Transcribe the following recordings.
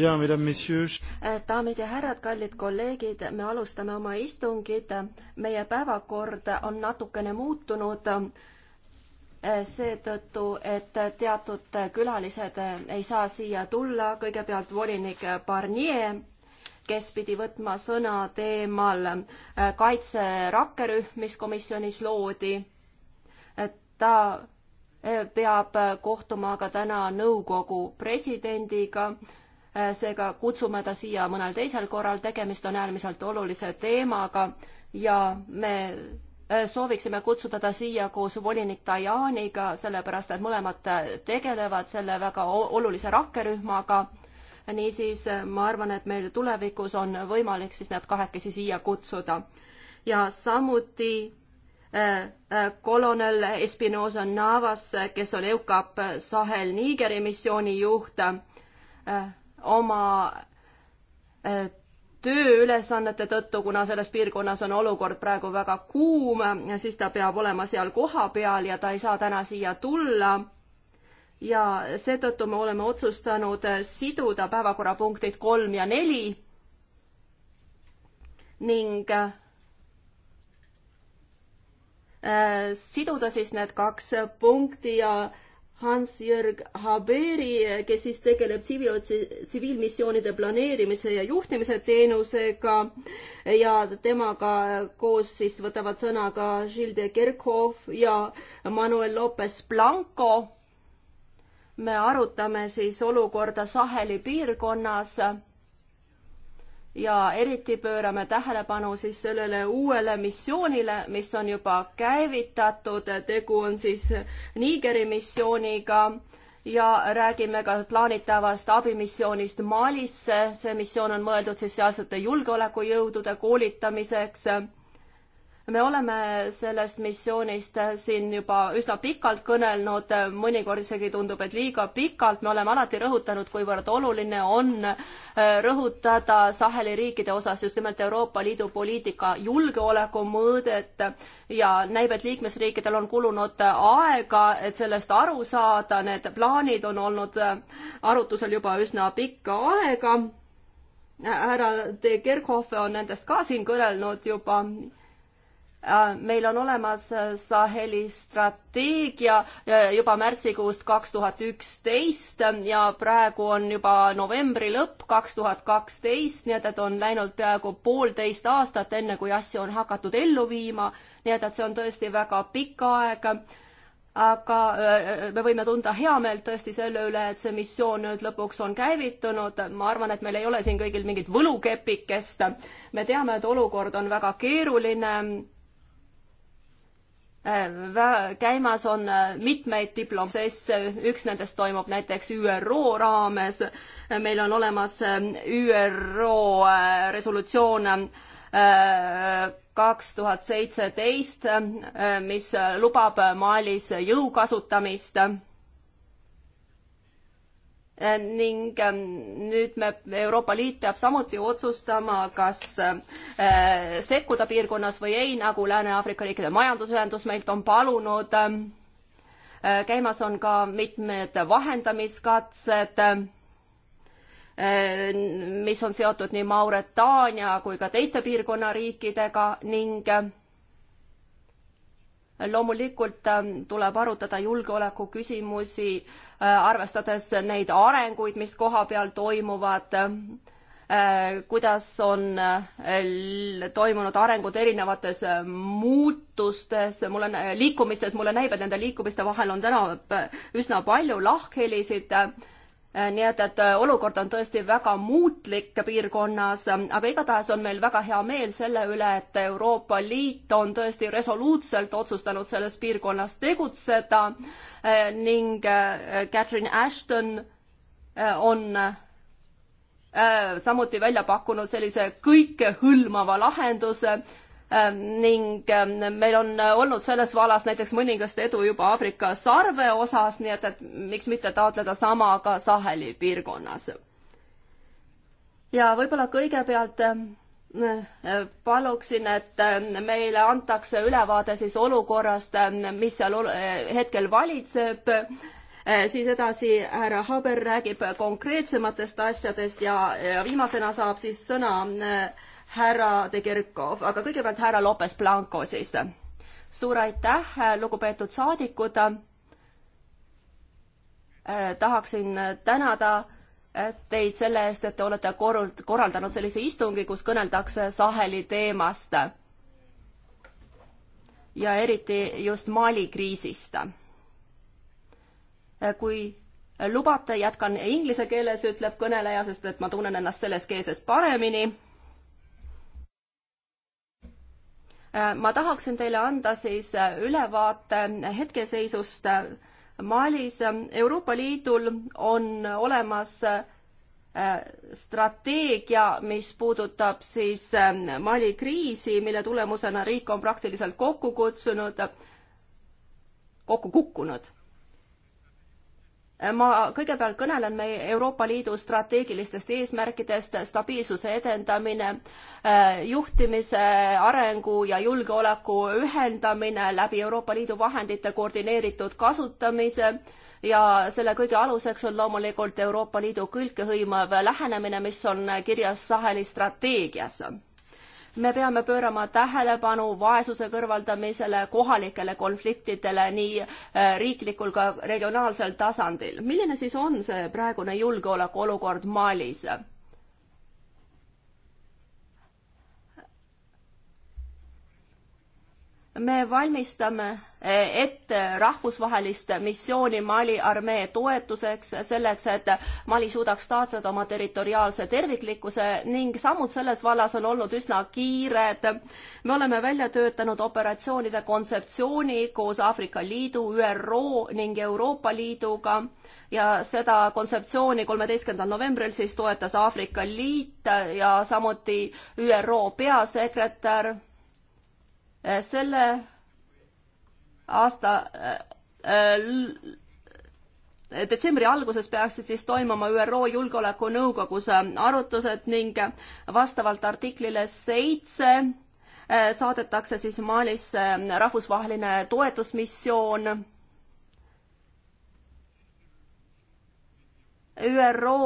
Äh, daamid ja härrad, kallid kolleegid, me alustame oma istungit. meie päevakord on natukene muutunud äh, seetõttu, et teatud külalised äh, ei saa siia tulla. kõigepealt volinik Barnier, kes pidi võtma sõna teemal kaitserakkerühm, mis komisjonis loodi. ta peab kohtuma ka täna nõukogu presidendiga seega kutsume ta siia mõnel teisel korral, tegemist on äärmiselt olulise teemaga ja me äh, sooviksime kutsuda ta siia koos volinik Dianiga, sellepärast et mõlemad tegelevad selle väga olulise rakkerühmaga. niisiis äh, ma arvan, et meil tulevikus on võimalik siis nad kahekesi siia kutsuda. ja samuti äh, kolonel Espinosa Navas, kes oli EUCAP Sahel Nigeri missiooni juht oma äh, tööülesannete tõttu, kuna selles piirkonnas on olukord praegu väga kuum, siis ta peab olema seal kohapeal ja ta ei saa täna siia tulla. ja seetõttu me oleme otsustanud siduda päevakorrapunktid kolm ja neli ning äh, siduda siis need kaks punkti ja Hans-Jörg Haberi, kes siis tegeleb tsiviilmissioonide planeerimise ja juhtimise teenusega ja temaga koos siis võtavad sõna ka Gilde Kerkhoff ja Manuel Lopez Blanco. me arutame siis olukorda Saheli piirkonnas ja eriti pöörame tähelepanu siis sellele uuele missioonile, mis on juba käivitatud, tegu on siis Nigeri missiooniga ja räägime ka plaanitavast abimissioonist Malisse, see missioon on mõeldud siis sealsete julgeolekujõudude koolitamiseks me oleme sellest missioonist siin juba üsna pikalt kõnelnud, mõnikord isegi tundub, et liiga pikalt, me oleme alati rõhutanud, kuivõrd oluline on äh, rõhutada Saheli riikide osas just nimelt Euroopa Liidu poliitika julgeoleku mõõdet ja näib, et liikmesriikidel on kulunud aega, et sellest aru saada, need plaanid on olnud äh, arutusel juba üsna pikka aega. härra De Kerkhoff on nendest ka siin kõnelnud juba Äh, meil on olemas äh, Saheli strateegia äh, juba märtsikuust kaks tuhat üksteist ja praegu on juba novembri lõpp kaks tuhat kaksteist, nii et, et on läinud peaaegu poolteist aastat, enne kui asju on hakatud ellu viima, nii et, et see on tõesti väga pikk aeg aga me võime tunda heameelt tõesti selle üle, et see missioon nüüd lõpuks on käivitunud. ma arvan, et meil ei ole siin kõigil mingit võlukepikest. me teame, et olukord on väga keeruline Äh, käimas on äh, mitmeid diplomaatse, üks nendest toimub näiteks ÜRO raames, äh, meil on olemas ÜRO resolutsioon kaks tuhat seitseteist, mis lubab Malis jõu kasutamist ning ähm, nüüd me, Euroopa Liit peab samuti otsustama, kas äh, sekkuda piirkonnas või ei, nagu Lääne-Aafrika riikide majandusühendus meilt on palunud. Ähm, äh, käimas on ka mitmed vahendamiskatsed, äh, mis on seotud nii Mauretaania kui ka teiste piirkonna riikidega ning loomulikult ähm, tuleb arutada julgeoleku küsimusi, äh, arvestades neid arenguid, mis koha peal toimuvad, äh, kuidas on äh, toimunud arengud erinevates muutustes, mulle, liikumistes, mulle näib, et nende liikumiste vahel on täna üsna palju lahkhelisid Äh, nii et, et äh, olukord on tõesti väga muutlik piirkonnas, ähm, aga igatahes on meil väga hea meel selle üle, et Euroopa Liit on tõesti resoluutselt otsustanud selles piirkonnas tegutseda äh, ning Catherine Ashton on samuti välja pakkunud sellise kõikehõlmava lahenduse, Ähm, ning ähm, meil on äh, olnud selles vallas näiteks mõningast edu juba Aafrika sarve osas, nii et, et miks mitte taotleda sama ka Saheli piirkonnas. ja võib-olla kõigepealt ähm, äh, paluksin, et meile antakse ülevaade siis olukorrast, mis seal äh, hetkel valitseb, siis edasi härra Haber räägib konkreetsematest asjadest ja, ja viimasena saab siis sõna äh, härra De Kirkov, aga kõigepealt härra Lopes Blanco siis. suur aitäh, lugupeetud saadikud. Eh, tahaksin tänada eh, teid selle eest, et te olete korrald-, korraldanud sellise istungi, kus kõneldakse Saheli teemast. ja eriti just Mali kriisist. Eh, kui lubate, jätkan inglise keeles, ütleb kõneleja, sest et ma tunnen ennast selles keeles paremini Äh, ma tahaksin teile anda siis äh, ülevaate äh, hetkeseisust Malis. Euroopa Liidul on olemas strateegia, mis puudutab siis Mali kriisi, mille tulemusena riik on praktiliselt kokku kutsunud, kokku kukkunud ma kõigepealt kõnelen meie Euroopa Liidu strateegilistest eesmärkidest, stabiilsuse edendamine, äh, juhtimise, arengu ja julgeoleku ühendamine läbi Euroopa Liidu vahendite koordineeritud kasutamise ja selle kõige aluseks on loomulikult Euroopa Liidu külkehõimav lähenemine, mis on kirjas Saheli strateegias me peame pöörama tähelepanu vaesuse kõrvaldamisele, kohalikele konfliktidele nii äh, riiklikul ka regionaalsel tasandil. milline siis on see praegune julgeolekuolukord Malis? me valmistame eh, ette rahvusvahelist missiooni Mali armee toetuseks, selleks, et Mali suudaks taastada oma territoriaalse terviklikkuse ning sammud selles vallas on olnud üsna kiired. me oleme välja töötanud operatsioonide kontseptsiooni koos Aafrika Liidu, ÜRO ning Euroopa Liiduga ja seda kontseptsiooni kolmeteistkümnendal novembril siis toetas Aafrika Liit ja samuti ÜRO peasekretär Äh, selle aasta äh, äh, detsembri alguses peaksid siis toimuma ÜRO Julgeolekunõukogus arutused ning vastavalt artiklile seitse saadetakse siis Malisse rahvusvaheline toetusmissioon. ÜRO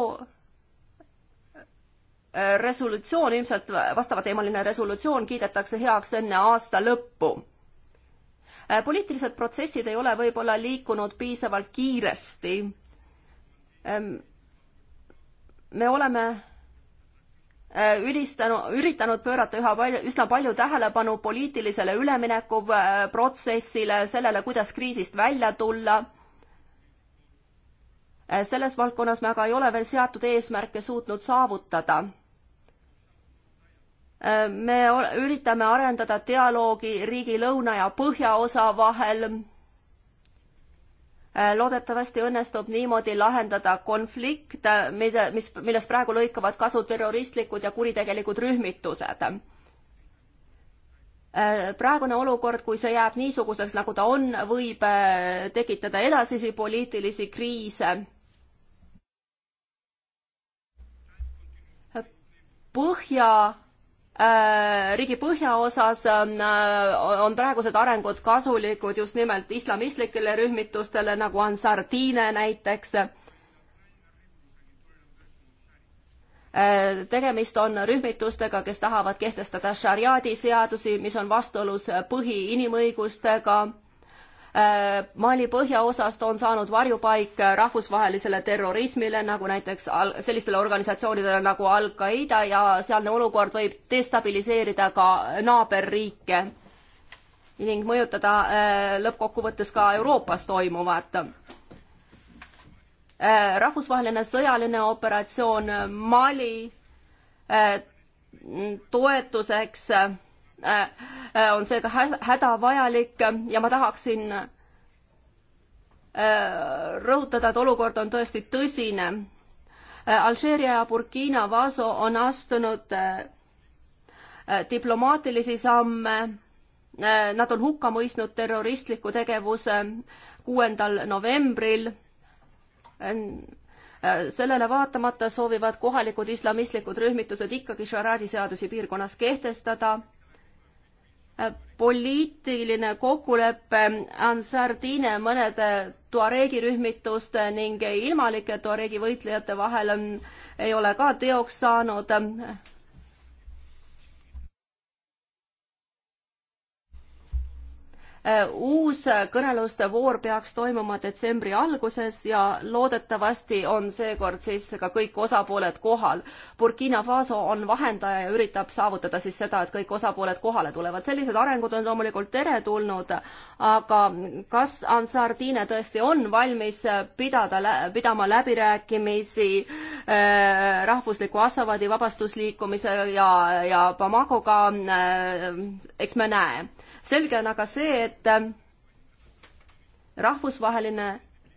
resolutsioon, ilmselt vastavateemaline resolutsioon kiidetakse heaks enne aasta lõppu. Äh, poliitilised protsessid ei ole võib-olla liikunud piisavalt kiiresti. Ehm, me oleme äh, ülistanud, üritanud pöörata üha palju, üsna palju tähelepanu poliitilisele üleminekuprotsessile, äh, sellele, kuidas kriisist välja tulla. selles valdkonnas me aga ei ole veel seatud eesmärke suutnud saavutada. Äh, me üritame arendada dialoogi riigi lõuna ja põhjaosa vahel. Äh, loodetavasti õnnestub niimoodi lahendada konflikt, äh, mida, mis, millest praegu lõikavad kasu terroristlikud ja kuritegelikud rühmitused praegune olukord, kui see jääb niisuguseks, nagu ta on, võib tekitada edasisi poliitilisi kriise. põhja Äh, riigi põhjaosas ähm, äh, on praegused arengud kasulikud just nimelt islamistlikele rühmitustele nagu Ansar Dine näiteks. Äh, tegemist on rühmitustega, kes tahavad kehtestada šariaadi seadusi, mis on vastuolus põhiinimõigustega Äh, Mali põhjaosast on saanud varjupaik äh, rahvusvahelisele terrorismile, nagu näiteks al-, sellistele organisatsioonidele nagu Al-Qaeda ja sealne olukord võib destabiliseerida ka naaberriike ning mõjutada äh, lõppkokkuvõttes ka Euroopas toimuvat rahvusvaheline sõjaline operatsioon Mali toetuseks Äh, on seega hädavajalik ja ma tahaksin äh, rõhutada, et olukord on tõesti tõsine. Äh, Alžeeria ja Burkina Faso on astunud diplomaatilisi samme. Nad on hukka mõistnud terroristliku tegevuse kuuendal novembril sellele vaatamata soovivad kohalikud islamistlikud rühmitused ikkagi šaraadi seadusi piirkonnas kehtestada poliitiline kokkulepe on Sardiine mõnede tuareegi rühmituste ning ilmalike tuareegi võitlejate vahel ähm, ei ole ka teoks saanud uus kõneluste voor peaks toimuma detsembri alguses ja loodetavasti on seekord siis ka kõik osapooled kohal. Burkina Faso on vahendaja ja üritab saavutada siis seda, et kõik osapooled kohale tulevad. sellised arengud on loomulikult teretulnud, aga kas Ansardine tõesti on valmis pidada, pidama läbirääkimisi äh, rahvusliku Assavadi vabastusliikumise ja, ja Bamakoga äh,, eks me näe selge on aga see, et ähm, rahvusvaheline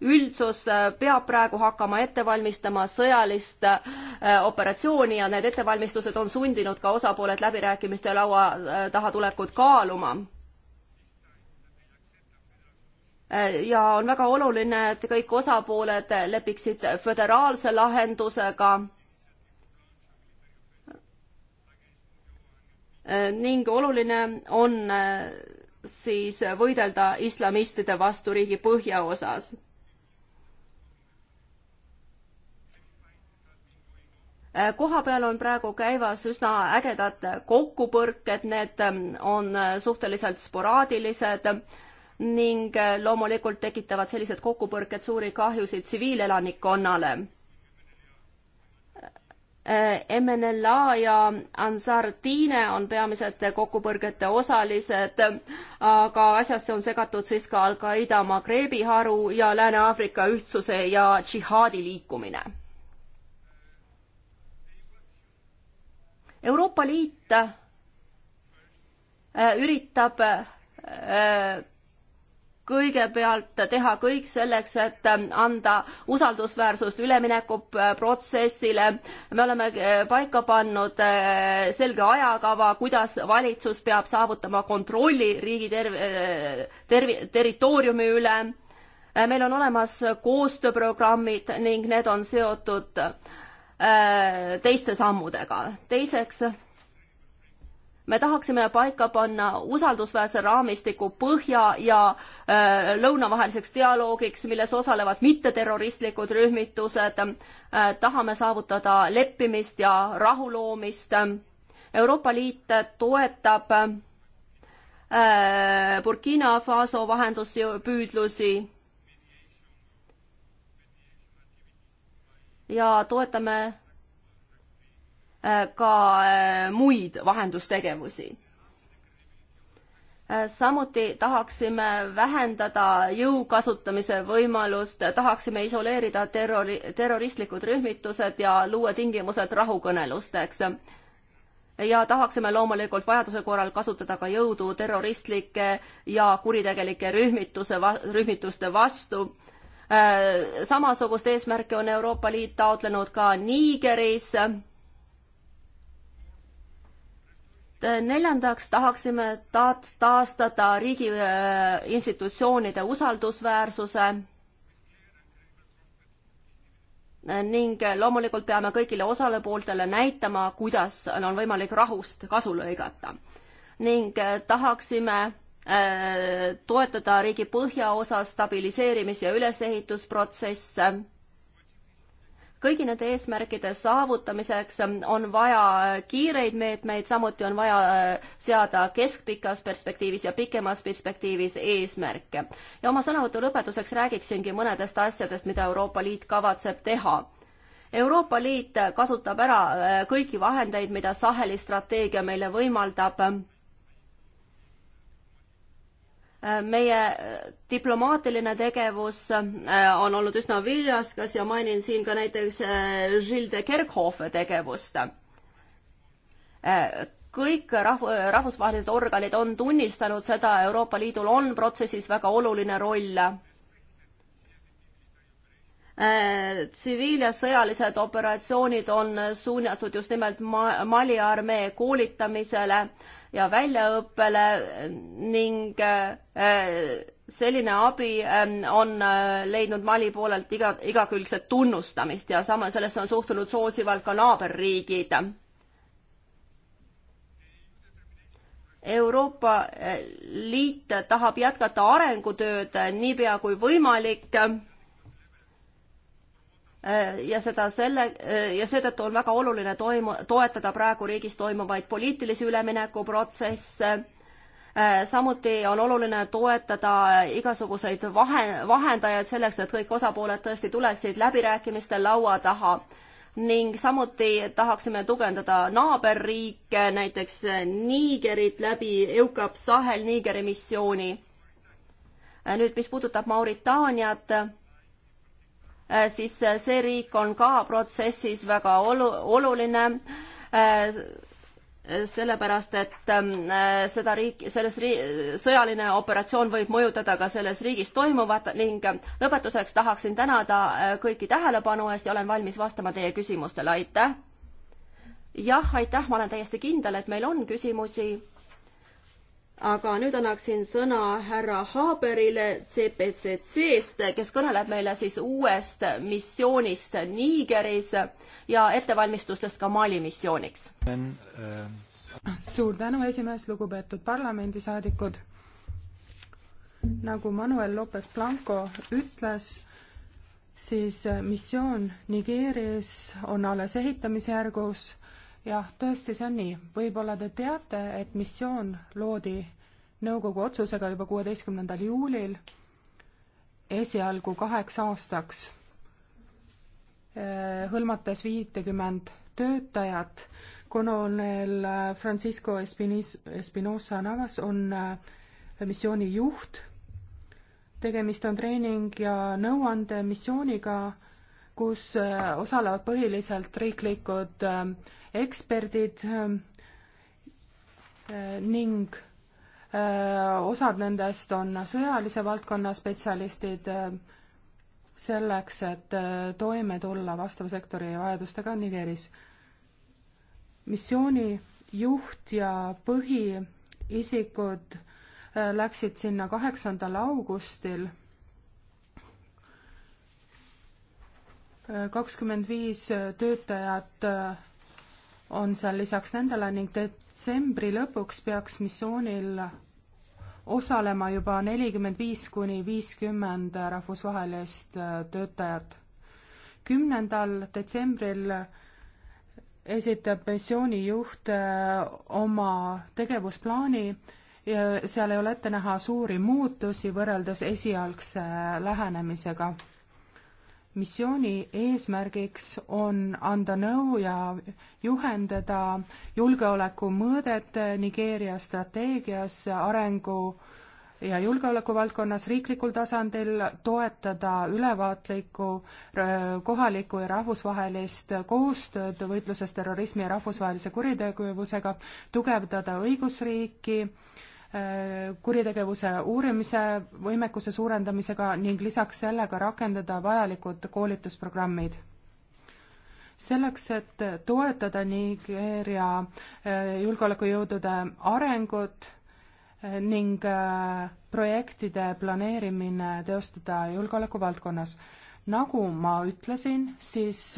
üldsus äh, peab praegu hakkama ette valmistama sõjalist äh, operatsiooni ja need ettevalmistused on sundinud ka osapooled läbirääkimiste laua äh, taha tulekut kaaluma. ja on väga oluline, et kõik osapooled lepiksid föderaalse lahendusega Äh, ning oluline on äh, siis võidelda islamistide vastu riigi põhjaosas. Äh, kohapeal on praegu käivas üsna ägedad kokkupõrked, need ähm, on suhteliselt sporaadilised ning loomulikult tekitavad sellised kokkupõrked suuri kahjusid tsiviilelanikkonnale Äh, MNLA ja Ansar Tiine on peamised kokkupõrgete osalised, aga asjasse on segatud siis ka Al-Qaeda Magrebi haru ja Lääne-Aafrika ühtsuse ja džihaadi liikumine. Euroopa Liit äh, üritab äh, kõigepealt teha kõik selleks, et anda usaldusväärsust üleminekuprotsessile. me oleme eh, paika pannud eh, selge ajakava, kuidas valitsus peab saavutama kontrolli riigi terv-, eh, terv-, territooriumi üle meil on olemas koostööprogrammid ning need on seotud teiste sammudega. teiseks me tahaksime paika panna usaldusväärse raamistiku põhja ja äh, lõunavaheliseks dialoogiks, milles osalevad mitteterroristlikud rühmitused äh,. tahame saavutada leppimist ja rahuloomist. Euroopa Liit toetab äh, Burkina Faso vahenduspüüdlusi ja toetame Äh, ka äh, muid vahendustegevusi. Äh, samuti tahaksime vähendada jõu kasutamise võimalust, tahaksime isoleerida terrori, terroristlikud rühmitused ja luua tingimused rahukõnelusteks. ja tahaksime loomulikult vajaduse korral kasutada ka jõudu terroristlike ja kuritegelike rühmituse, rühmituste vastu samasugust eesmärki on Euroopa Liit taotlenud ka Nigeris Äh, neljandaks tahaksime taat-, taastada riigi äh, institutsioonide usaldusväärsuse ning äh, loomulikult peame kõigile osalepooltele näitama, kuidas on võimalik rahust kasu lõigata. ning tahaksime toetada riigi põhjaosa stabiliseerimis- ja ülesehitusprotsesse kõigi nende eesmärkide saavutamiseks ähm, on vaja äh, kiireid meetmeid, samuti on vaja äh, seada keskpikas perspektiivis ja pikemas perspektiivis eesmärke. ja oma sõnavõtu lõpetuseks räägiksingi mõnedest asjadest, mida Euroopa Liit kavatseb teha. Euroopa Liit äh, kasutab ära kõiki vahendeid, mida Saheli strateegia meile võimaldab ähm, meie äh, diplomaatiline tegevus äh, on olnud üsna viljaskas ja mainin siin ka näiteks äh, Gilles de Kerkhoffe tegevust. kõik rahv-, rahvusvahelised organid on tunnistanud seda, Euroopa Liidul on protsessis väga oluline roll Äh, tsiviil- ja sõjalised operatsioonid on suunatud just nimelt ma-, Mali armee koolitamisele ja väljaõppele ning äh, selline abi ähm, on äh, leidnud Mali poolelt iga, igakülgset tunnustamist ja sama, sellesse on suhtunud soosivalt ka naaberriigid. Euroopa Liit tahab jätkata arengutööd niipea kui võimalik Äh, ja seda selle äh, ja seetõttu on väga oluline toimu, toetada praegu riigis toimuvaid poliitilisi üleminekuprotsesse. Äh, samuti on oluline toetada igasuguseid vahe, vahendajaid selleks, et kõik osapooled tõesti tuleksid läbirääkimistel laua taha ning samuti tahaksime tugevdada naaberriike, näiteks Nigerit läbi EUCAP Sahel Nigeri missiooni. nüüd, mis puudutab Mauritaaniat Äh, siis äh, see riik on ka protsessis väga olu-, oluline, äh, sellepärast et ähm, seda riiki, selles rii-, sõjaline operatsioon võib mõjutada ka selles riigis toimuvat ning lõpetuseks tahaksin tänada kõiki tähelepanu eest ja olen valmis vastama teie küsimustele, aitäh! jah, aitäh, ma olen täiesti kindel, et meil on küsimusi aga nüüd annaksin sõna härra Haaberile CPCC-st, kes kõneleb meile siis uuest missioonist Nigeris ja ettevalmistustest ka Mali missiooniks. Um, suur tänu, esimees, lugupeetud parlamendisaadikud. nagu Manuel Lopez Blanco ütles, siis missioon Nigeeris on alles ehitamise järgus jah, tõesti, see on nii. võib-olla te teate, et missioon loodi nõukogu otsusega juba kuueteistkümnendal juulil, esialgu kaheks aastaks, eh, hõlmates viitekümmend töötajat. kolonel Francisco Espinis-, Espinosa Navas on eh, missiooni juht, tegemist on treening- ja nõuandemissiooniga, kus eh, osalevad põhiliselt riiklikud äh, eksperdid ähm, äh, ning äh, osad nendest on sõjalise valdkonna spetsialistid äh, selleks, et toime tulla vastava sektori vajadustega Nigeris. missiooni juht ja põhiisikud läksid sinna kaheksandal augustil kakskümmend viis töötajat on seal lisaks nendele ning detsembri lõpuks peaks missioonil osalema juba nelikümmend viis kuni viiskümmend rahvusvahelist äh, töötajat. kümnendal detsembril esitab missiooni juht äh, oma tegevusplaani ja seal ei ole ette näha suuri muutusi võrreldes esialgse lähenemisega missiooni eesmärgiks on anda nõu ja juhendada julgeolekumõõdet Nigeeria strateegias arengu ja julgeoleku valdkonnas riiklikul tasandil toetada ülevaatlikku kohalikku ja rahvusvahelist koostööd võitluses terrorismi ja rahvusvahelise kuritegevusega, tugevdada õigusriiki kuritegevuse uurimise võimekuse suurendamisega ning lisaks sellega rakendada vajalikud koolitusprogrammid. selleks, et toetada Nigeeria äh, julgeolekujõudude arengut äh, ning äh, projektide planeerimine teostada julgeoleku valdkonnas. nagu ma ütlesin, siis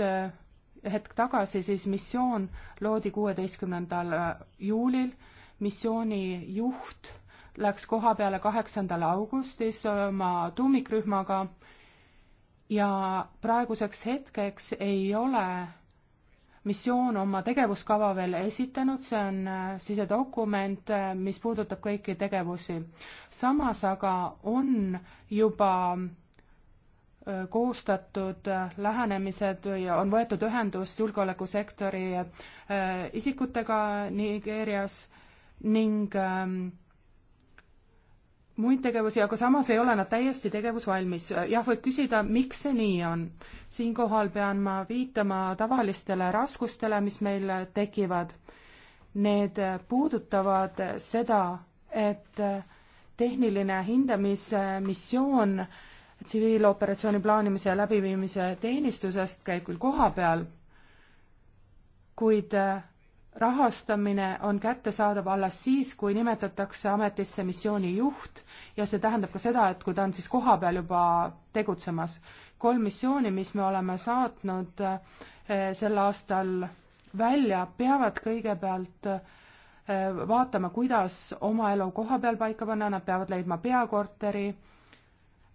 hetk tagasi siis missioon loodi kuueteistkümnendal juulil missiooni juht läks koha peale kaheksandal augustis äh, oma tuumikrühmaga ja praeguseks hetkeks ei ole missioon oma tegevuskava veel esitanud, see on äh, sisedokument, äh, mis puudutab kõiki tegevusi. samas aga on juba koostatud lähenemised või on võetud ühendust julgeolekusektori isikutega Nigeerias ning ähm, muid tegevusi, aga samas ei ole nad täiesti tegevusvalmis. jah, võib küsida, miks see nii on. siinkohal pean ma viitama tavalistele raskustele, mis meil tekivad. Need puudutavad seda, et tehniline hindamismissioon tsiviiloperatsiooni plaanimise ja läbiviimise teenistusest käib küll koha peal, kuid rahastamine on kättesaadav alles siis, kui nimetatakse ametisse missiooni juht ja see tähendab ka seda, et kui ta on siis kohapeal juba tegutsemas. kolm missiooni, mis me oleme saatnud eh, sel aastal välja, peavad kõigepealt eh, vaatama, kuidas oma elu koha peal paika panna, nad peavad leidma peakorteri,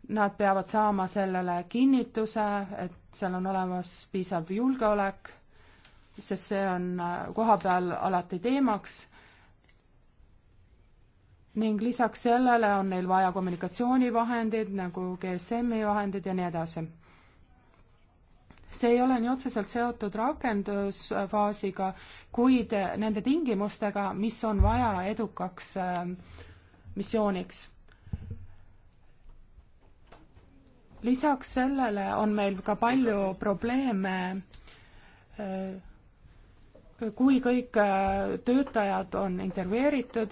nad peavad saama sellele kinnituse, et seal on olemas piisav julgeolek sest see on äh, kohapeal alati teemaks ning lisaks sellele on neil vaja kommunikatsioonivahendeid nagu GSM-i vahendid ja nii edasi. see ei ole nii otseselt seotud rakendusfaasiga, kuid äh, nende tingimustega, mis on vaja edukaks äh, missiooniks. lisaks sellele on meil ka palju probleeme kui kõik äh, töötajad on intervjueeritud,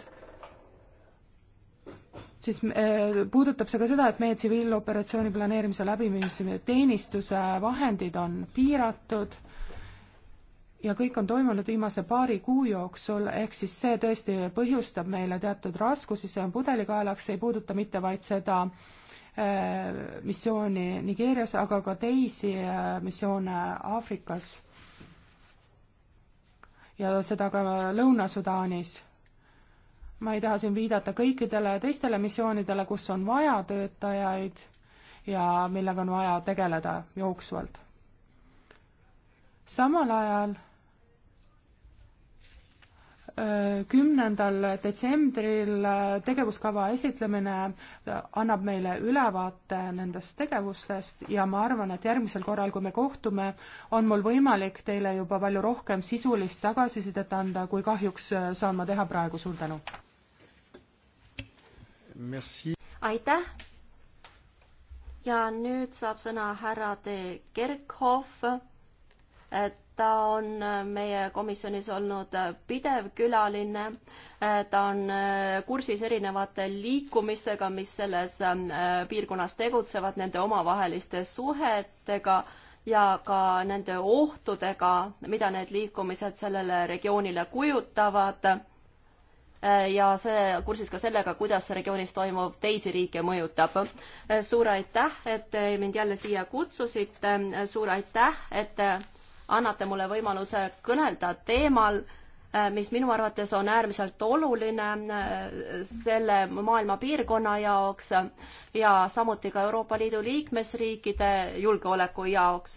siis äh, puudutab see ka seda, et meie tsiviiloperatsiooni planeerimise läbiviimise teenistuse vahendid on piiratud ja kõik on toimunud viimase paari kuu jooksul, ehk siis see tõesti põhjustab meile teatud raskusi, see on pudelikaelaks, see ei puuduta mitte vaid seda äh, missiooni Nigeerias, aga ka teisi missioone Aafrikas ja seda ka Lõuna-Sudaanis. ma ei taha siin viidata kõikidele teistele missioonidele, kus on vaja töötajaid ja millega on vaja tegeleda jooksvalt. samal ajal kümnendal detsembril äh, tegevuskava esitlemine äh, annab meile ülevaate nendest tegevustest ja ma arvan, et järgmisel korral, kui me kohtume, on mul võimalik teile juba palju rohkem sisulist tagasisidet anda, kui kahjuks äh, saan ma teha praegu, suur tänu! aitäh! ja nüüd saab sõna härra de Kerkhoff, ta on äh, meie komisjonis olnud äh, pidev külaline, äh, ta on kursis erinevate liikumistega, mis selles ähm, piirkonnas tegutsevad, nende omavaheliste suhetega ja ka nende ohtudega, mida need liikumised sellele regioonile kujutavad. ja see, kursis ka sellega, kuidas regioonis toimuv teisi riike mõjutab. suur aitäh, et mind jälle siia kutsusite, suur aitäh, et annate mulle võimaluse kõnelda teemal, äh, mis minu arvates on äärmiselt oluline äh, selle maailma piirkonna jaoks ja samuti ka Euroopa Liidu liikmesriikide julgeoleku jaoks.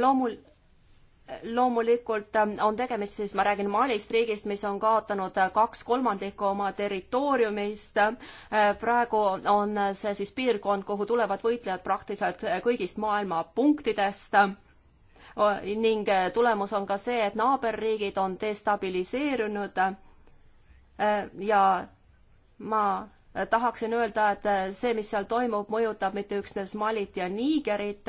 loomul-, loomulikult ähm, on tegemist siis, ma räägin Malist riigist, mis on kaotanud äh, kaks kolmandikku oma territooriumist. Äh, praegu on äh, see siis piirkond, kuhu tulevad võitlejad praktiliselt kõigist maailma punktidest ning tulemus on ka see, et naaberriigid on destabiliseerunud ja ma tahaksin öelda, et see, mis seal toimub, mõjutab mitte üksnes Malit ja Nigerit,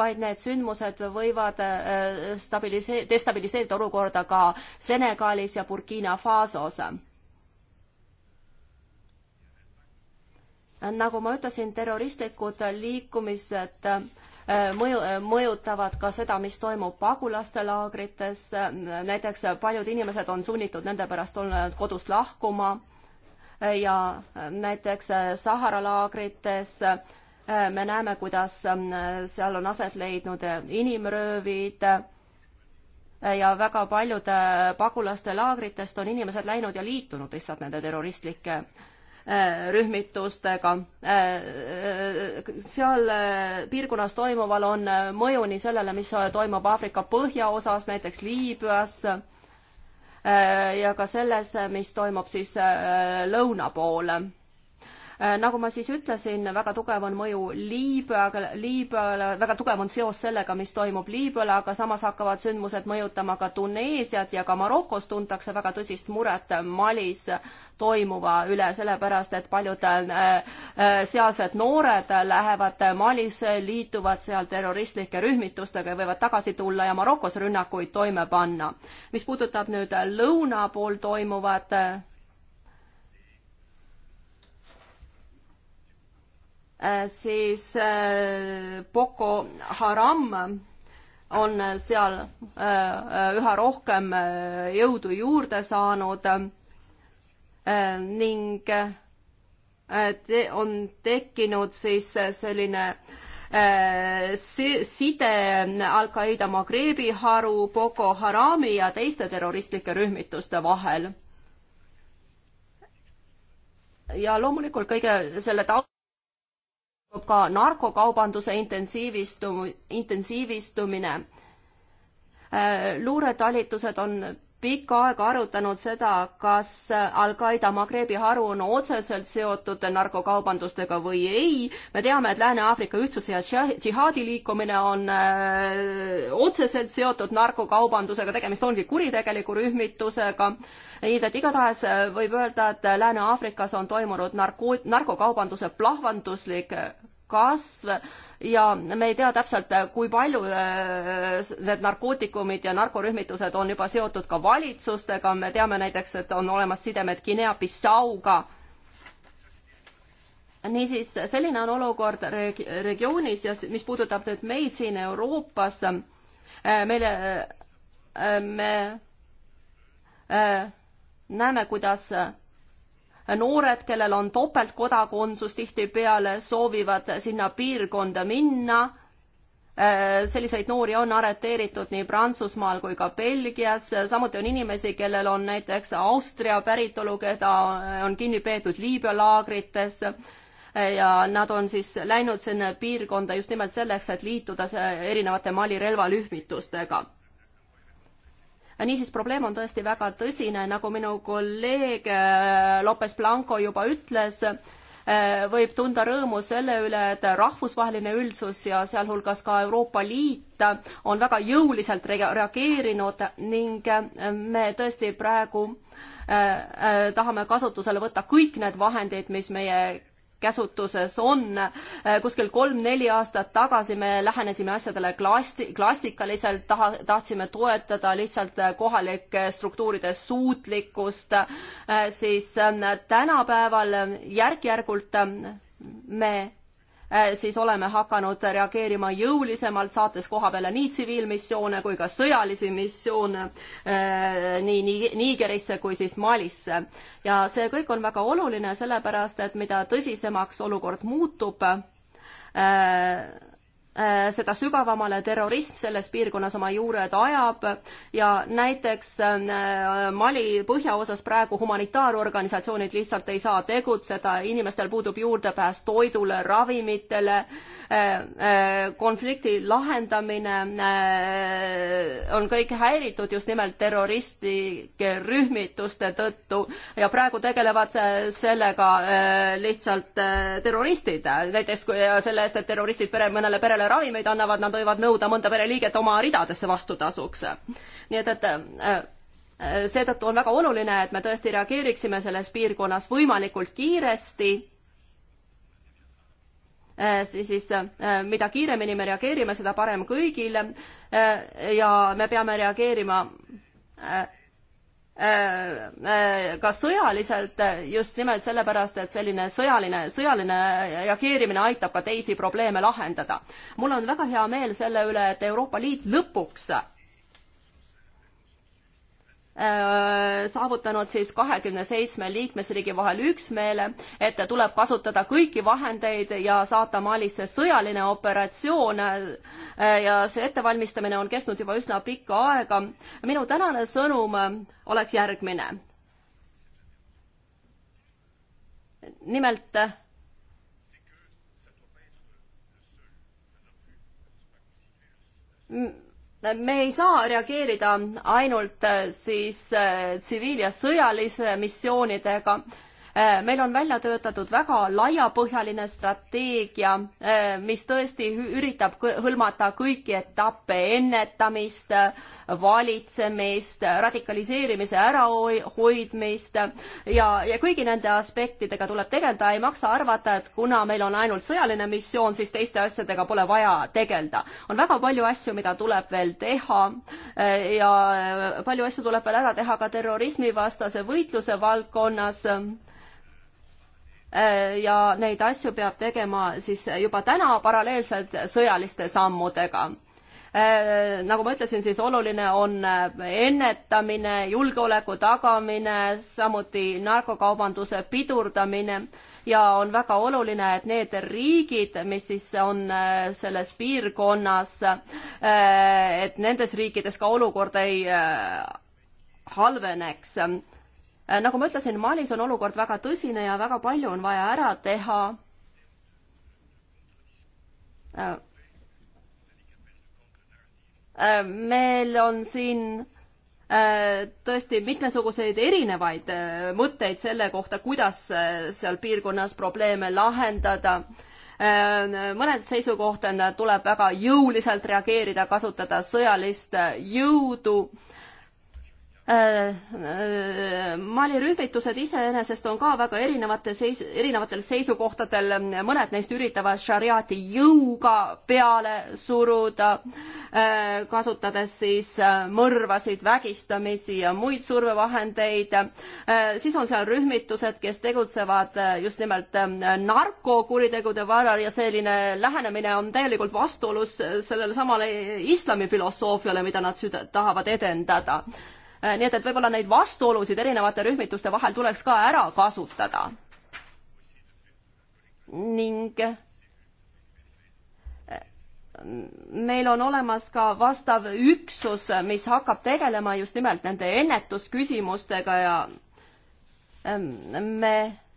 vaid need sündmused võivad äh, stabilise-, destabiliseerida olukorda ka Senegalis ja Burkina Fasos. nagu ma ütlesin, terroristlikud liikumised äh, mõju, mõjutavad ka seda, mis toimub pagulastelaagrites, näiteks paljud inimesed on sunnitud nende pärast olnud kodust lahkuma ja näiteks äh, Sahara laagrites äh, me näeme, kuidas äh, seal on aset leidnud inimröövid ja väga paljude pagulaste laagritest on inimesed läinud ja liitunud lihtsalt nende terroristlike rühmitustega. seal piirkonnas toimuval on mõju nii sellele, mis toimub Aafrika põhjaosas, näiteks Liibüas ja ka selles, mis toimub siis äh, lõuna pool Äh, nagu ma siis ütlesin, väga tugev on mõju Liibüaga, Liibüale, väga tugev on seos sellega, mis toimub Liibüale, aga samas hakkavad sündmused mõjutama ka Tuneesiat ja ka Marokos tuntakse väga tõsist muret Malis toimuva üle, sellepärast et paljud äh, äh, sealsed noored lähevad Malisse, liituvad seal terroristlike rühmitustega ja võivad tagasi tulla ja Marokos rünnakuid toime panna. mis puudutab nüüd lõuna pool toimuvat, Äh, siis äh, Boko Haram on seal äh, üha rohkem jõudu juurde saanud ning on tekkinud siis selline side Al-Qaeda Magrebi haru, Boko Harami ja teiste terroristlike rühmituste vahel. ja loomulikult kõige selle taustal ka narkokaubanduse intensiivistum-, intensiivistumine. Äh, luuretalitused on pikka aega arutanud seda, kas Al-Qaeda Magrebi haru on otseselt seotud narkokaubandustega või ei. me teame, et Lääne-Aafrika ühtsuse ja džihaadi liikumine on öö, äh, otseselt seotud narkokaubandusega, tegemist ongi kuritegeliku rühmitusega. nii et igatahes äh, võib öelda, et Lääne-Aafrikas on toimunud narko, narkokaubanduse plahvatuslik kasv ja me ei tea täpselt, kui palju äh, need narkootikumid ja narkorühmitused on juba seotud ka valitsustega, me teame näiteks, et on olemas sidemed Guinea-Bissauga. niisiis, selline on olukord reg-, regioonis ja mis puudutab nüüd meid siin Euroopas, äh, meile, äh, me näeme, kuidas noored, kellel on topeltkodakondsus, tihtipeale soovivad sinna piirkonda minna. Äh, selliseid noori on arreteeritud nii Prantsusmaal kui ka Belgias, samuti on inimesi, kellel on näiteks Austria päritolu, keda on kinni peetud Liibüa laagrites ja nad on siis läinud sinna piirkonda just nimelt selleks, et liituda erinevate Mali relvalühmitustega niisiis, probleem on tõesti väga tõsine, nagu minu kolleeg äh, Lopes Blanco juba ütles, äh, võib tunda rõõmu selle üle, et rahvusvaheline üldsus ja sealhulgas ka Euroopa Liit on väga jõuliselt reageerinud ning äh, me tõesti praegu tahame kasutusele võtta kõik need vahendid, mis meie käsutuses on. Äh, kuskil kolm-neli aastat tagasi me lähenesime asjadele klassi-, klassikaliselt, taha, tahtsime toetada lihtsalt äh, kohalike struktuuride suutlikkust, äh, siis tänapäeval järk-järgult me Äh, siis oleme hakanud reageerima jõulisemalt, saates koha peale nii tsiviilmissioone kui ka sõjalisi missioone äh, nii, nii Nigerisse kui siis Malisse. ja see kõik on väga oluline, sellepärast et mida tõsisemaks olukord muutub, äh, Äh, seda sügavamale terrorism selles piirkonnas oma juured ajab ja näiteks äh, Mali põhjaosas praegu humanitaarorganisatsioonid lihtsalt ei saa tegutseda, inimestel puudub juurdepääs toidule, ravimitele, äh, konflikti lahendamine on kõik häiritud just nimelt terroristlike rühmituste tõttu ja praegu tegelevad sellega lihtsalt terroristid, näiteks kui selle eest, et terroristid pere, mõnele perele lastele ravimeid annavad, nad võivad nõuda mõnda pereliiget oma ridadesse vastutasuks. nii et, et äh, seetõttu on väga oluline, et me tõesti reageeriksime selles piirkonnas võimalikult kiiresti äh, siis, siis äh, mida kiiremini me reageerime, seda parem kõigile ja me peame reageerima Äh, äh, ka sõjaliselt äh, just nimelt sellepärast, et selline sõjaline, sõjaline reageerimine aitab ka teisi probleeme lahendada. mul on väga hea meel selle üle, et Euroopa Liit lõpuks Äh, saavutanud siis kahekümne seitsme liikmesriigi vahel üksmeele, et tuleb kasutada kõiki vahendeid ja saata Malisse sõjaline operatsioon äh, ja see ettevalmistamine on kestnud juba üsna pikka aega. minu tänane sõnum oleks järgmine. nimelt m- me ei saa reageerida ainult äh, siis äh, tsiviil- ja sõjalise missioonidega Äh, meil on välja töötatud väga laiapõhjaline strateegia, äh, mis tõesti üritab hõlmata kõiki etappe, ennetamist, valitsemist, radikaliseerimise ärahoidmist ja, ja kõigi nende aspektidega tuleb tegeleda, ei maksa arvata, et kuna meil on ainult sõjaline missioon, siis teiste asjadega pole vaja tegeleda. on väga palju asju, mida tuleb veel teha äh, ja palju asju tuleb veel ära teha ka terrorismivastase võitluse valdkonnas Äh, ja neid asju peab tegema siis juba täna paralleelselt sõjaliste sammudega äh, nagu ma ütlesin, siis oluline on äh, ennetamine, julgeoleku tagamine, samuti narkokaubanduse pidurdamine ja on väga oluline, et need riigid, mis siis on selles piirkonnas, et nendes riikides ka olukord ei halveneks Äh, nagu ma ütlesin, Malis on olukord väga tõsine ja väga palju on vaja ära teha. Äh, äh, meil on siin tõesti mitmesuguseid erinevaid mõtteid selle kohta, kuidas seal piirkonnas probleeme lahendada. mõned seisukoht on, tuleb väga jõuliselt reageerida, kasutada sõjalist jõudu Mali rühmitused iseenesest on ka väga erinevate seis, erinevatel seisukohtadel, mõned neist üritavad šariaati jõuga peale suruda, äh, kasutades siis äh, mõrvasid, vägistamisi ja muid survevahendeid. Äh, siis on seal rühmitused, kes tegutsevad just nimelt narkokuritegude varal ja selline lähenemine on täielikult vastuolus sellele samale islamifilosoofiale, mida nad süda-, tahavad edendada Äh, nii et, et võib-olla neid vastuolusid erinevate rühmituste vahel tuleks ka ära kasutada. ning äh, meil on olemas ka vastav üksus, mis hakkab tegelema just nimelt nende ennetusküsimustega ja ähm, me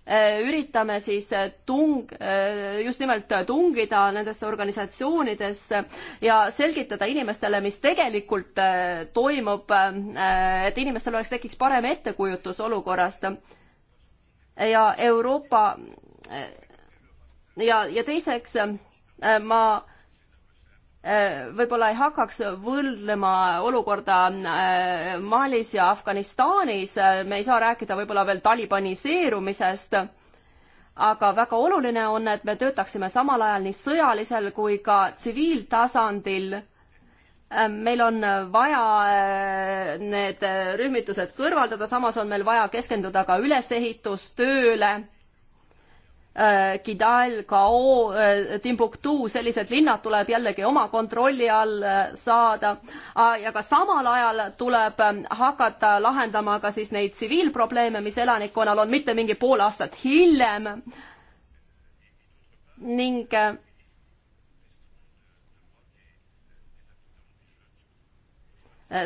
Äh, üritame siis äh, tung, äh, just nimelt tungida nendesse organisatsioonidesse ja selgitada inimestele, mis tegelikult toimub, et inimestel oleks, tekiks parem ettekujutus olukorrast. ja Euroopa ja, ja teiseks ma Äh, võib-olla ei hakkaks võrdlema olukorda äh, Malis ja Afganistanis, äh, me ei saa rääkida võib-olla veel talibaniseerumisest, aga väga oluline on, et me töötaksime samal ajal nii sõjalisel kui ka tsiviiltasandil. meil on vaja need rühmitused kõrvaldada, samas on meil vaja keskenduda ka ülesehitustööle Äh, Kidal, Gao, äh, Timbuktu, sellised linnad tuleb jällegi oma kontrolli all äh, saada. ja ka samal ajal tuleb ähm, hakata lahendama ka siis neid tsiviilprobleeme, mis elanikkonnal on, mitte mingi pool aastat hiljem. ning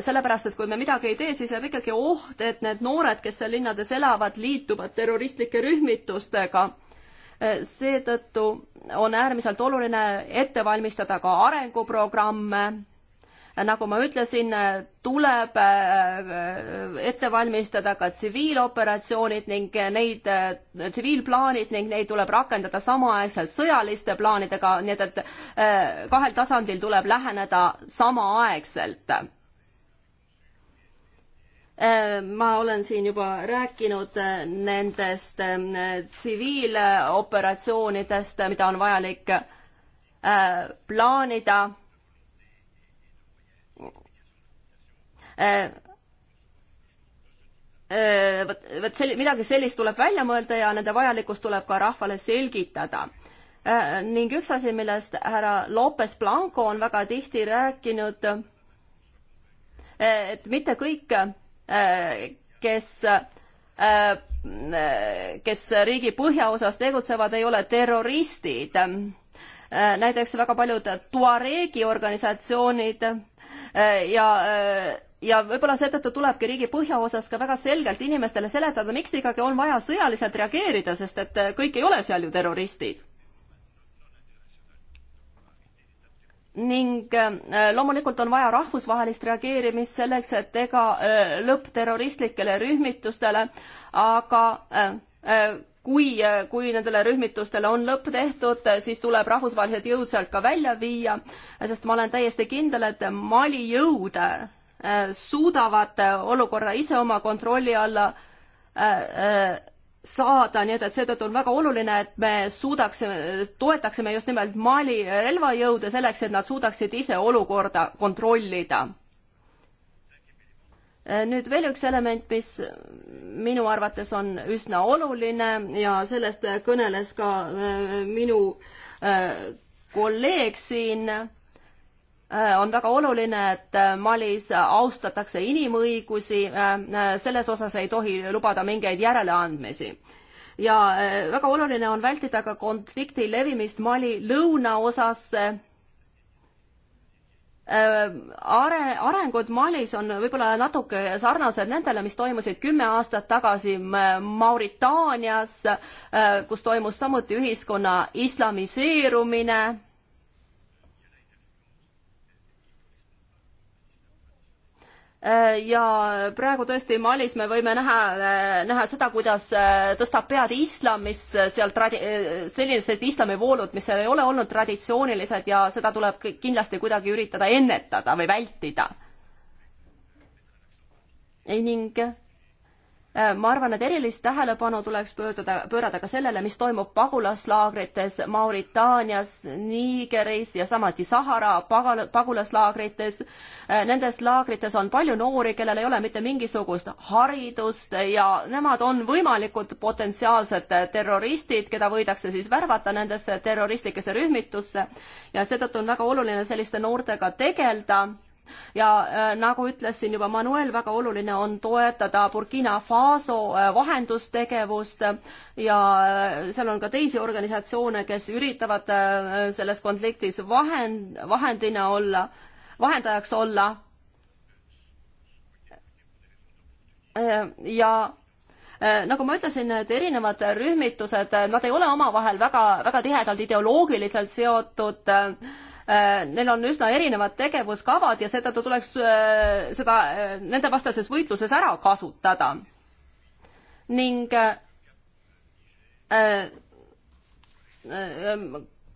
sellepärast, et kui me midagi ei tee, siis jääb ikkagi oht, et need noored, kes seal linnades elavad, liituvad terroristlike rühmitustega seetõttu on äärmiselt oluline ette valmistada ka arenguprogramme nagu ma ütlesin, tuleb äh, ette valmistada ka tsiviiloperatsioonid ning neid, äh, tsiviilplaanid ning neid tuleb rakendada samaaegselt sõjaliste plaanidega, nii et, et äh, kahel tasandil tuleb läheneda samaaegselt Äh, ma olen siin juba rääkinud äh, nendest ähm, tsiviiloperatsioonidest, äh, mida on vajalik plaanida. vot selli-, midagi sellist tuleb välja mõelda ja nende vajalikkust tuleb ka rahvale selgitada ning üks asi, millest härra Lopez Blanco on väga tihti rääkinud, et mitte kõik Äh, kes äh, kes riigi põhjaosas tegutsevad, ei ole terroristid. Äh, näiteks väga paljud tuareegi organisatsioonid ja, ja võib-olla seetõttu tulebki riigi põhjaosas ka väga selgelt inimestele seletada, miks ikkagi on vaja sõjaliselt reageerida, sest et kõik ei ole seal ju terroristid ning äh, loomulikult on vaja rahvusvahelist reageerimist selleks, et ega äh, lõpp terroristlikele rühmitustele, aga äh, kui, kui nendele rühmitustele on lõpp tehtud, siis tuleb rahvusvahelised jõud sealt ka välja viia, sest ma olen täiesti kindel, et Mali jõud suudavad olukorra ise oma kontrolli alla saada, nii et, et seetõttu on väga oluline, et me suudaksime, toetaksime just nimelt Mali relvajõude selleks, et nad suudaksid ise olukorda kontrollida. nüüd veel üks element, mis minu arvates on üsna oluline ja sellest kõneles ka äh, minu äh, kolleeg siin Äh, on väga oluline, et äh, Malis austatakse inimõigusi, äh, selles osas ei tohi lubada mingeid järeleandmisi. ja väga oluline on vältida ka konflikti levimist Mali lõunaosasse. Are-, arengud Malis on võib-olla natuke sarnased nendele, mis toimusid kümme aastat tagasi Mauritaanias, kus toimus samuti ühiskonna islamiseerumine Äh, ja praegu tõesti Malis me võime näha, äh, näha seda, kuidas äh, tõstab pead islam, mis seal tradi-, sellised islamivoolud, mis seal ei ole olnud traditsioonilised ja seda tuleb kindlasti kuidagi üritada ennetada või vältida. ning Äh, ma arvan, et erilist tähelepanu tuleks pöörduda, pöörada ka sellele, mis toimub pagulaslaagrites Mauritaanias, Nigeris ja samuti Sahara pagal-, pagulaslaagrites. Äh, nendes laagrites on palju noori, kellel ei ole mitte mingisugust haridust ja nemad on võimalikud potentsiaalsed terroristid, keda võidakse siis värvata nendesse terroristlikesse rühmitusse ja seetõttu on väga oluline selliste noortega tegeleda ja äh, nagu ütles siin juba Manuel, väga oluline on toetada Burkina Faso äh, vahendustegevust ja äh, seal on ka teisi organisatsioone, kes üritavad selles konfliktis vahend, vahendina olla, vahendajaks olla. ja nagu ma ütlesin, need erinevad rühmitused, nad ei ole omavahel väga, väga tihedalt ideoloogiliselt seotud äh, Äh, neil on üsna erinevad tegevuskavad ja seetõttu tuleks äh, seda äh, nende vastases võitluses ära kasutada. ning ähm,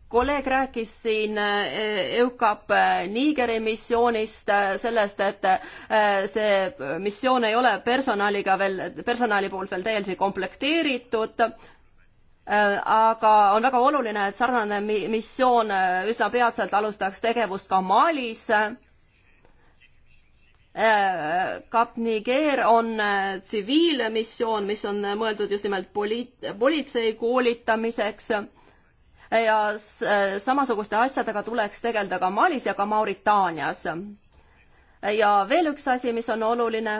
kolleeg rääkis siin EUCAP Nigeri missioonist, sellest, et see missioon ei ole personaliga veel, personali poolt veel täiesti komplekteeritud Äh, aga on väga oluline, et sarnane missioon äh, üsna peatselt alustaks tegevust ka Malis. Äh, Kap Niger on tsiviilmissioon, mis on mõeldud just nimelt poliit-, politsei koolitamiseks ja samasuguste asjadega tuleks tegeleda ka Malis ja ka Mauritaanias. ja veel üks asi, mis on oluline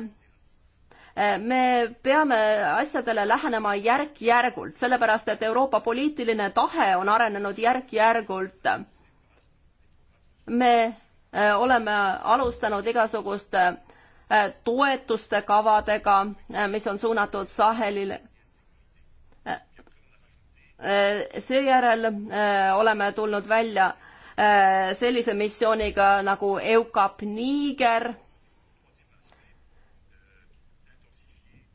me peame asjadele lähenema järk-järgult, sellepärast et Euroopa poliitiline tahe on arenenud järk-järgult. me äh, oleme alustanud igasugust äh, toetuste kavadega, äh, mis on suunatud Sahelile seejärel oleme tulnud välja sellise missiooniga nagu EUCAP Niger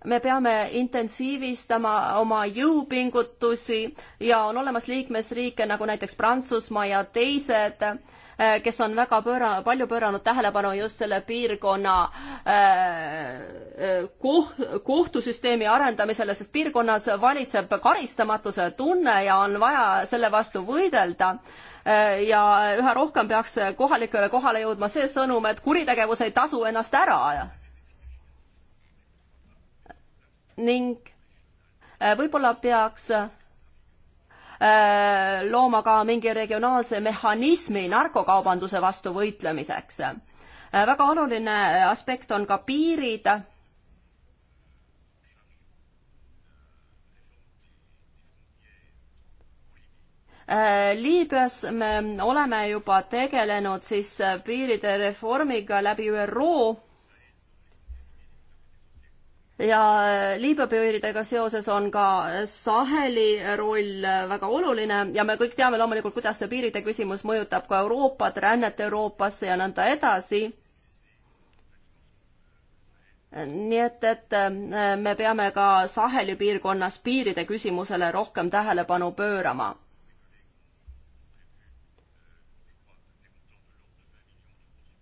me peame intensiivistama oma jõupingutusi ja on olemas liikmesriike nagu näiteks Prantsusmaa ja teised, eh, kes on väga pööra-, palju pööranud tähelepanu just selle piirkonna äh, eh, eh, koht, kohtusüsteemi arendamisele, sest piirkonnas valitseb karistamatuse tunne ja on vaja selle vastu võidelda äh,. ja üha rohkem peaks kohalikele kohale jõudma see sõnum, et kuritegevus ei tasu ennast ära ning äh, võib-olla peaks äh, looma ka mingi regionaalse mehhanismi narkokaubanduse vastu võitlemiseks. Äh, väga oluline aspekt on ka piirid Liibüas me oleme juba tegelenud siis piiride reformiga läbi ÜRO ja äh, liibepööridega seoses on ka Saheli roll äh, väga oluline ja me kõik teame loomulikult, kuidas see piiride küsimus mõjutab ka Euroopat, rännet Euroopasse ja nõnda edasi. nii et, et äh, me peame ka Saheli piirkonnas piiride küsimusele rohkem tähelepanu pöörama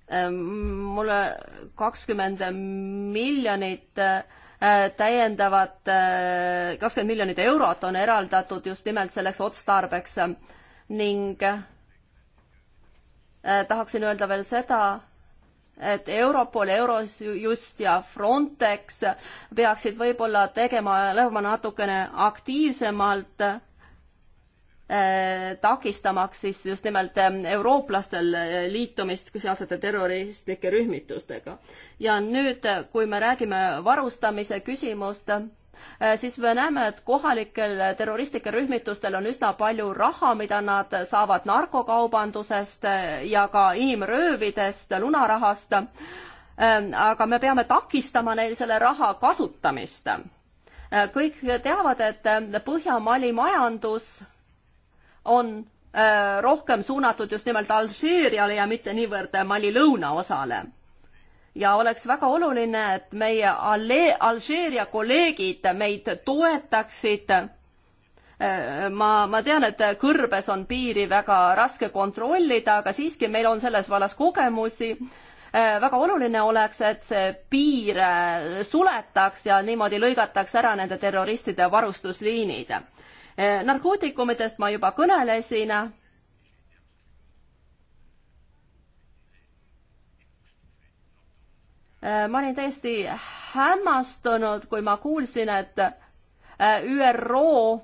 mulle kakskümmend miljonit Äh, täiendavat äh, kakskümmend miljonit eurot on eraldatud just nimelt selleks otstarbeks ning äh, tahaksin öelda veel seda, et Europol, Eurojust ja Frontex peaksid võib-olla tegema, lõhuma natukene aktiivsemalt Äh, takistamaks siis just nimelt ähm, eurooplastel äh, liitumist sealsete terroristlike rühmitustega. ja nüüd, äh, kui me räägime varustamise küsimust, siis me näeme, et kohalikel terroristlikel rühmitustel on üsna palju raha, mida nad saavad narkokaubandusest ja ka inimröövidest, lunarahast. Ähm, aga me peame takistama neil selle raha kasutamist. kõik teavad, et Põhja-Mali majandus on äh, rohkem suunatud just nimelt Alžeeriale ja mitte niivõrd Mali lõunaosale. ja oleks väga oluline, et meie Alžeeria kolleegid meid toetaksid. Äh, ma, ma tean, et kõrbes on piiri väga raske kontrollida, aga siiski meil on selles vallas kogemusi äh, väga oluline oleks, et see piir suletaks ja niimoodi lõigataks ära nende terroristide varustusliinid. Eh, narkootikumidest ma juba kõnelesin. Eh, ma olin täiesti hämmastunud, kui ma kuulsin, et eh, ÜRO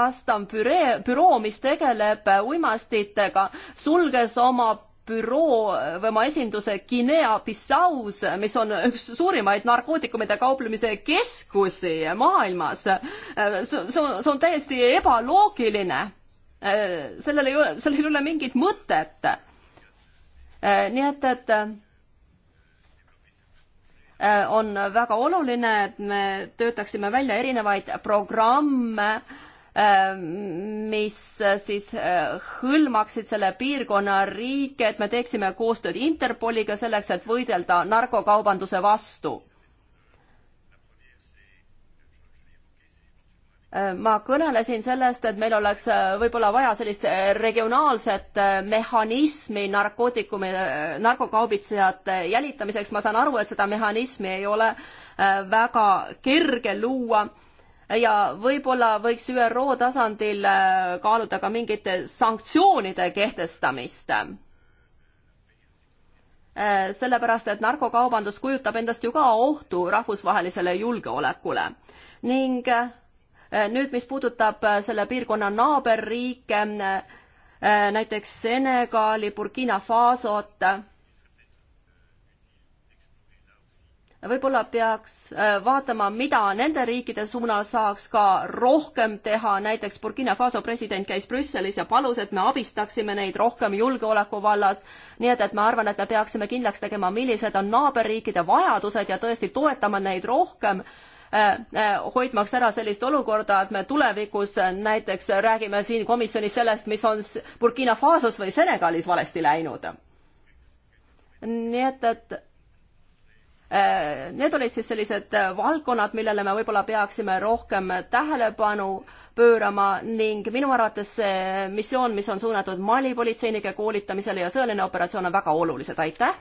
vastav büree, büroo, mis tegeleb uimastitega, sulges oma büroo või oma esinduse Guinea-Bissaus, mis on üks suurimaid narkootikumide kauplemise keskusi maailmas. see on, see on täiesti ebaloogiline. sellel ei ole, sellel ei ole mingit mõtet. nii et, et on väga oluline, et me töötaksime välja erinevaid programme Äh, mis äh, siis äh, hõlmaksid selle piirkonna riike, et me teeksime koostööd Interpoliga selleks, et võidelda narkokaubanduse vastu. ma kõnelesin sellest, et meil oleks võib-olla vaja sellist regionaalset mehhanismi narkootikumi, narkokaubitsejate jälitamiseks, ma saan aru, et seda mehhanismi ei ole väga kerge luua ja võib-olla võiks ÜRO tasandil äh, kaaluda ka mingite sanktsioonide kehtestamist äh, sellepärast et narkokaubandus kujutab endast ju ka ohtu rahvusvahelisele julgeolekule ning äh, nüüd, mis puudutab selle piirkonna naaberriike, näiteks Senegali, Burkina Fasot võib-olla peaks äh, vaatama, mida nende riikide suunal saaks ka rohkem teha, näiteks Burkina Faso president käis Brüsselis ja palus, et me abistaksime neid rohkem julgeoleku vallas, nii et, et ma arvan, et me peaksime kindlaks tegema, millised on naaberriikide vajadused ja tõesti toetama neid rohkem, äh, äh, hoidmaks ära sellist olukorda, et me tulevikus näiteks räägime siin komisjonis sellest, mis on Burkina Fasos või Senegalis valesti läinud. nii et, et Äh, need olid siis sellised äh, valdkonnad, millele me võib-olla peaksime rohkem tähelepanu pöörama ning minu arvates see missioon, mis on suunatud Mali politseinike koolitamisele ja sõeline operatsioon on väga olulised, aitäh!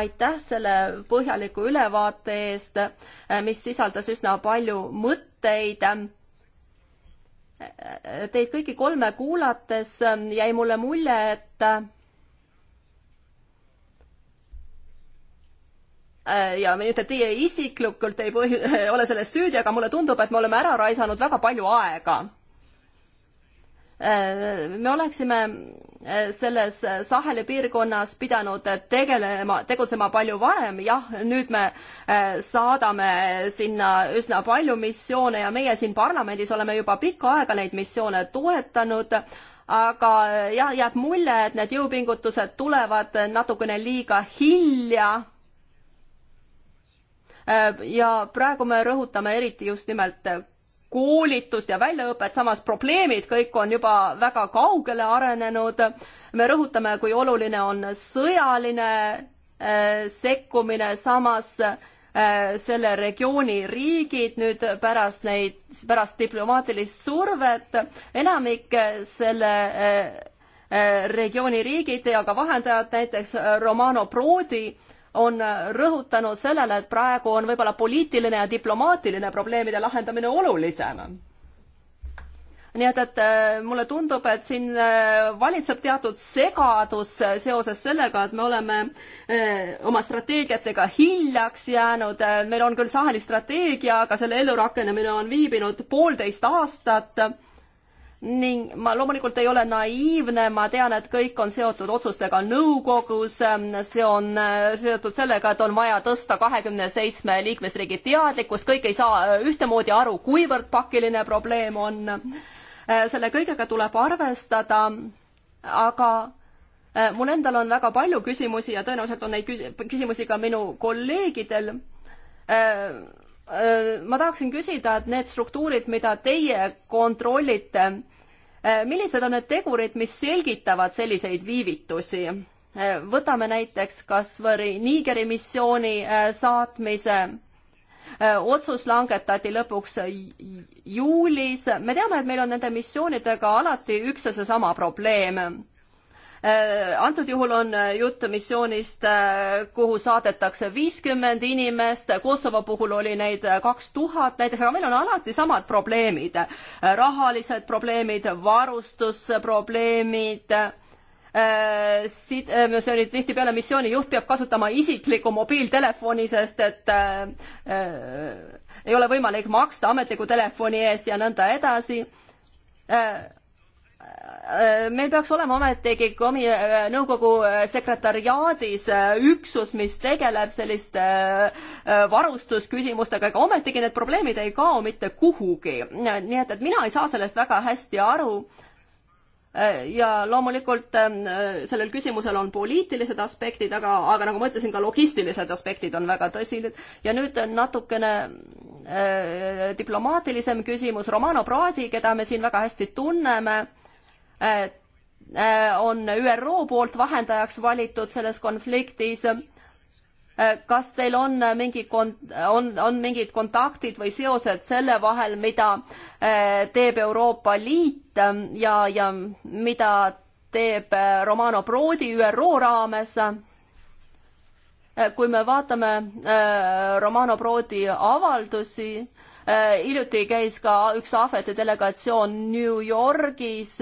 aitäh selle põhjaliku ülevaate eest, äh, mis sisaldas üsna palju mõtteid teid kõiki kolme kuulates jäi mulle mulje, et Äh, ja mitte teie isiklikult ei põhi, ole selles süüdi, aga mulle tundub, et me oleme ära raisanud väga palju aega. Äh, me oleksime äh, selles Saheli piirkonnas pidanud tegelema, tegutsema palju varem, jah, nüüd me saadame sinna üsna palju missioone ja meie siin parlamendis oleme juba pikka aega neid missioone toetanud, aga jah, jääb mulje, et need jõupingutused tulevad natukene liiga hilja Äh, ja praegu me rõhutame eriti just nimelt koolitust ja väljaõpet, samas probleemid kõik on juba väga kaugele arenenud. me rõhutame, kui oluline on sõjaline äh, sekkumine, samas äh, selle regiooni riigid nüüd pärast neid, pärast diplomaatilist survet, enamik selle regiooni riigid ja ka vahendajad, näiteks Romano Prodi, on äh, rõhutanud sellele, et praegu on võib-olla poliitiline ja diplomaatiline probleemide lahendamine olulisem. nii et, et äh, mulle tundub, et siin äh, valitseb teatud segadus seoses sellega, et me oleme oma strateegiatega hiljaks jäänud, meil on küll Saheli strateegia, aga selle ellurakendamine on viibinud poolteist aastat ning ma loomulikult ei ole naiivne, ma tean, et kõik on seotud otsustega nõukogus, ehm, see on ehm, seotud sellega, et on vaja tõsta kahekümne seitsme liikmesriigi teadlikkust, kõik ei saa ehm, ühtemoodi aru, kuivõrd pakiline probleem on. selle kõigega tuleb arvestada, aga mul endal on väga palju küsimusi ja tõenäoliselt on neid küsimusi ka minu kolleegidel Äh, ma tahaksin küsida, et need struktuurid, mida teie kontrollite, äh, millised on need tegurid, mis selgitavad selliseid viivitusi? Äh, võtame näiteks kas või Nigeri missiooni saatmise. otsus langetati lõpuks juulis. me teame, et meil on nende missioonidega alati üks ja seesama probleem Äh, antud juhul on äh, jutt missioonist, äh, kuhu saadetakse viiskümmend inimest, Kosovo puhul oli neid kaks tuhat näiteks, aga meil on alati samad probleemid, rahalised probleemid, varustusprobleemid Siit, see oli tihtipeale missiooni juht peab kasutama isiklikku mobiiltelefoni, sest et äh, äh, ei ole võimalik maksta ametliku telefoni eest ja nõnda edasi äh, Äh, meil peaks olema ometigi komi-, äh, nõukogu äh, sekretariaadis üksus, mis tegeleb selliste varustusküsimustega, ega ometigi need probleemid ei kao mitte kuhugi. nii et, et mina ei saa sellest väga hästi aru. ja loomulikult ähm, sellel küsimusel on poliitilised aspektid, aga, aga nagu ma ütlesin, ka logistilised aspektid on väga tõsised. ja nüüd natukene diplomaatilisem küsimus, Romano Prodi, keda me siin väga hästi tunneme Äh, on ÜRO poolt vahendajaks valitud selles konfliktis. Äh, kas teil on mingi kont-, on, on mingid kontaktid või seosed selle vahel, mida äh, teeb Euroopa Liit ähm, ja, ja mida teeb Romano Prodi ÜRO raames? kui me vaatame Romano Prodi avaldusi, hiljuti käis ka üks ahvete delegatsioon New Yorgis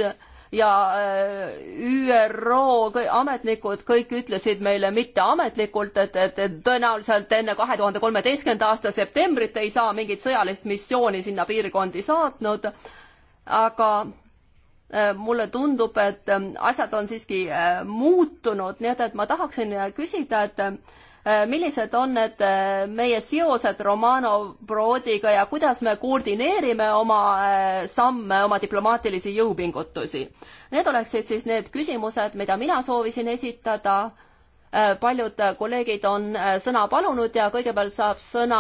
ja äh, ÜRO ametnikud kõik ütlesid meile mitteametlikult, et, et, et tõenäoliselt enne kahe tuhande kolmeteistkümnenda aasta septembrit ei saa mingit sõjalist missiooni sinna piirkondi saatnud, aga äh, mulle tundub, et äh, asjad on siiski muutunud, nii et, et ma tahaksin küsida, et Äh, millised on need äh, meie seosed Romano Brodiga ja kuidas me koordineerime oma äh, samme, oma diplomaatilisi jõupingutusi? Need oleksid siis need küsimused, mida mina soovisin esitada paljud kolleegid on sõna palunud ja kõigepealt saab sõna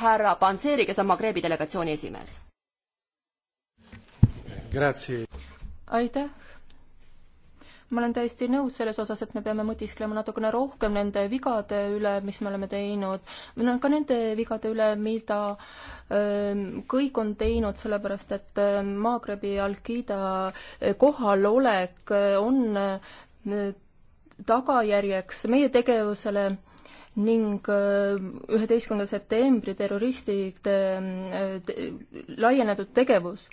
härra Panseri, kes on Magrebi delegatsiooni esimees. aitäh, ma olen täiesti nõus selles osas, et me peame mõtisklema natukene rohkem nende vigade üle, mis me oleme teinud, no ka nende vigade üle, mida ähm, kõik on teinud, sellepärast et Maagrebi ähm, al-Qaeda äh, kohalolek äh, on äh, tagajärjeks meie tegevusele ning üheteistkümnenda septembri terroristide laienenud tegevus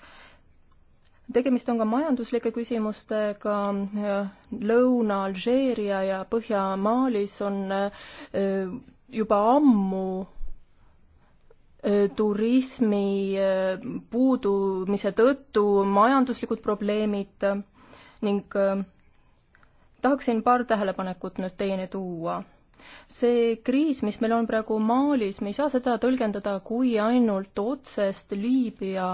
tegemist on ka majanduslike küsimustega, Lõuna-Alžeeria ja Põhja-Malis on äh, juba ammu äh, turismi äh, puudumise tõttu majanduslikud probleemid ning tahaksin paar tähelepanekut nüüd teieni tuua see kriis, mis meil on praegu Malis, me ei saa seda tõlgendada kui ainult otsest Liibüa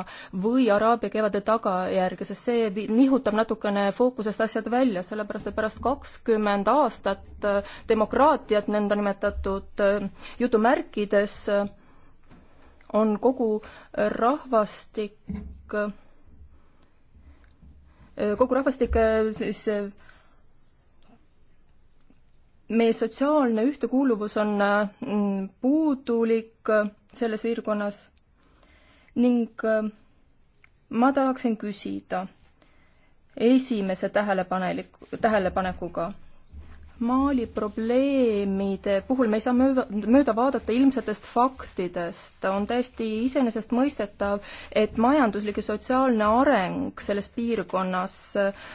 või Araabia kevade tagajärge, sest see nihutab natukene fookusest asjad välja, sellepärast et pärast kakskümmend aastat äh, demokraatiat nõndanimetatud äh, jutumärkides äh, on kogu rahvastik kogu rahvastik siis meie sotsiaalne ühtekuuluvus on mm, puudulik äh, selles piirkonnas ning äh, ma tahaksin küsida esimese tähelepanelik-, tähelepanekuga Maali probleemide puhul me ei saa mööda, mööda vaadata ilmsetest faktidest. on täiesti iseenesestmõistetav, et majanduslik ja sotsiaalne areng selles piirkonnas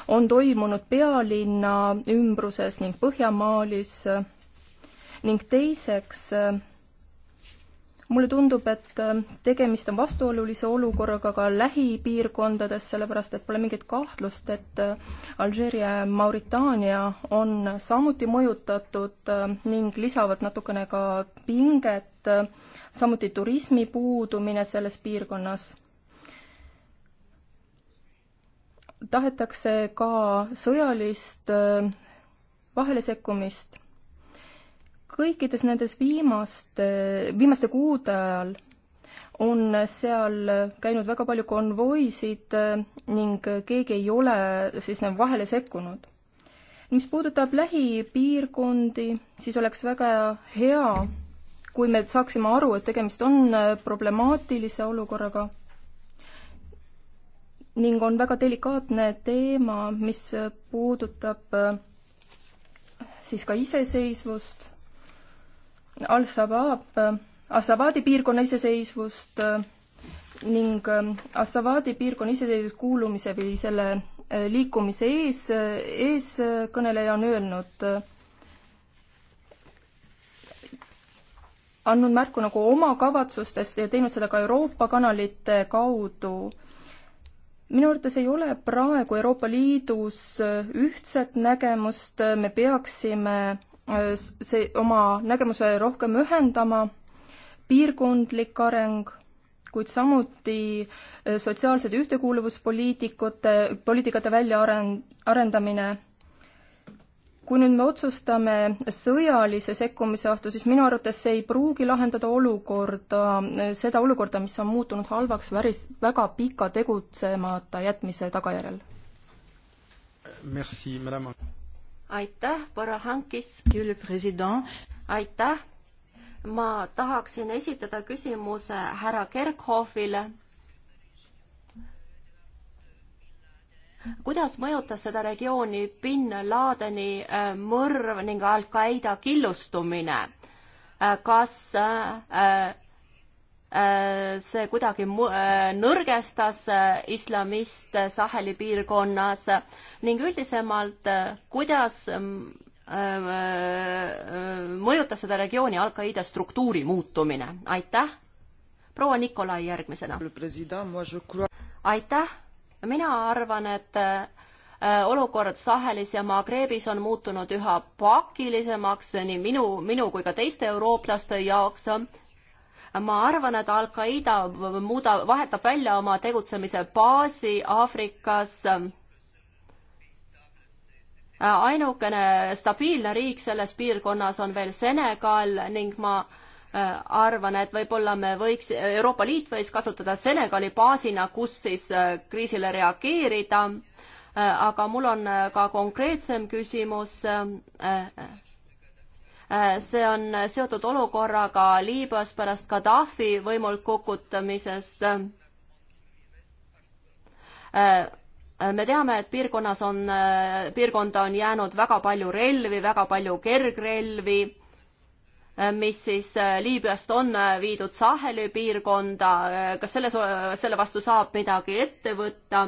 on toimunud pealinna ümbruses ning Põhjamaalis ning teiseks mulle tundub, et äh, tegemist on vastuolulise olukorraga ka lähipiirkondades, sellepärast et pole mingit kahtlust, et äh, Alžeeria ja Mauritaania on samuti mõjutatud äh, ning lisavad natukene ka pinget, samuti turismi puudumine selles piirkonnas tahetakse ka sõjalist vahelesekkumist kõikides nendes viimaste, viimaste kuude ajal on seal käinud väga palju konvoisid eh, ning keegi ei ole siis vahele sekkunud. mis puudutab lähipiirkondi, siis oleks väga hea, kui me saaksime aru, et tegemist on eh, problemaatilise olukorraga ning on väga delikaatne teema, mis puudutab eh, siis ka iseseisvust Al-Shabaab, Assabaadi piirkonna iseseisvust äh, ning ähm, Assabaadi piirkonna iseseisvus kuulumise või selle äh, liikumise ees, äh, eeskõneleja on öelnud, andnud märku nagu oma kavatsustest ja teinud seda ka Euroopa kanalite kaudu. minu arvates ei ole praegu Euroopa Liidus ühtset nägemust, me peaksime see, oma nägemuse rohkem ühendama, piirkondlik areng, kuid samuti eh, sotsiaalsed ühtekuuluvuspoliitikute, poliitikate väljaaren-, arendamine. kui nüüd me otsustame sõjalise sekkumise ohtu, siis minu arvates see ei pruugi lahendada olukorda, eh, seda olukorda, mis on muutunud halvaks väris, väga pika tegutsemata jätmise tagajärjel. Merci, madame aitäh, Barahankis. aitäh. ma tahaksin esitada küsimuse härra Kerkhoffile. kuidas mõjutas seda regiooni bin Ladeni äh, mõrv ning Al-Qaeda killustumine? Äh, kas äh, Äh, see kuidagi äh, nõrgestas äh, islamiste Saheli piirkonnas ning üldisemalt, kuidas ähm, mõjutas seda regiooni Al-Qaeda struktuuri muutumine, aitäh. proua Nikolai järgmisena. aitäh, mina arvan, et olukord Sahelis ja Magrebis on muutunud üha pakilisemaks nii minu, minu kui ka teiste eurooplaste jaoks ma arvan, et Al-Qaeda muudab, vahetab välja oma tegutsemise baasi Aafrikas ainukene stabiilne riik selles piirkonnas on veel Senegal ning ma äh, arvan, et võib-olla me võiks, Euroopa Liit võiks kasutada Senegali baasina, kus siis äh, kriisile reageerida. Äh, aga mul on ka konkreetsem küsimus Äh, see on seotud olukorraga Liibüas pärast Gaddafi võimult kukutamisest. Äh, me teame, et piirkonnas on, äh, piirkonda on jäänud väga palju relvi, väga palju kergrelvi, mis siis Liibüast on viidud Saheli piirkonda. kas selles, selle vastu saab midagi ette võtta?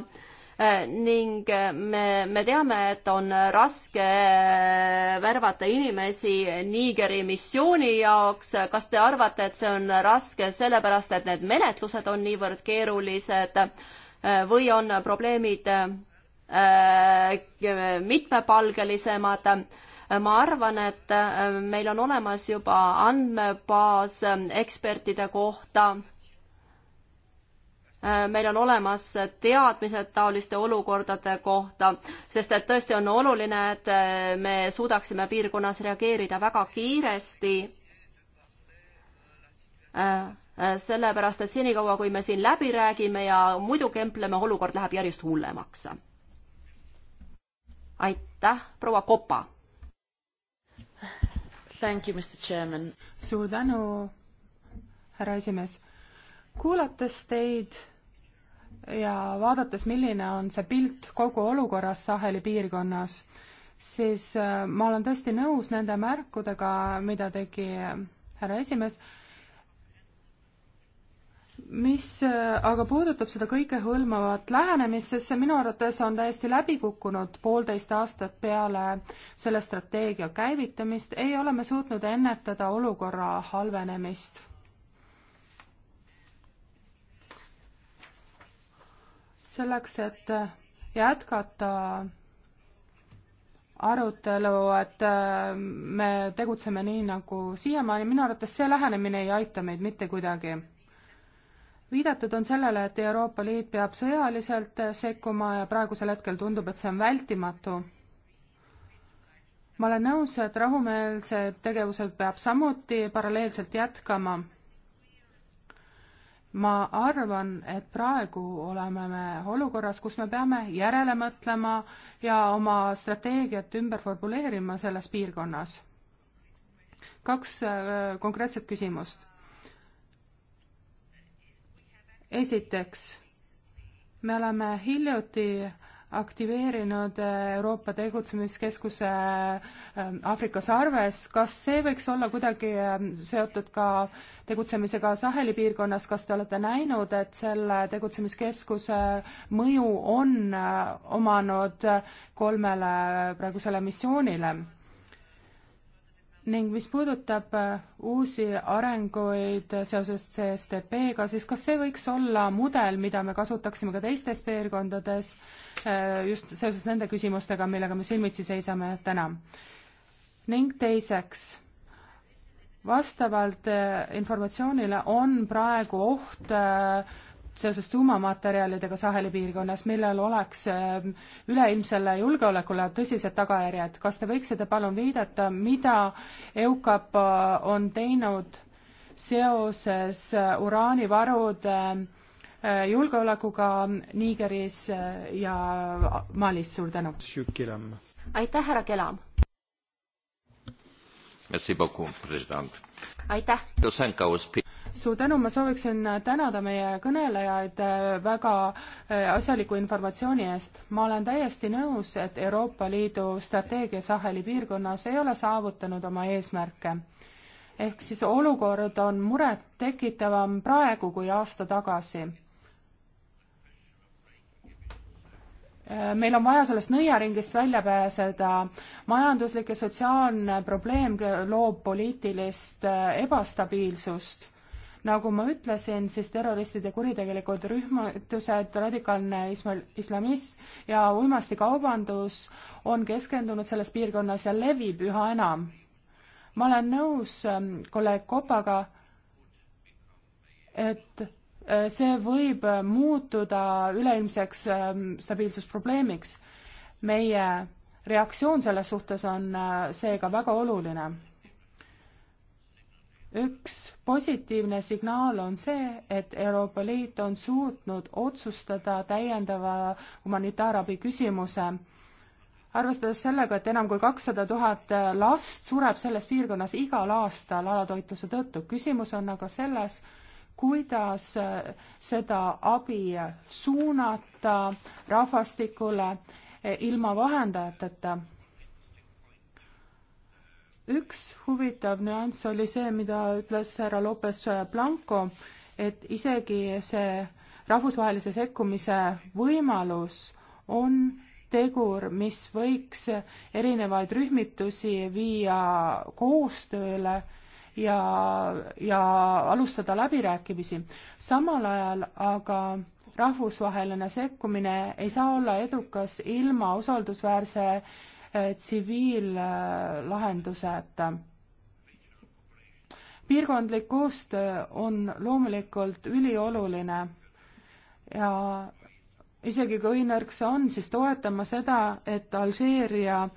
Äh, ning äh, me, me teame, et on raske äh, värvata inimesi Nigeri missiooni jaoks. kas te arvate, et see on raske sellepärast, et need menetlused on niivõrd keerulised või on probleemid mitmepalgelisemad? ma arvan, et meil on olemas juba andmebaas ekspertide kohta Äh, meil on olemas teadmised taoliste olukordade kohta, sest et tõesti on oluline, et äh, me suudaksime piirkonnas reageerida väga kiiresti äh, sellepärast, et senikaua, kui me siin läbi räägime ja muidu kempleme, olukord läheb järjest hullemaks. aitäh, proua Kopa! suur tänu, härra esimees! kuulates teid ja vaadates, milline on see pilt kogu olukorras Saheli piirkonnas, siis äh, ma olen tõesti nõus nende märkudega, mida tegi äh, härra esimees, mis äh, aga puudutab seda kõikehõlmavat lähenemist, sest see minu arvates on täiesti läbi kukkunud poolteist aastat peale selle strateegia käivitamist, ei ole me suutnud ennetada olukorra halvenemist selleks, et jätkata arutelu, et äh, me tegutseme nii, nagu siiamaani, minu arvates see lähenemine ei aita meid mitte kuidagi. viidatud on sellele, et Euroopa Liit peab sõjaliselt äh, sekkuma ja praegusel hetkel tundub, et see on vältimatu. ma olen nõus, et rahumeelsed tegevused peab samuti paralleelselt jätkama ma arvan, et praegu oleme me olukorras, kus me peame järele mõtlema ja oma strateegiat ümber formuleerima selles piirkonnas. kaks äh, konkreetset küsimust. esiteks, me oleme hiljuti aktiveerinud äh, Euroopa Tegutsemiskeskuse äh, Aafrika sarves, kas see võiks olla kuidagi äh, seotud ka tegutsemisega Saheli piirkonnas, kas te olete näinud, et selle tegutsemiskeskuse mõju on omanud kolmele praegusele missioonile? ning mis puudutab äh, uusi arenguid seoses CSTP-ga, siis kas see võiks olla mudel, mida me kasutaksime ka teistes piirkondades äh, just seoses nende küsimustega, millega me silmitsi seisame täna? ning teiseks, vastavalt äh, informatsioonile on praegu oht seoses tuumamaterjalidega Saheli piirkonnas, millel oleks ähm, üleilmsele julgeolekule tõsised tagajärjed. kas te võiksite palun viidata, mida EUCAP äh, on teinud seoses äh, uraanivarude ähm, äh, julgeolekuga Nigeris ja Malis, suur tänu! aitäh, härra Kelam! aitäh! suur tänu, ma sooviksin tänada meie kõnelejaid äh, väga äh, asjaliku informatsiooni eest. ma olen täiesti nõus, et Euroopa Liidu strateegia Saheli piirkonnas ei ole saavutanud oma eesmärke. ehk siis olukord on murettekitavam praegu kui aasta tagasi. Äh, meil on vaja sellest nõiaringist välja pääseda, majanduslik ja sotsiaalne probleem loob poliitilist ebastabiilsust nagu ma ütlesin, siis terroristide kuritegelikud rühmitused, radikaalne ismal-, islamism ja uimastikaubandus on keskendunud selles piirkonnas ja levib üha enam. ma olen nõus ähm, kolleeg Kopaga, et äh, see võib äh, muutuda üleilmseks ähm, stabiilsusprobleemiks. meie reaktsioon selles suhtes on äh, seega väga oluline üks positiivne signaal on see, et Euroopa Liit on suutnud otsustada täiendava humanitaarabi küsimuse. arvestades sellega, et enam kui kakssada tuhat last sureb selles piirkonnas igal aastal alatoitluse tõttu, küsimus on aga selles, kuidas seda abi suunata rahvastikule ilma vahendajateta üks huvitav nüanss oli see, mida ütles härra Lopez Blanco, et isegi see rahvusvahelise sekkumise võimalus on tegur, mis võiks erinevaid rühmitusi viia koostööle ja, ja alustada läbirääkimisi. samal ajal aga rahvusvaheline sekkumine ei saa olla edukas ilma usaldusväärse Äh, tsiviillahendused. piirkondlik koostöö on loomulikult ülioluline ja isegi kui õinõrk see on, siis toetama seda, et Alžeeria äh,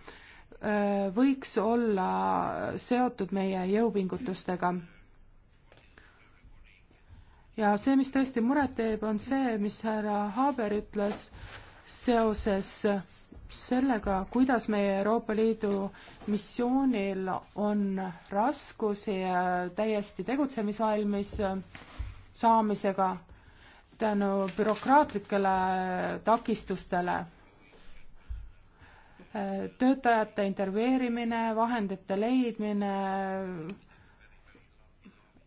võiks olla seotud meie jõupingutustega. ja see, mis tõesti muret teeb, on see, mis härra Haber ütles seoses sellega, kuidas meie Euroopa Liidu missioonil on raskusi täiesti tegutsemisvalmis saamisega tänu bürokraatlikele takistustele. töötajate intervjueerimine, vahendite leidmine,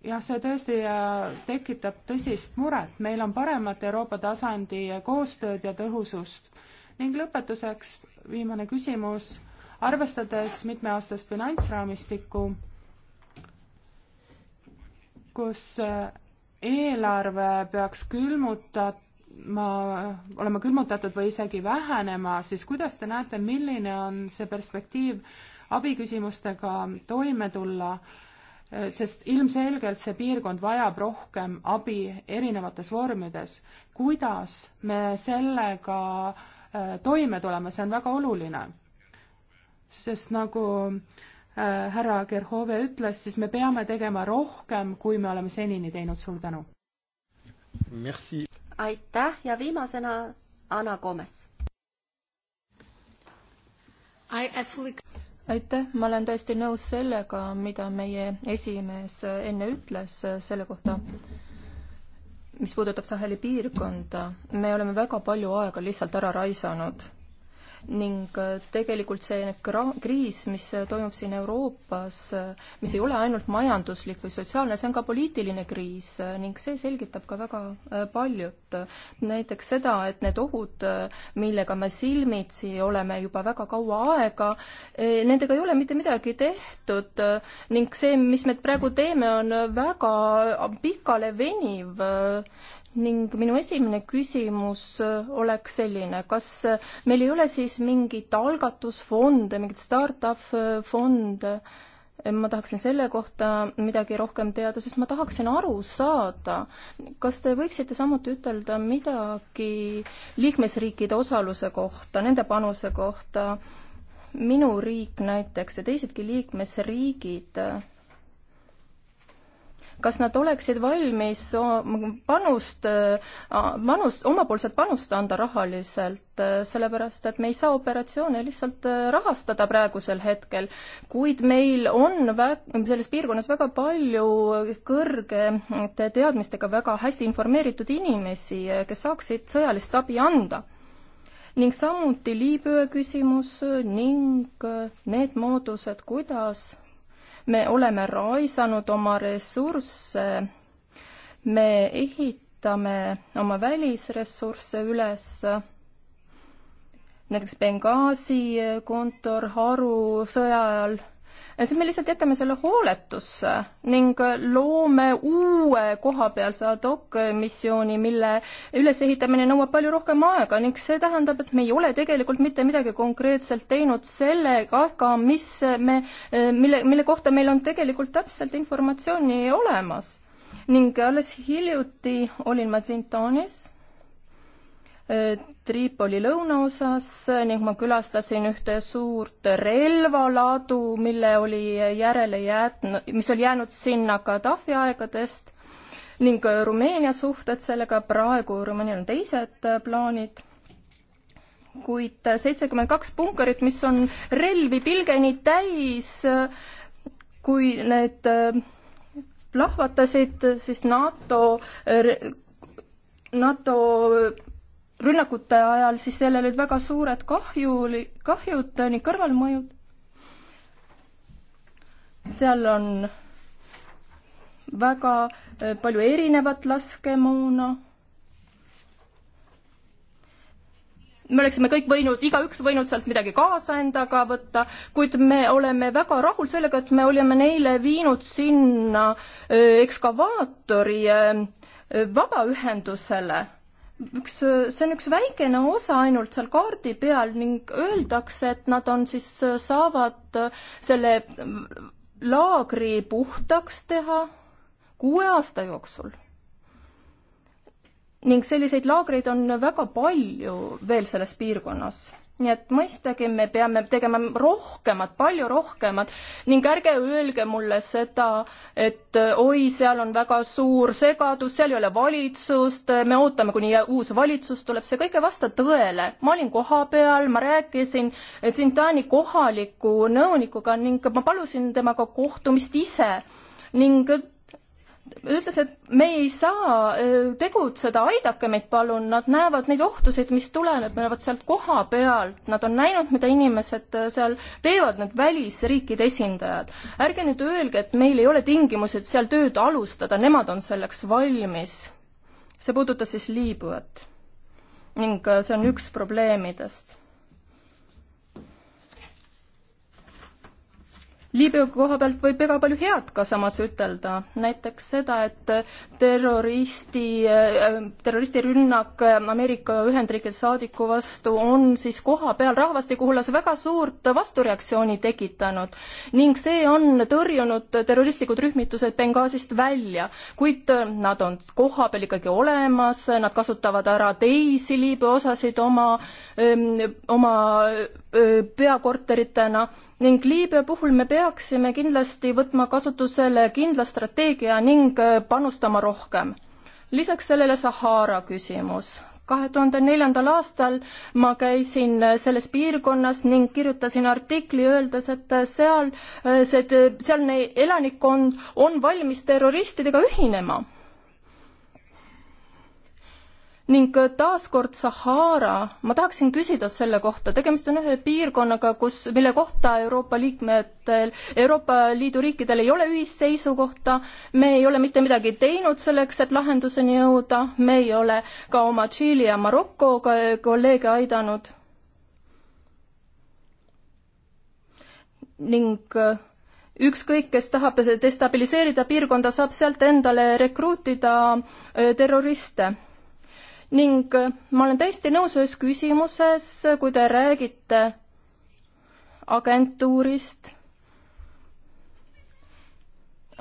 jah, see tõesti äh, tekitab tõsist muret, meil on paremat Euroopa tasandi koostööd ja tõhusust ning lõpetuseks viimane küsimus, arvestades mitmeaastast finantsraamistikku, kus äh, eelarve peaks külmutat-, ma, olema külmutatud või isegi vähenema, siis kuidas te näete, milline on see perspektiiv abiküsimustega toime tulla, äh, sest ilmselgelt see piirkond vajab rohkem abi erinevates vormides. kuidas me sellega äh, Äh, toime tulema, see on väga oluline. sest nagu äh, härra Gerhove ütles, siis me peame tegema rohkem, kui me oleme senini teinud, suur tänu! aitäh ja viimasena Anna Gomes. aitäh, ma olen täiesti nõus sellega, mida meie esimees enne ütles selle kohta mm. -hmm mis puudutab Saheli piirkonda, me oleme väga palju aega lihtsalt ära raisanud ning äh, tegelikult see kriis, mis äh, toimub siin Euroopas, äh, mis ei ole ainult majanduslik või sotsiaalne, see on ka poliitiline kriis ning see selgitab ka väga paljut. näiteks seda, et need ohud, millega me silmitsi oleme juba väga kaua aega, nendega ei ole mitte midagi tehtud ning see, mis me praegu teeme, on väga pikale veniv ning minu esimene küsimus äh, oleks selline, kas äh, meil ei ole siis mingit algatusfonde, mingit startup äh, fonde? ma tahaksin selle kohta midagi rohkem teada, sest ma tahaksin aru saada, kas te võiksite samuti ütelda midagi liikmesriikide osaluse kohta, nende panuse kohta? minu riik näiteks ja teisedki liikmesriigid kas nad oleksid valmis panust, äh, panust, omapoolset panust anda rahaliselt, äh, sellepärast et me ei saa operatsioone lihtsalt äh, rahastada praegusel hetkel, kuid meil on vä-, selles piirkonnas väga palju kõrgete teadmistega väga hästi informeeritud inimesi, kes saaksid sõjalist abi anda ning samuti Liibüa küsimus ning need moodused, kuidas me oleme raisanud oma ressursse, me ehitame oma välisressursse üles, näiteks Benghazi kontor, haru sõja ajal siis me lihtsalt jätame selle hooletusse ning loome uue kohapealse ad hoc missiooni, mille ülesehitamine nõuab palju rohkem aega ning see tähendab, et me ei ole tegelikult mitte midagi konkreetselt teinud sellega, aga mis me, mille, mille kohta meil on tegelikult täpselt informatsiooni olemas. ning alles hiljuti olin ma Zintonis Tripoli lõunaosas ning ma külastasin ühte suurt relvaladu, mille oli järele jäetnud, mis oli jäänud sinna Gaddafi aegadest ning Rumeenia suhted sellega, praegu Rumeenial on teised plaanid, kuid seitsekümmend kaks punkarit, mis on relvi pilgeni täis, kui need äh, plahvatasid, siis NATO NATO rünnakute ajal, siis sellel olid väga suured kahju, kahjud eh, ning kõrvalmõjud. seal on väga eh, palju erinevat laskemoona. me oleksime kõik võinud, igaüks võinud sealt midagi kaasa endaga võtta, kuid me oleme väga rahul sellega, et me olime neile viinud sinna eh, ekskavaatori vabaühendusele üks, see on üks väikene osa ainult seal kaardi peal ning öeldakse, et nad on siis, äh, saavad äh, selle mm, laagri puhtaks teha kuue aasta jooksul. ning selliseid laagreid on väga palju veel selles piirkonnas nii et mõistagi me peame tegema rohkemat, palju rohkemat ning ärge öelge mulle seda, et oi, seal on väga suur segadus, seal ei ole valitsust, me ootame, kuni uus valitsus tuleb, see kõik ei vasta tõele. ma olin kohapeal, ma rääkisin eh, Sintani kohaliku nõunikuga ning ma palusin temaga kohtumist ise ning ütles, et me ei saa äh, tegutseda, aidake meid palun, nad näevad neid ohtusid, mis tulenevad sealt koha pealt, nad on näinud, mida inimesed äh, seal teevad, need välisriikide esindajad. ärge nüüd öelge, et meil ei ole tingimused seal tööd alustada, nemad on selleks valmis. see puudutas siis Liibüat. ning äh, see on üks probleemidest Liibüa koha pealt võib väga palju head ka samas ütelda, näiteks seda, et terroristi, äh, terroristirünnak äh, Ameerika Ühendriikide saadiku vastu on siis kohapeal rahvastiku hulgas väga suurt vastureaktsiooni tekitanud ning see on tõrjunud terroristlikud rühmitused Benghazist välja, kuid äh, nad on kohapeal ikkagi olemas, nad kasutavad ära teisi Liibüa osasid oma, ähm, oma peakorteritena ning Liibüa puhul me peaksime kindlasti võtma kasutusele kindla strateegia ning äh, panustama rohkem. lisaks sellele Sahara küsimus. kahe tuhande neljandal aastal ma käisin äh, selles piirkonnas ning kirjutasin artikli, öeldes, et äh, seal see, sealne elanikkond on valmis terroristidega ühinema ning äh, taaskord Sahara, ma tahaksin küsida selle kohta, tegemist on ühe piirkonnaga, kus, mille kohta Euroopa liikmetel, Euroopa Liidu riikidel ei ole ühist seisukohta, me ei ole mitte midagi teinud selleks, et lahenduseni jõuda, me ei ole ka oma Tšiili ja Maroko kolleege aidanud. ning äh, ükskõik, kes tahab destabiliseerida piirkonda, saab sealt endale rekruutida äh, terroriste ning äh, ma olen täiesti nõus ühes küsimuses, äh, kui te räägite agentuurist.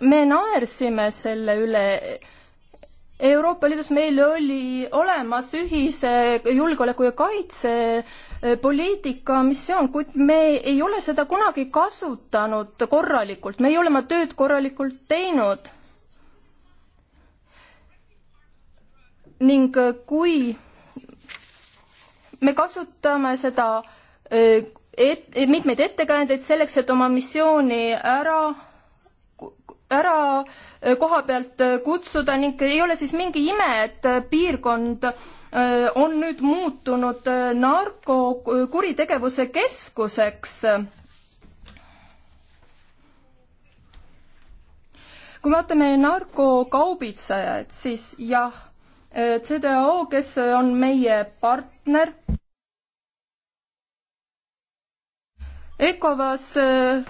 me naersime selle üle. Euroopa Liidus meil oli olemas ühise julgeoleku ja kaitse äh, poliitika missioon, kuid me ei ole seda kunagi kasutanud korralikult, me ei ole oma tööd korralikult teinud ning äh, kui me kasutame seda äh, et, et mitmeid ettekäändeid selleks, et oma missiooni ära, ära äh, koha pealt kutsuda ning ei ole siis mingi ime, et piirkond on nüüd muutunud narkokuritegevuse keskuseks. kui me vaatame narkokaubitsejaid, siis jah Äh, CDO, kes äh, on meie partner. ECOWAS äh,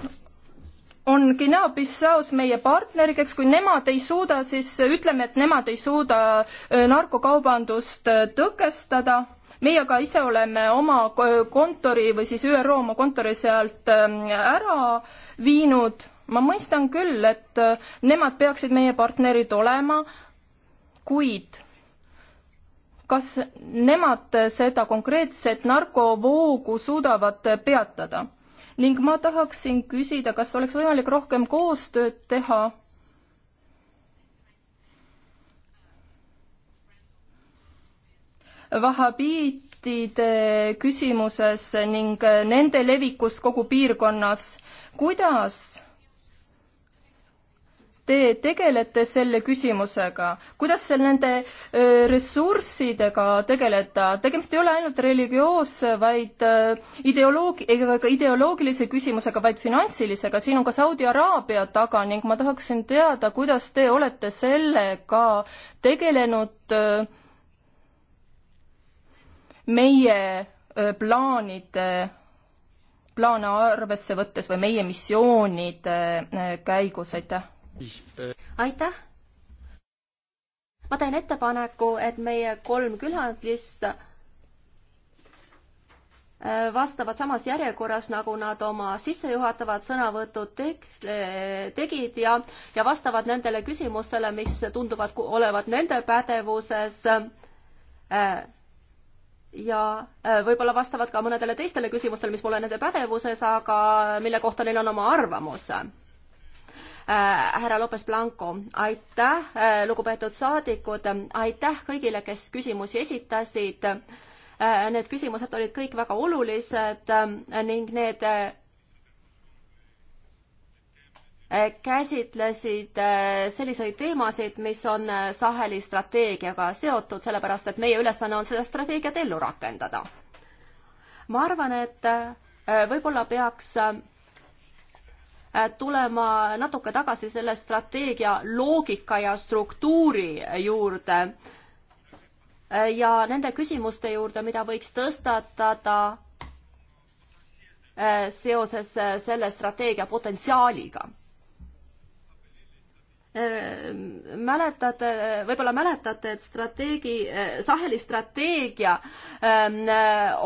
on Guinea-Bissaus meie partneriks, kui nemad ei suuda, siis ütleme, et nemad ei suuda narkokaubandust tõkestada. meie ka ise oleme oma kontori või siis ÜRO oma kontori sealt ähm, ära viinud. ma mõistan küll, et nemad peaksid meie partnerid olema, kuid kas nemad seda konkreetset narkovoogu suudavad peatada? ning ma tahaksin küsida, kas oleks võimalik rohkem koostööd teha vahabiitide küsimuses ning nende levikus kogu piirkonnas, kuidas te tegelete selle küsimusega, kuidas seal nende ressurssidega tegeleda, tegemist ei ole ainult religioosse, vaid ideoloog-, ega ka ideoloogilise küsimusega, vaid finantsilisega, siin on ka Saudi Araabia taga ning ma tahaksin teada, kuidas te olete sellega tegelenud meie plaanide plaane arvesse võttes või meie missioonide käigus, aitäh? aitäh! ma teen ettepaneku, et meie kolm külalist äh, vastavad samas järjekorras, nagu nad oma sissejuhatavad sõnavõtud teks, äh, tegid ja, ja vastavad nendele küsimustele, mis tunduvad olevat nende pädevuses. Äh, ja võib-olla vastavad ka mõnedele teistele küsimustele, mis pole nende pädevuses, aga mille kohta neil on oma arvamus Äh, härra Lopes Blanco, aitäh, äh, lugupeetud saadikud, aitäh kõigile, kes küsimusi esitasid. Äh, need küsimused olid kõik väga olulised ning need käsitlesid selliseid teemasid, mis on Saheli strateegiaga seotud, sellepärast et meie ülesanne on seda strateegiat ellu rakendada. ma arvan, et võib-olla peaks Äh, tulema natuke tagasi selle strateegia loogika ja struktuuri juurde äh, ja nende küsimuste juurde, mida võiks tõstatada äh, seoses selle strateegia potentsiaaliga Ehm, mäletate, võib-olla mäletate, et strateegi, eh, Saheli strateegia ehm,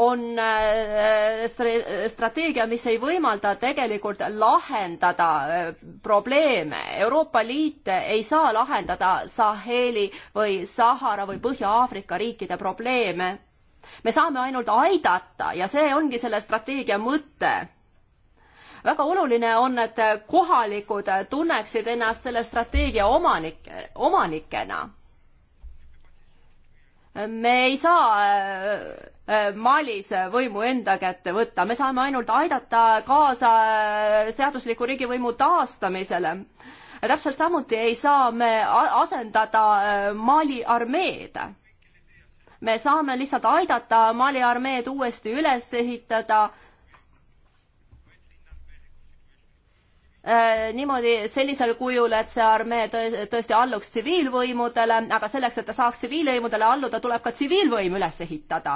on eh, strateegia, mis ei võimalda tegelikult lahendada eh, probleeme. Euroopa Liit ei saa lahendada Saheli või Sahara või Põhja-Aafrika riikide probleeme. me saame ainult aidata ja see ongi selle strateegia mõte väga oluline on, et kohalikud tunneksid ennast selle strateegia omanik, omanikena. me ei saa äh, äh, Malis võimu enda kätte võtta, me saame ainult aidata kaasa äh, seadusliku riigivõimu taastamisele. täpselt samuti ei saa me asendada Mali armeed me saame lihtsalt aidata Mali armeed uuesti üles ehitada Äh, niimoodi sellisel kujul, et see armee tõesti alluks tsiviilvõimudele, aga selleks, et ta saaks tsiviilvõimudele alluda, tuleb ka tsiviilvõim üles ehitada.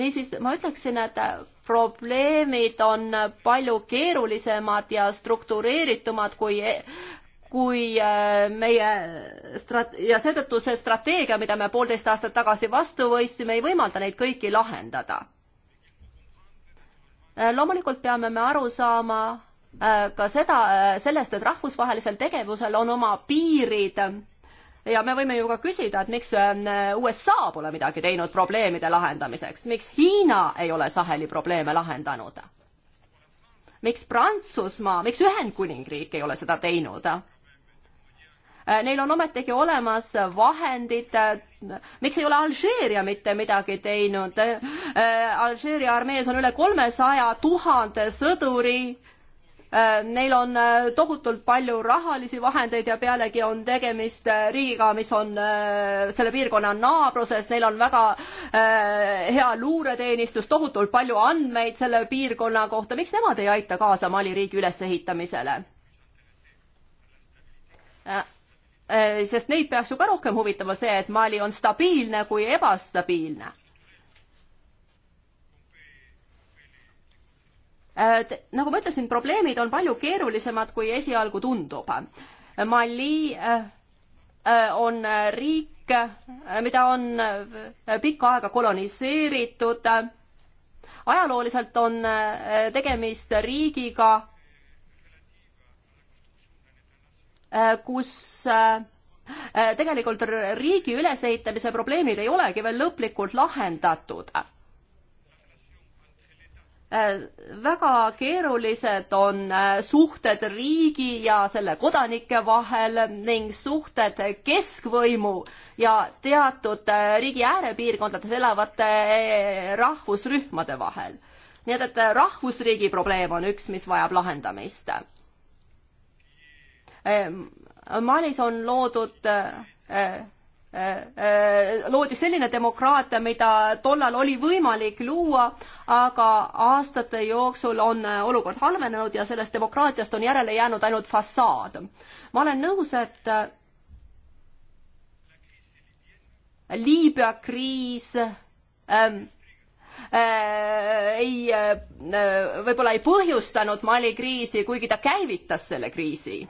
niisiis ma ütleksin, et probleemid on palju keerulisemad ja struktureeritumad kui e-, kui äh, meie strat- ja seetõttu see strateegia, mida me poolteist aastat tagasi vastu võtsime, ei võimalda neid kõiki lahendada. Äh, loomulikult peame me aru saama, Äh, ka seda, äh, sellest, et rahvusvahelisel tegevusel on oma piirid ja me võime ju ka küsida, et miks äh, USA pole midagi teinud probleemide lahendamiseks, miks Hiina ei ole Saheli probleeme lahendanud? miks Prantsusmaa, miks Ühendkuningriik ei ole seda teinud? Neil on ometigi olemas vahendid, miks ei ole Alžeeria mitte midagi teinud? Alžeeria armees on üle kolmesaja tuhande sõduri Äh, neil on äh, tohutult palju rahalisi vahendeid ja pealegi on tegemist äh, riigiga, mis on selle piirkonna naabruses, neil on väga hea luureteenistus, tohutult palju andmeid selle piirkonna kohta, miks nemad ei aita kaasa Mali riigi ülesehitamisele? sest neid peaks ju ka rohkem huvitama see, et Mali on stabiilne kui ebastabiilne Äh, nagu ma ütlesin, probleemid on palju keerulisemad, kui esialgu tundub. Mali äh, äh, on riik, mida on pikka aega koloniseeritud. ajalooliselt on tegemist riigiga, kus tegelikult riigi ülesehitamise probleemid ei olegi veel lõplikult lahendatud Äh, väga keerulised on äh, suhted riigi ja selle kodanike vahel ning suhted keskvõimu ja teatud äh, riigi äärepiirkondades elavate rahvusrühmade vahel. nii et, et rahvusriigi probleem on üks, mis vajab lahendamist. Malis on loodud Äh, äh, loodi selline demokraatia, mida tollal oli võimalik luua, aga aastate jooksul on äh, olukord halvenenud ja sellest demokraatiast on järele jäänud ainult fassaad. ma olen nõus, et Liibüa kriis ähm, äh, ei äh,, võib-olla ei põhjustanud Mali kriisi, kuigi ta käivitas selle kriisi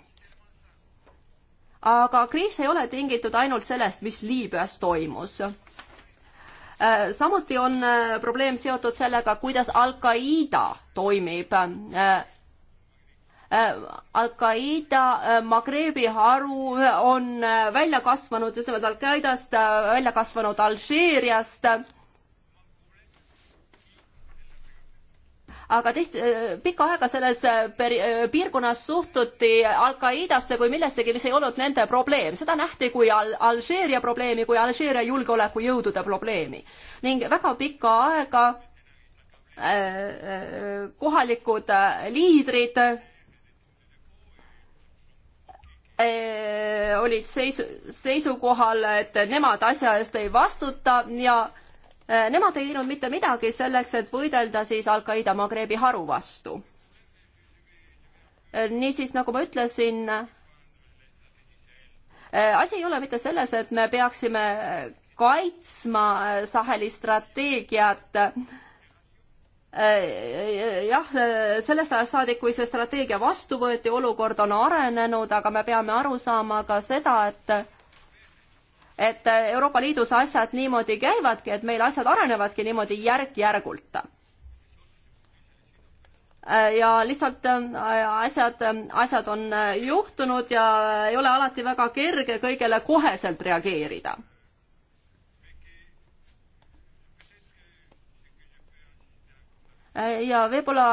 aga kriis ei ole tingitud ainult sellest, mis Liibüas toimus äh, samuti on äh, probleem seotud sellega, kuidas Al-Qaeda toimib. Äh, Al-Qaeda Magrebi haru on välja kasvanud, just nimelt Al-Qaedast, välja kasvanud Alžeeriast aga tihti, äh, pikka aega selles äh, äh, piirkonnas suhtuti Al-Qaidasse kui millessegi, mis ei olnud nende probleem. seda nähti kui Al-, Alžeeria probleemi, kui Alžeeria julgeolekujõudude probleemi. ning väga pikka aega kohalikud liidrid olid seisu, seisukohal, et nemad asja eest ei vastuta ja Äh, nemad ei teinud mitte midagi selleks, et võidelda siis Al-Qaeda Magrebi haru vastu. Äh, niisiis, nagu ma ütlesin, äh, asi ei ole mitte selles, et me peaksime kaitsma Saheli strateegiat. jah, sellest ajast saadik, kui see strateegia vastu võeti, olukord on arenenud, aga me peame aru saama ka seda, et et Euroopa Liidus asjad niimoodi käivadki, et meil asjad arenevadki niimoodi järk-järgult. ja lihtsalt äh, asjad, äh, asjad on äh, juhtunud ja ei ole alati väga kerge kõigele koheselt reageerida ja võib-olla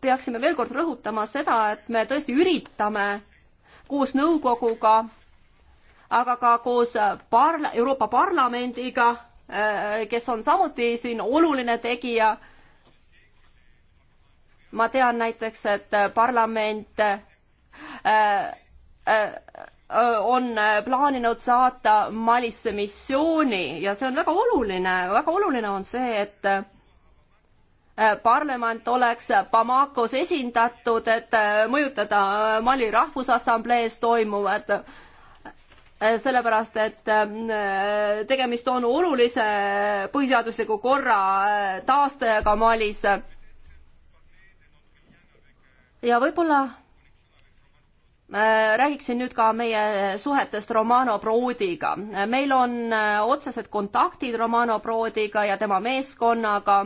peaksime veel kord rõhutama seda, et me tõesti üritame koos nõukoguga aga ka koos äh, parla-, Euroopa Parlamendiga, äh, kes on samuti siin oluline tegija. ma tean näiteks, et parlament äh, on plaaninud saata Malisse missiooni ja see on väga oluline, väga oluline on see, et parlament oleks Bamakos esindatud, et mõjutada Mali Rahvusassamblees toimuvat Äh, sellepärast et äh, tegemist on olulise põhiseadusliku korra äh, taastajaga Malis. ja võib-olla räägiksin nüüd ka meie suhetest Romano Prodiga. meil on otsesed kontaktid Romano Prodiga ja tema meeskonnaga.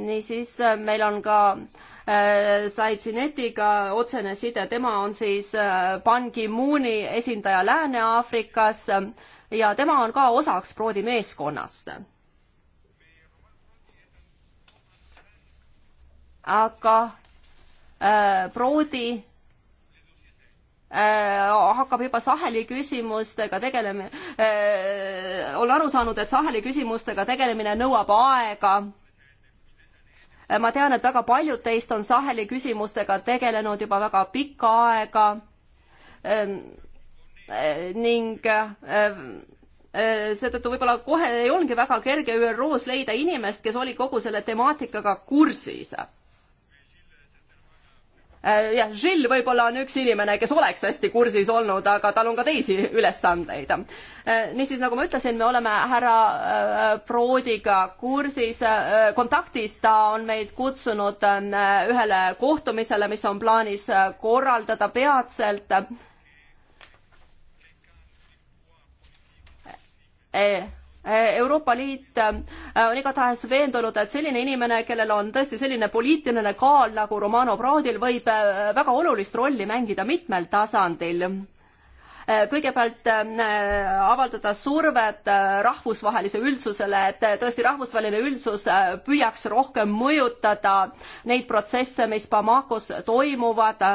niisiis, meil on ka äh, Äh, said Sinetiga otsene side, tema on siis äh, Ban Ki-mooni esindaja Lääne-Aafrikas äh, ja tema on ka osaks Broadi meeskonnast. aga äh, Broadi hakkab juba Saheli küsimustega tegelema, on aru saanud, et Saheli küsimustega tegelemine nõuab aega ma tean, et väga paljud teist on Saheli küsimustega tegelenud juba väga pikka aega ehm, eh, ning ehm, eh, seetõttu võib-olla kohe ei olnudki väga kerge ÜRO-s leida inimest, kes oli kogu selle temaatikaga kursis Äh, jah, Žill võib-olla on üks inimene, kes oleks hästi kursis olnud, aga tal on ka teisi ülesandeid. Äh, niisiis, nagu ma ütlesin, me oleme härra äh, Proodiga kursis, kontaktis, ta on meid kutsunud ähm, ühele kohtumisele, mis on plaanis korraldada peatselt e Eh, Euroopa Liit eh, on igatahes veendunud, et selline inimene, kellel on tõesti selline poliitiline kaal nagu Romano Prodil, võib eh, väga olulist rolli mängida mitmel tasandil kõigepealt avaldada survet rahvusvahelise üldsusele, et tõesti rahvusvaheline üldsus püüaks rohkem mõjutada neid protsesse, mis Bamakos toimuvad.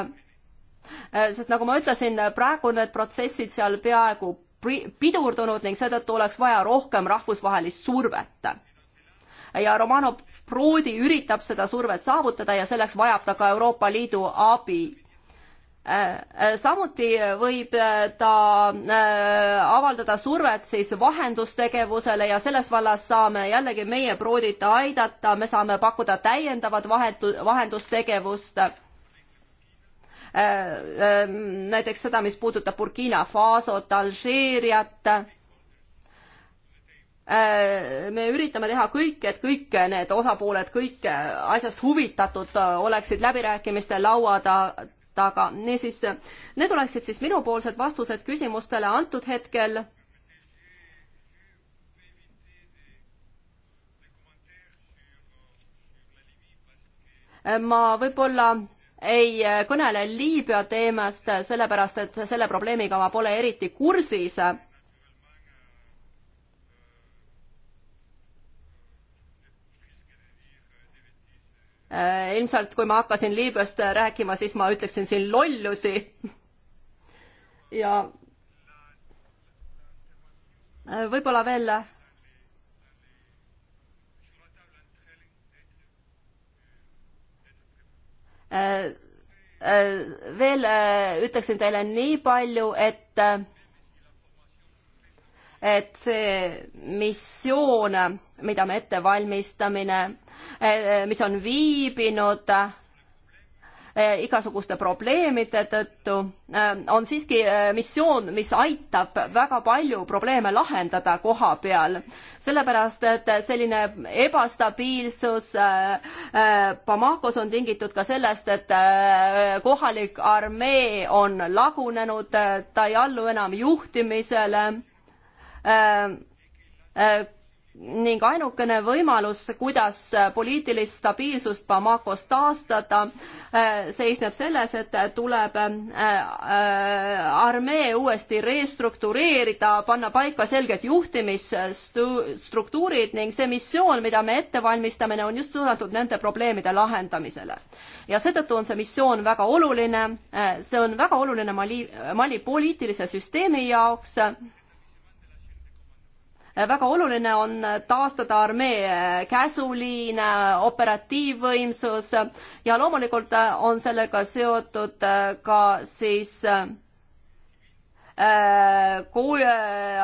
sest nagu ma ütlesin, praegu need protsessid seal peaaegu pidurdunud ning seetõttu oleks vaja rohkem rahvusvahelist survet. ja Romano Prodi üritab seda survet saavutada ja selleks vajab ta ka Euroopa Liidu abi samuti võib ta äh, avaldada survet siis vahendustegevusele ja selles vallas saame jällegi meie Prodit aidata, me saame pakkuda täiendavat vahetu-, vahendustegevust Äh, äh, näiteks seda, mis puudutab Burkina Fasot, Alžeeriat. Äh, me üritame teha kõik, et kõik need osapooled, kõik asjast huvitatud oleksid läbirääkimiste laua ta-, taga. niisiis, need oleksid siis minupoolsed vastused küsimustele antud hetkel ma võib-olla ei äh, kõnele Liibüa teemast, sellepärast et selle probleemiga ma pole eriti kursis. Äh, ilmselt kui ma hakkasin Liibüast rääkima, siis ma ütleksin siin lollusi. ja äh, võib-olla veel Äh, äh, veel äh, ütleksin teile nii palju, et, et see missioon, mida me ette valmistamine, mis on viibinud äh, Äh, igasuguste probleemide tõttu, äh, on siiski äh, missioon, mis aitab väga palju probleeme lahendada koha peal. sellepärast, et selline ebastabiilsus Bamakos on tingitud ka sellest, et kohalik armee on lagunenud, ta ei allu enam juhtimisele ning ainukene võimalus, kuidas poliitilist stabiilsust Bamakos taastada, äh, seisneb selles, et tuleb äh, äh, armee uuesti restruktureerida, panna paika selged juhtimisstruktuurid ning see missioon, mida me ette valmistame, on just suunatud nende probleemide lahendamisele. ja seetõttu on see missioon väga oluline, see on väga oluline Mali, Mali poliitilise süsteemi jaoks väga oluline on taastada armee eh, käsuliin, eh, operatiivvõimsus ja loomulikult eh, on sellega seotud ka siis kool,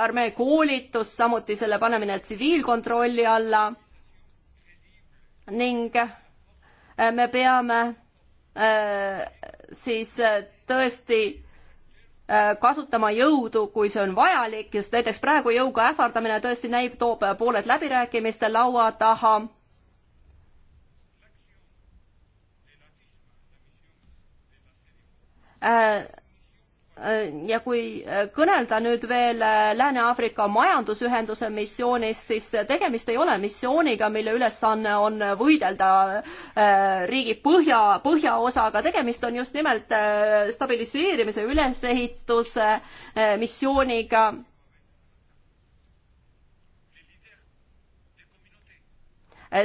armee koolitus, samuti selle panemine tsiviilkontrolli alla ning me peame siis tõesti Äh, kasutama jõudu, kui see on vajalik, sest näiteks praegu jõuga ähvardamine tõesti näib, toob äh, pooled läbirääkimiste laua taha. Äh, ja kui äh, kõnelda nüüd veel äh, Lääne-Aafrika majandusühenduse missioonist, siis äh, tegemist ei ole missiooniga, mille ülesanne on võidelda riigi põhja, põhjaosaga, tegemist on just nimelt stabiliseerimise ülesehituse missiooniga.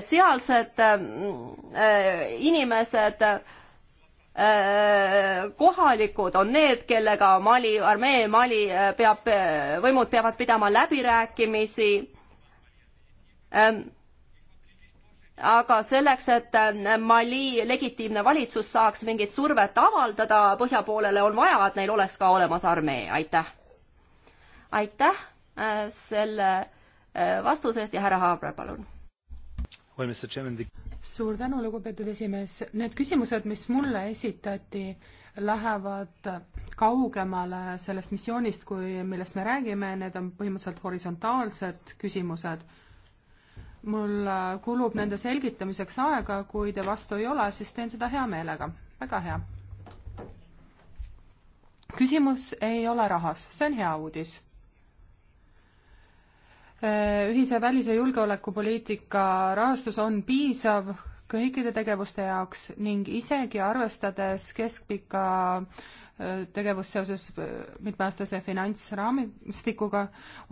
sealsed inimesed Äh, kohalikud on need, kellega Mali armee, Mali äh, peab, äh, võimud peavad pidama läbirääkimisi. Ähm, aga selleks, et Mali legitiimne valitsus saaks mingit survet avaldada põhja poolele, on vaja, et neil oleks ka olemas armee, aitäh. aitäh selle vastuse eest ja härra Haabra, palun suur tänu, lugupeetud esimees. Need küsimused, mis mulle esitati, lähevad kaugemale sellest missioonist, kui, millest me räägime, need on põhimõtteliselt horisontaalsed küsimused. mul kulub nende selgitamiseks aega, kui te vastu ei ole, siis teen seda hea meelega. väga hea. küsimus ei ole rahas, see on hea uudis Äh, ühise välise julgeolekupoliitika rahastus on piisav kõikide tegevuste jaoks ning isegi arvestades keskpika äh, tegevust seoses äh, mitmeaastase finantsraamistikuga,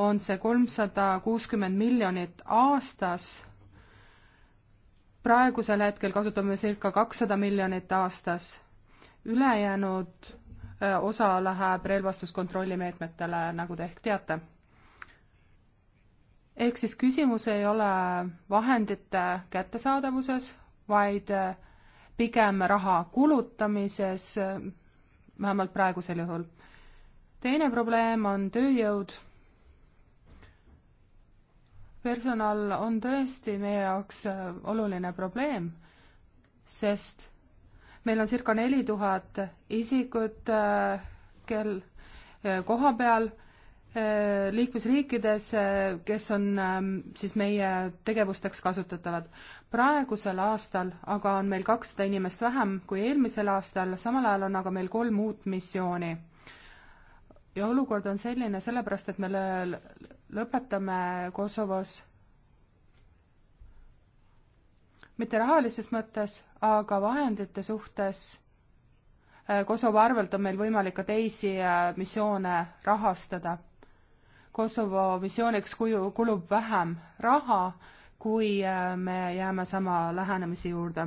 on see kolmsada kuuskümmend miljonit aastas. praegusel hetkel kasutame circa kakssada miljonit aastas. ülejäänud osa läheb relvastuskontrolli meetmetele, nagu te ehk teate ehk siis küsimus ei ole vahendite kättesaadavuses, vaid eh, pigem raha kulutamises, eh, vähemalt praegusel juhul. teine probleem on tööjõud. personal on tõesti meie jaoks eh, oluline probleem, sest meil on circa neli tuhat isikut, kel koha peal Äh, liikmesriikides, äh, kes on ähm, siis meie tegevusteks kasutatavad. praegusel aastal aga on meil kakssada inimest vähem kui eelmisel aastal, samal ajal on aga meil kolm uut missiooni. ja olukord on selline sellepärast, et me lõpetame Kosovos mitte rahalises mõttes, aga vahendite suhtes äh, Kosovo arvelt on meil võimalik ka teisi missioone rahastada Kosovo missiooniks kuju, kulub vähem raha, kui äh, me jääme sama lähenemise juurde.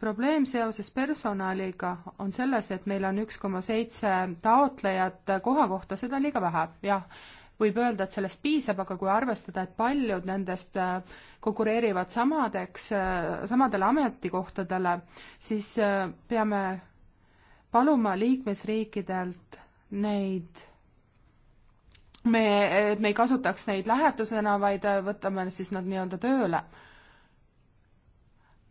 probleem seoses personaliga on selles, et meil on üks koma seitse taotlejat koha kohta, seda on liiga vähe, jah. võib öelda, et sellest piisab, aga kui arvestada, et paljud nendest äh, konkureerivad samadeks, äh, samadele ametikohtadele, siis peame paluma liikmesriikidelt neid me, et me ei kasutaks neid lähetusena, vaid äh, võtame siis nad nii-öelda tööle.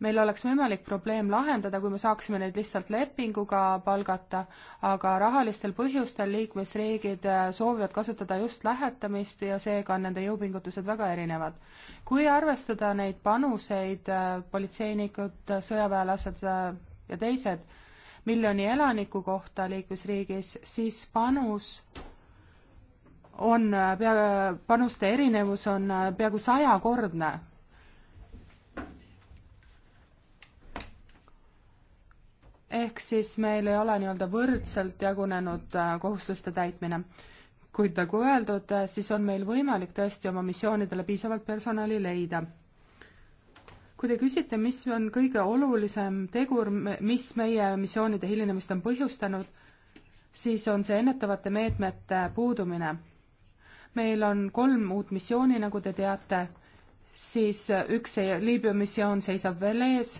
meil oleks võimalik probleem lahendada, kui me saaksime neid lihtsalt lepinguga palgata, aga rahalistel põhjustel liikmesriigid äh, soovivad kasutada just lähetamist ja seega on nende jõupingutused väga erinevad. kui arvestada neid panuseid, äh, politseinikud, sõjaväelased ja teised, miljoni elaniku kohta liikmesriigis, siis panus on äh, pea, panuste erinevus on äh, peaaegu sajakordne. ehk siis meil ei ole nii-öelda võrdselt jagunenud äh, kohustuste täitmine. kuid nagu öeldud, siis on meil võimalik tõesti oma missioonidele piisavalt personali leida. kui te küsite, mis on kõige olulisem tegur, mis meie missioonide hilinemist on põhjustanud, siis on see ennetavate meetmete puudumine meil on kolm uut missiooni, nagu te teate, siis äh, üks Liibüa missioon seisab veel ees,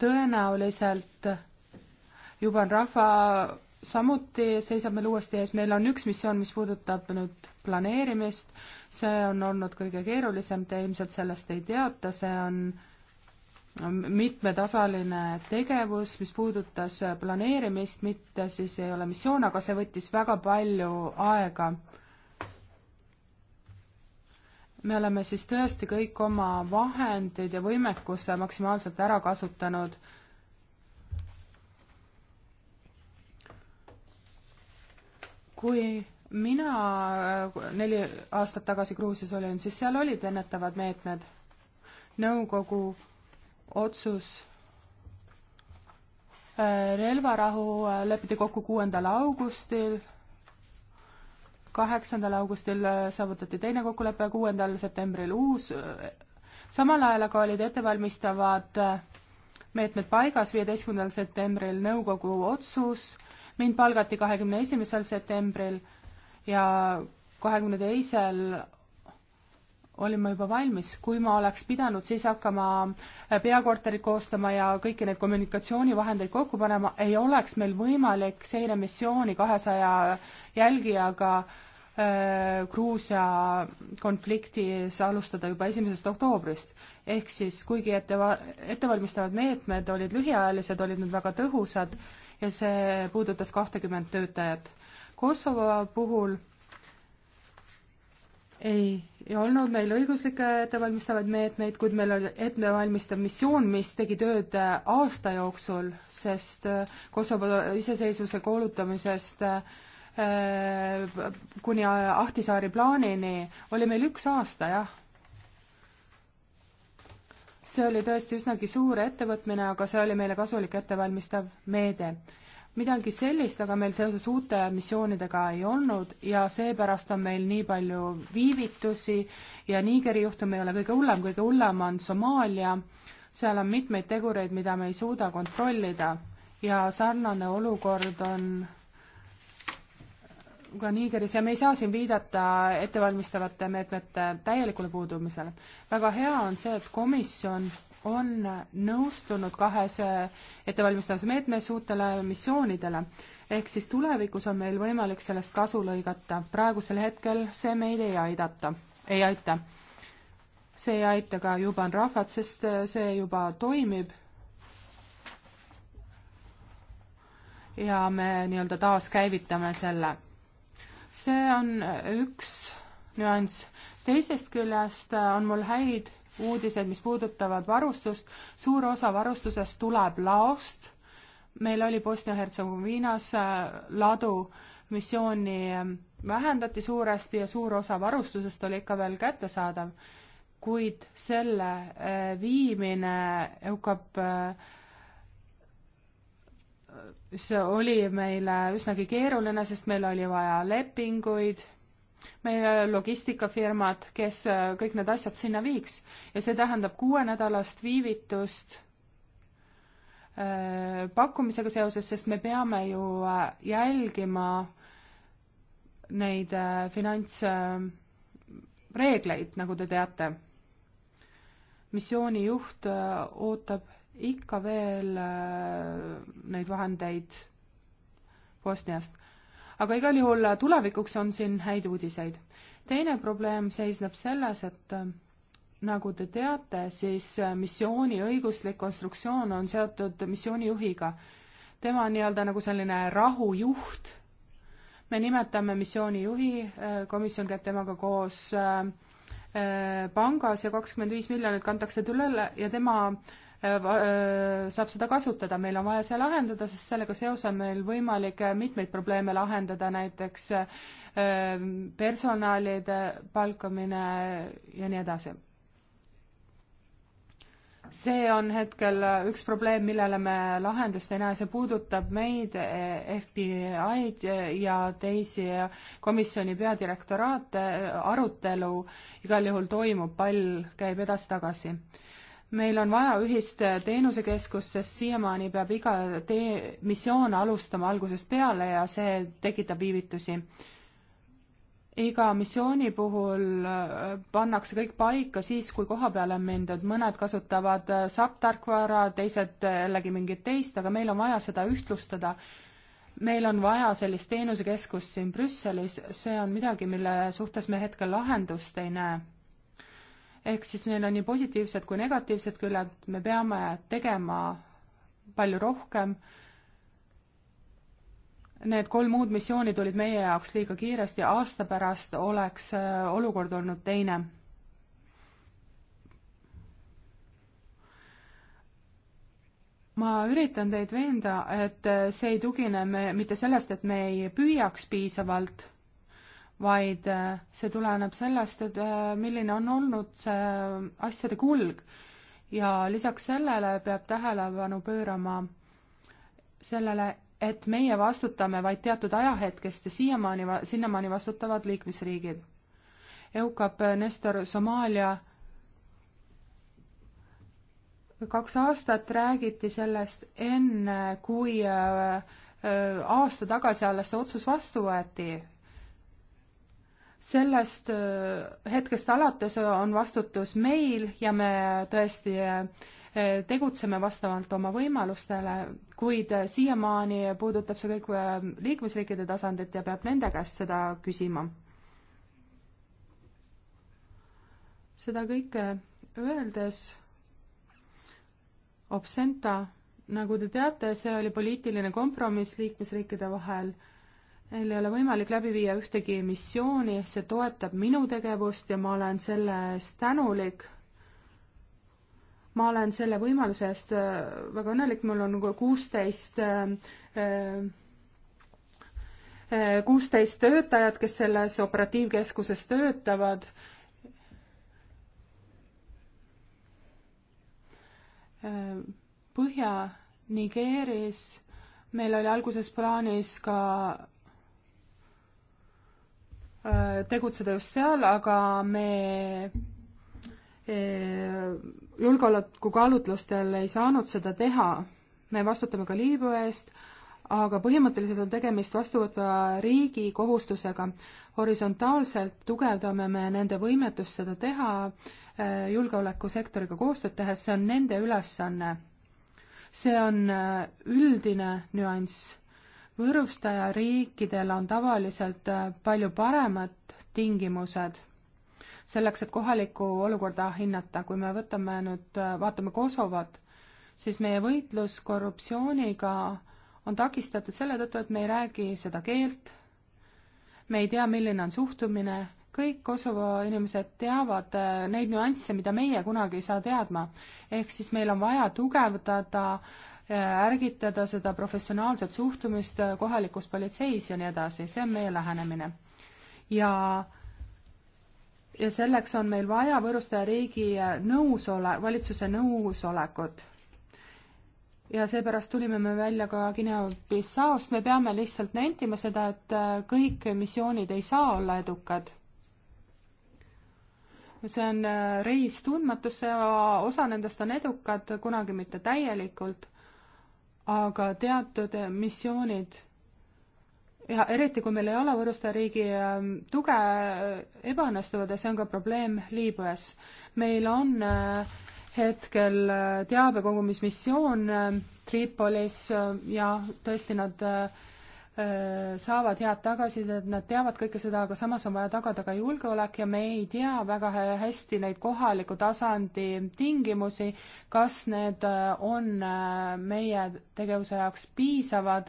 tõenäoliselt juba on rahva samuti seisab meil uuesti ees, meil on üks missioon, mis puudutab nüüd planeerimist, see on olnud kõige keerulisem, te ilmselt sellest ei teata, see on ähm, mitmetasaline tegevus, mis puudutas äh, planeerimist, mitte siis ei ole missioon, aga see võttis väga palju aega me oleme siis tõesti kõik oma vahendid ja võimekuse maksimaalselt ära kasutanud. kui mina neli aastat tagasi Gruusias olin, siis seal olid ennetavad meetmed. nõukogu otsus äh, relvarahu äh, lepiti kokku kuuendal augustil kaheksandal augustil äh, saavutati teine kokkulepe, kuuendal septembril uus, äh, samal ajal aga olid ettevalmistavad äh, meetmed paigas, viieteistkümnendal septembril nõukogu otsus, mind palgati kahekümne esimesel septembril ja kahekümne teisel olin ma juba valmis, kui ma oleks pidanud siis hakkama peakorterit koostama ja kõiki neid kommunikatsioonivahendeid kokku panema, ei oleks meil võimalik seiremissiooni kahesaja jälgijaga äh, Äh, Gruusia konfliktis alustada juba esimesest oktoobrist. ehk siis kuigi etteva-, ettevalmistavad meetmed olid lühiajalised, olid need väga tõhusad ja see puudutas kahtekümmet töötajat. Kosovo puhul ei, ei olnud meil õiguslikke ettevalmistavaid meetmeid, kuid meil oli ettevalmistav missioon, mis tegi tööd aasta jooksul, sest äh, Kosovo iseseisvuse kuulutamisest äh, Äh, kuni Ahtisaari plaanini oli meil üks aasta, jah. see oli tõesti üsnagi suur ettevõtmine, aga see oli meile kasulik ettevalmistav meede. midagi sellist aga meil seoses uute missioonidega ei olnud ja seepärast on meil nii palju viivitusi ja Nigeri juhtum ei ole kõige hullem, kõige hullem on Somaalia, seal on mitmeid tegureid, mida me ei suuda kontrollida ja sarnane olukord on ka Nigeris ja me ei saa siin viidata ettevalmistavate meetmete täielikule puudumisele. väga hea on see, et komisjon on nõustunud kahes ettevalmistavas meetmes uutele missioonidele. ehk siis tulevikus on meil võimalik sellest kasu lõigata, praegusel hetkel see meid ei aidata, ei aita. see ei aita ka Juban Rahvat, sest see juba toimib ja me nii-öelda taaskäivitame selle see on üks nüanss. teisest küljest äh, on mul häid uudised, mis puudutavad varustust. suur osa varustusest tuleb laost. meil oli Bosnia-Hertsegoviinas äh, ladu, missiooni äh, vähendati suuresti ja suur osa varustusest oli ikka veel kättesaadav, kuid selle viimine EUCAP see oli meile üsnagi keeruline, sest meil oli vaja lepinguid, meie logistikafirmad, kes äh, kõik need asjad sinna viiks ja see tähendab kuuenädalast viivitust äh, pakkumisega seoses, sest me peame ju äh, jälgima neid finantsreegleid, nagu te teate. missiooni juht ootab ikka veel äh, neid vahendeid Bosniast. aga igal juhul äh, tulevikuks on siin häid uudiseid. teine probleem seisneb selles, et äh, nagu te teate, siis missiooni õiguslik konstruktsioon on seotud missioonijuhiga. tema on nii-öelda nagu selline rahujuht. me nimetame missioonijuhi, komisjon käib temaga koos pangas ja kakskümmend viis miljonit kantakse tulele ja tema Äh, äh, saab seda kasutada, meil on vaja see lahendada, sest sellega seoses on meil võimalik äh, mitmeid probleeme lahendada, näiteks personalide palkamine ja nii edasi. see on hetkel üks probleem, millele me lahendust ei näe, see puudutab meid, FBI-d ja teisi komisjoni peadirektoraate, arutelu igal juhul toimub, pall käib edasi-tagasi meil on vaja ühist äh, teenusekeskust, sest siiamaani peab iga tee, missioon alustama algusest peale ja see tekitab viivitusi. iga missiooni puhul äh, pannakse kõik paika siis, kui koha peale on mindud, mõned kasutavad äh, SAP tarkvara, teised jällegi mingit teist, aga meil on vaja seda ühtlustada. meil on vaja sellist teenusekeskust siin Brüsselis, see on midagi, mille suhtes me hetkel lahendust ei näe ehk siis neil on nii positiivsed kui negatiivsed küljed, me peame tegema palju rohkem. Need kolm uut missiooni tulid meie jaoks liiga kiiresti, aasta pärast oleks äh, olukord olnud teine. ma üritan teid veenda, et äh, see ei tugine me mitte sellest, et me ei püüaks piisavalt vaid äh, see tuleneb sellest, et äh, milline on olnud see asjade kulg. ja lisaks sellele peab tähelepanu pöörama sellele, et meie vastutame vaid teatud ajahetkest ja siiamaani, sinnamaani vastutavad liikmesriigid. EUCAP Nestor Somaalia kaks aastat räägiti sellest enne, kui äh, aasta tagasi alles see otsus vastu võeti sellest äh, hetkest alates on vastutus meil ja me tõesti äh, tegutseme vastavalt oma võimalustele, kuid äh, siiamaani puudutab see kõik liikmesriikide tasandit ja peab nende käest seda küsima. seda kõike öeldes Obsenta, nagu te teate, see oli poliitiline kompromiss liikmesriikide vahel meil ei ole võimalik läbi viia ühtegi missiooni, see toetab minu tegevust ja ma olen selle eest tänulik. ma olen selle võimaluse eest äh, väga õnnelik, mul on kuusteist äh, äh, kuusteist töötajat, kes selles operatiivkeskuses töötavad. Põhja-Nigeeris meil oli alguses plaanis ka Äh, tegutseda just seal, aga me äh, julgeolekukaalutlustel ei saanud seda teha. me vastutame ka Liibüa eest, aga põhimõtteliselt on tegemist vastuvõtva riigi kohustusega. horisontaalselt tugevdame me nende võimetust seda teha äh, julgeolekusektoriga koostööd tehes, see on nende ülesanne. see on üldine nüanss võõrustajariikidel on tavaliselt äh, palju paremad tingimused selleks, et kohalikku olukorda hinnata. kui me võtame nüüd, äh, vaatame Kosovot, siis meie võitlus korruptsiooniga on takistatud selle tõttu, et me ei räägi seda keelt, me ei tea, milline on suhtumine, kõik Kosovo inimesed teavad äh, neid nüansse, mida meie kunagi ei saa teadma. ehk siis meil on vaja tugevdada Äh, ärgitada seda professionaalset suhtumist äh, kohalikus politseis ja nii edasi, see on meie lähenemine. ja ja selleks on meil vaja võõrustaja riigi äh, nõusole-, valitsuse nõusolekut. ja seepärast tulime me välja ka Guinea-Bissaust, me peame lihtsalt nentima seda, et kõik missioonid ei saa olla edukad. see on reis tundmatusse, osa nendest on edukad, kunagi mitte täielikult, aga teatud missioonid ja eriti, kui meil ei ole võõrustaja riigi ähm, tuge, äh, ebaõnnestuvad ja see on ka probleem Liibüas. meil on äh, hetkel äh, teabekogumismissioon ähm, Tripolis ja tõesti nad äh, saavad head tagasisidet, nad teavad kõike seda, aga samas on vaja tagada ka julgeolek ja me ei tea väga hästi neid kohaliku tasandi tingimusi, kas need on meie tegevuse jaoks piisavad,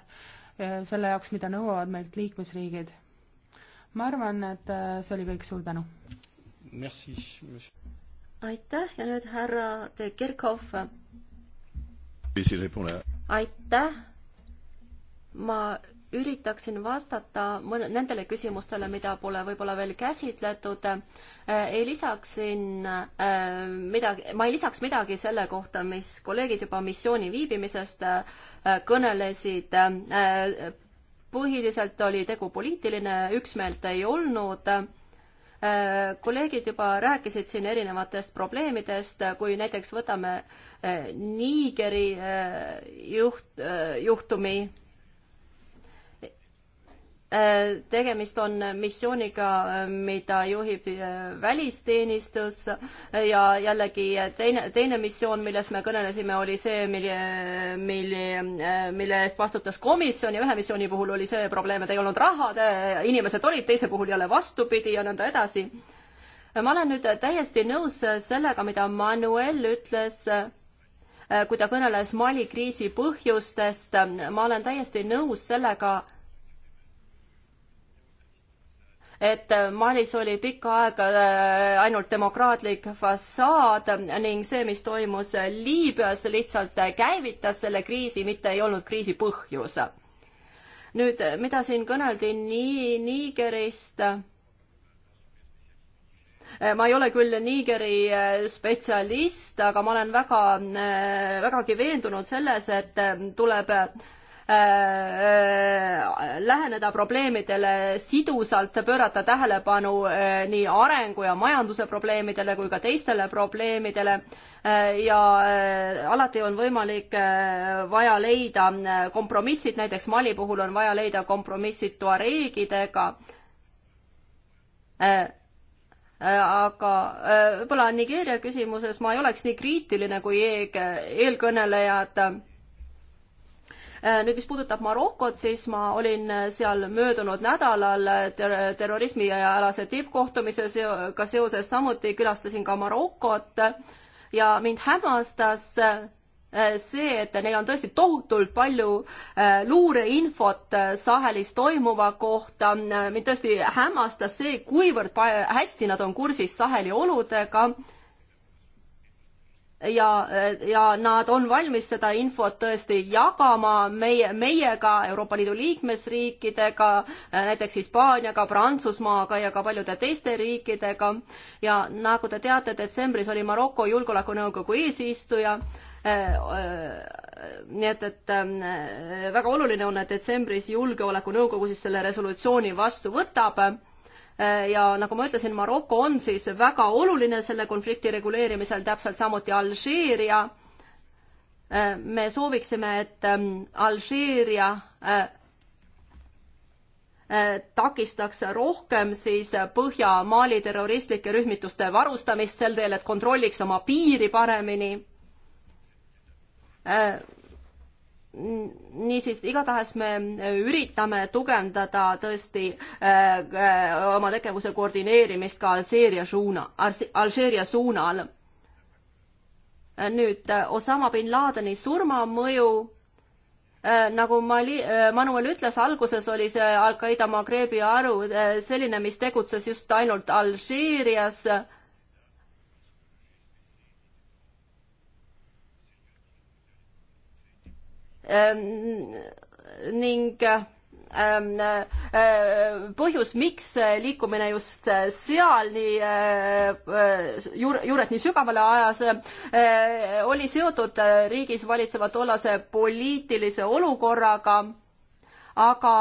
selle jaoks, mida nõuavad meilt liikmesriigid. ma arvan, et see oli kõik, suur tänu! aitäh ja nüüd härra De Kirchhoff. aitäh! ma üritaksin vastata mõne, nendele küsimustele, mida pole võib-olla veel käsitletud. Äh, ei lisaksin äh, midagi, ma ei lisaks midagi selle kohta, mis kolleegid juba missiooni viibimisest äh, kõnelesid. põhiliselt oli tegu poliitiline, üksmeelt ei olnud kolleegid juba rääkisid siin erinevatest probleemidest, kui näiteks võtame Nigeri juht, juhtumi tegemist on missiooniga, mida juhib äh, välisteenistus ja jällegi teine, teine missioon, millest me kõnelesime, oli see, mille, mille, mille eest vastutas komisjon ja ühe missiooni puhul oli see probleem, et ei olnud raha, inimesed olid, teise puhul jälle vastupidi ja nõnda edasi. ma olen nüüd täiesti nõus sellega, mida Manuel ütles äh, kui ta kõneles Mali kriisi põhjustest, ma olen täiesti nõus sellega, et Malis oli pikka aega äh, ainult demokraatlik fassaad ning see, mis toimus Liibüas, lihtsalt käivitas selle kriisi, mitte ei olnud kriisi põhjus. nüüd, mida siin kõneldi nii Nigerist, äh, ma ei ole küll Nigeri äh, spetsialist, aga ma olen väga, vägagi veendunud selles, et tuleb Äh, äh, läheneda probleemidele sidusalt, pöörata tähelepanu äh, nii arengu ja majanduse probleemidele kui ka teistele probleemidele ja alati on võimalik vaja leida kompromissid, näiteks Mali puhul on vaja leida kompromissid tuareegidega aga võib-olla Nigeeria küsimuses ma ei oleks nii kriitiline kui e-, eelkõnelejad Äh, nüüd, mis puudutab Marokot, siis ma olin seal möödunud nädalal ter terrorismialase tippkohtumisega seoses, samuti külastasin ka Marokot ja mind hämmastas äh, see, et neil on tõesti tohutult palju äh, luureinfot Sahelis toimuva kohta. mind tõesti hämmastas see, kuivõrd hästi nad on kursis Saheli oludega ja, ja nad on valmis seda infot tõesti jagama meie, meiega, Euroopa Liidu liikmesriikidega, näiteks Hispaaniaga, Prantsusmaaga ja ka paljude teiste riikidega. ja nagu te teate, detsembris oli Maroko Julgeolekunõukogu eesistuja. Äh, äh, nii et, et ähm, äh, väga oluline on, et detsembris Julgeolekunõukogu siis selle resolutsiooni vastu võtab Äh, ja nagu ma ütlesin, Maroko on siis väga oluline selle konflikti reguleerimisel, täpselt samuti Alžeeria. Äh, me sooviksime, et ähm, Alžeeria äh, takistaks rohkem siis Põhja-Mali terroristlike rühmituste varustamist sel teel, et kontrolliks oma piiri paremini niisiis, igatahes me üritame tugevdada tõesti äh, äh oma tegevuse koordineerimist ka Alžeeria suuna, Alžeeria suunal. nüüd äh, Osama bin Ladeni surmamõju äh, nagu Mali äh,, Manuel ütles, alguses oli see Al-Qaeda Magrebi aru äh, selline, mis tegutses just ainult Alžeerias äh, Ähm, ning ähm, äh, põhjus, miks liikumine just seal nii äh, äh, juur-, juuret nii sügavale ajas, oli seotud riigis valitseva tollase poliitilise olukorraga, aga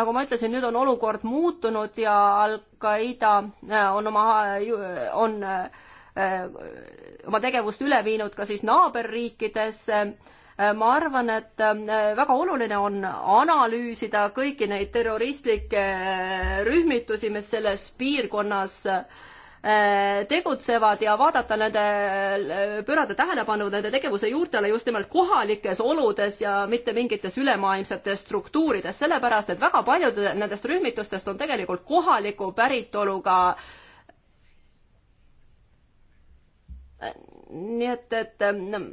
nagu ma ütlesin, nüüd on olukord muutunud ja Al-Qaeda on oma, on Äh, oma tegevust üle viinud ka siis naaberriikidesse äh, ma arvan, et äh, väga oluline on analüüsida kõiki neid terroristlikke rühmitusi, mis selles piirkonnas tegutsevad ja vaadata nende, pöörata tähelepanu nende tegevuse juurtele just nimelt kohalikes oludes ja mitte mingites ülemaailmsetes struktuurides, sellepärast et väga paljud nendest rühmitustest on tegelikult kohaliku päritoluga äh, nii et, et ehm,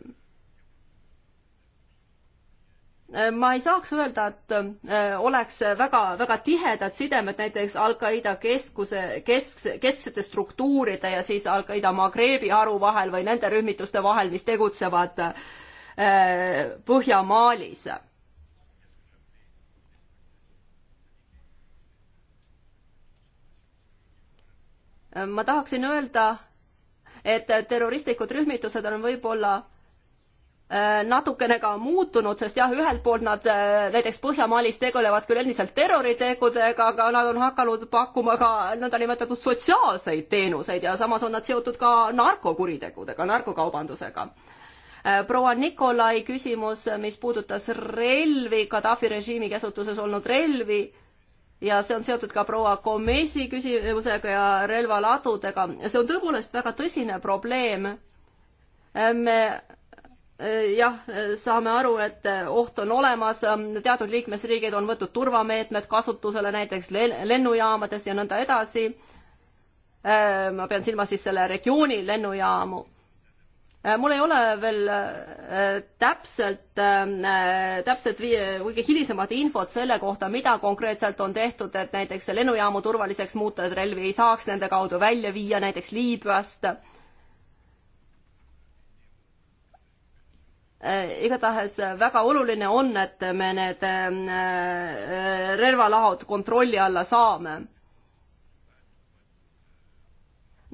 ma ei saaks öelda, et ehm, oleks väga-väga tihedad sidemed näiteks Al-Qaeda keskuse, kesk, kesksete struktuuride ja siis Al-Qaeda Magrebi haru vahel või nende rühmituste vahel, mis tegutsevad ehm, Põhjamaalis. ma tahaksin öelda et terroristlikud rühmitused on võib-olla äh, natukene ka muutunud, sest jah, ühelt poolt nad äh, näiteks Põhja-Malis tegelevad küll endiselt terroritegudega, aga nad on hakanud pakkuma ka nõndanimetatud sotsiaalseid teenuseid ja samas on nad seotud ka narkokuritegudega, narkokaubandusega. Äh, proua Nikolai küsimus, mis puudutas relvi, Gaddafi režiimi käsutuses olnud relvi ja see on seotud ka proua Gomesi küsimusega ja relvaladudega. see on tõepoolest väga tõsine probleem. me eh, jah, saame aru, et oht on olemas, teatud liikmesriigid on võtnud turvameetmed kasutusele näiteks lennujaamades ja nõnda edasi. Eh, ma pean silmas siis selle regiooni lennujaamu Äh, mul ei ole veel äh, täpselt, äh, täpselt kõige hilisemat infot selle kohta, mida konkreetselt on tehtud, et näiteks lennujaamu turvaliseks muuta, et relvi ei saaks nende kaudu välja viia näiteks Liibüast. igatahes väga oluline on, et me need relvalaod kontrolli alla saame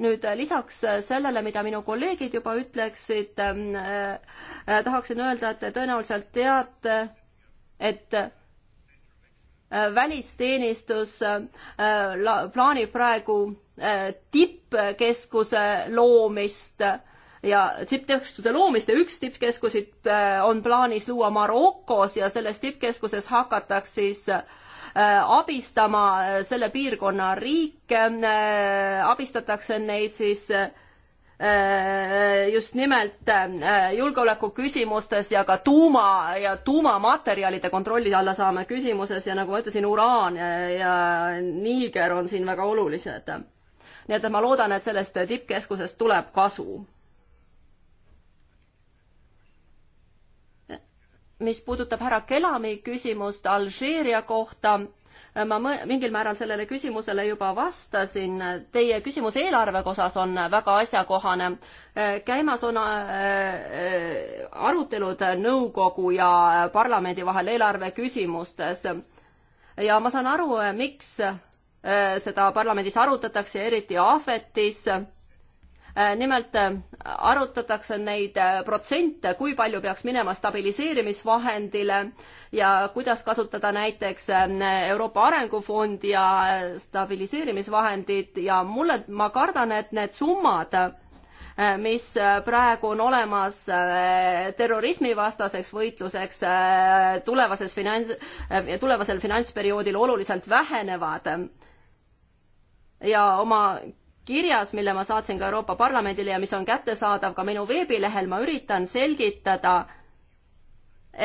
nüüd äh, lisaks äh, sellele, mida minu kolleegid juba ütleksid ähm, äh,, äh, tahaksin öelda, et te tõenäoliselt teate, et äh, välisteenistus äh, la, plaanib praegu tippkeskuse loomist ja tippkeskuste loomist ja üks tippkeskusid on plaanis luua Marokos ja selles tippkeskuses hakataks siis äh, Äh, abistama äh, selle piirkonna riike, äh, abistatakse neid siis just nimelt julgeoleku küsimustes ja ka tuuma ja tuumamaterjalide kontrolli alla saame küsimuses ja nagu ma ütlesin, uraan ja, ja niiger on siin väga olulised. nii et ma loodan, et sellest tippkeskusest tuleb kasu mis puudutab härra Kelami küsimust Alžeeria kohta, ma mingil määral sellele küsimusele juba vastasin. Teie küsimus eelarve osas on väga asjakohane. käimas on äh, äh, arutelud nõukogu ja parlamendi vahel eelarve küsimustes. ja ma saan aru, miks äh, seda parlamendis arutatakse, eriti ahvetis Äh, nimelt äh, arutatakse neid äh, protsente, kui palju peaks minema stabiliseerimisvahendile ja kuidas kasutada näiteks Euroopa Arengufondi ja stabiliseerimisvahendit ja mulle, ma kardan, et need summad mis praegu on olemas terrorismivastaseks võitluseks tulevases finants, tulevasel finantsperioodil oluliselt vähenevad. ja oma kirjas, mille ma saatsin ka Euroopa Parlamendile ja mis on kättesaadav ka minu veebilehel, ma üritan selgitada,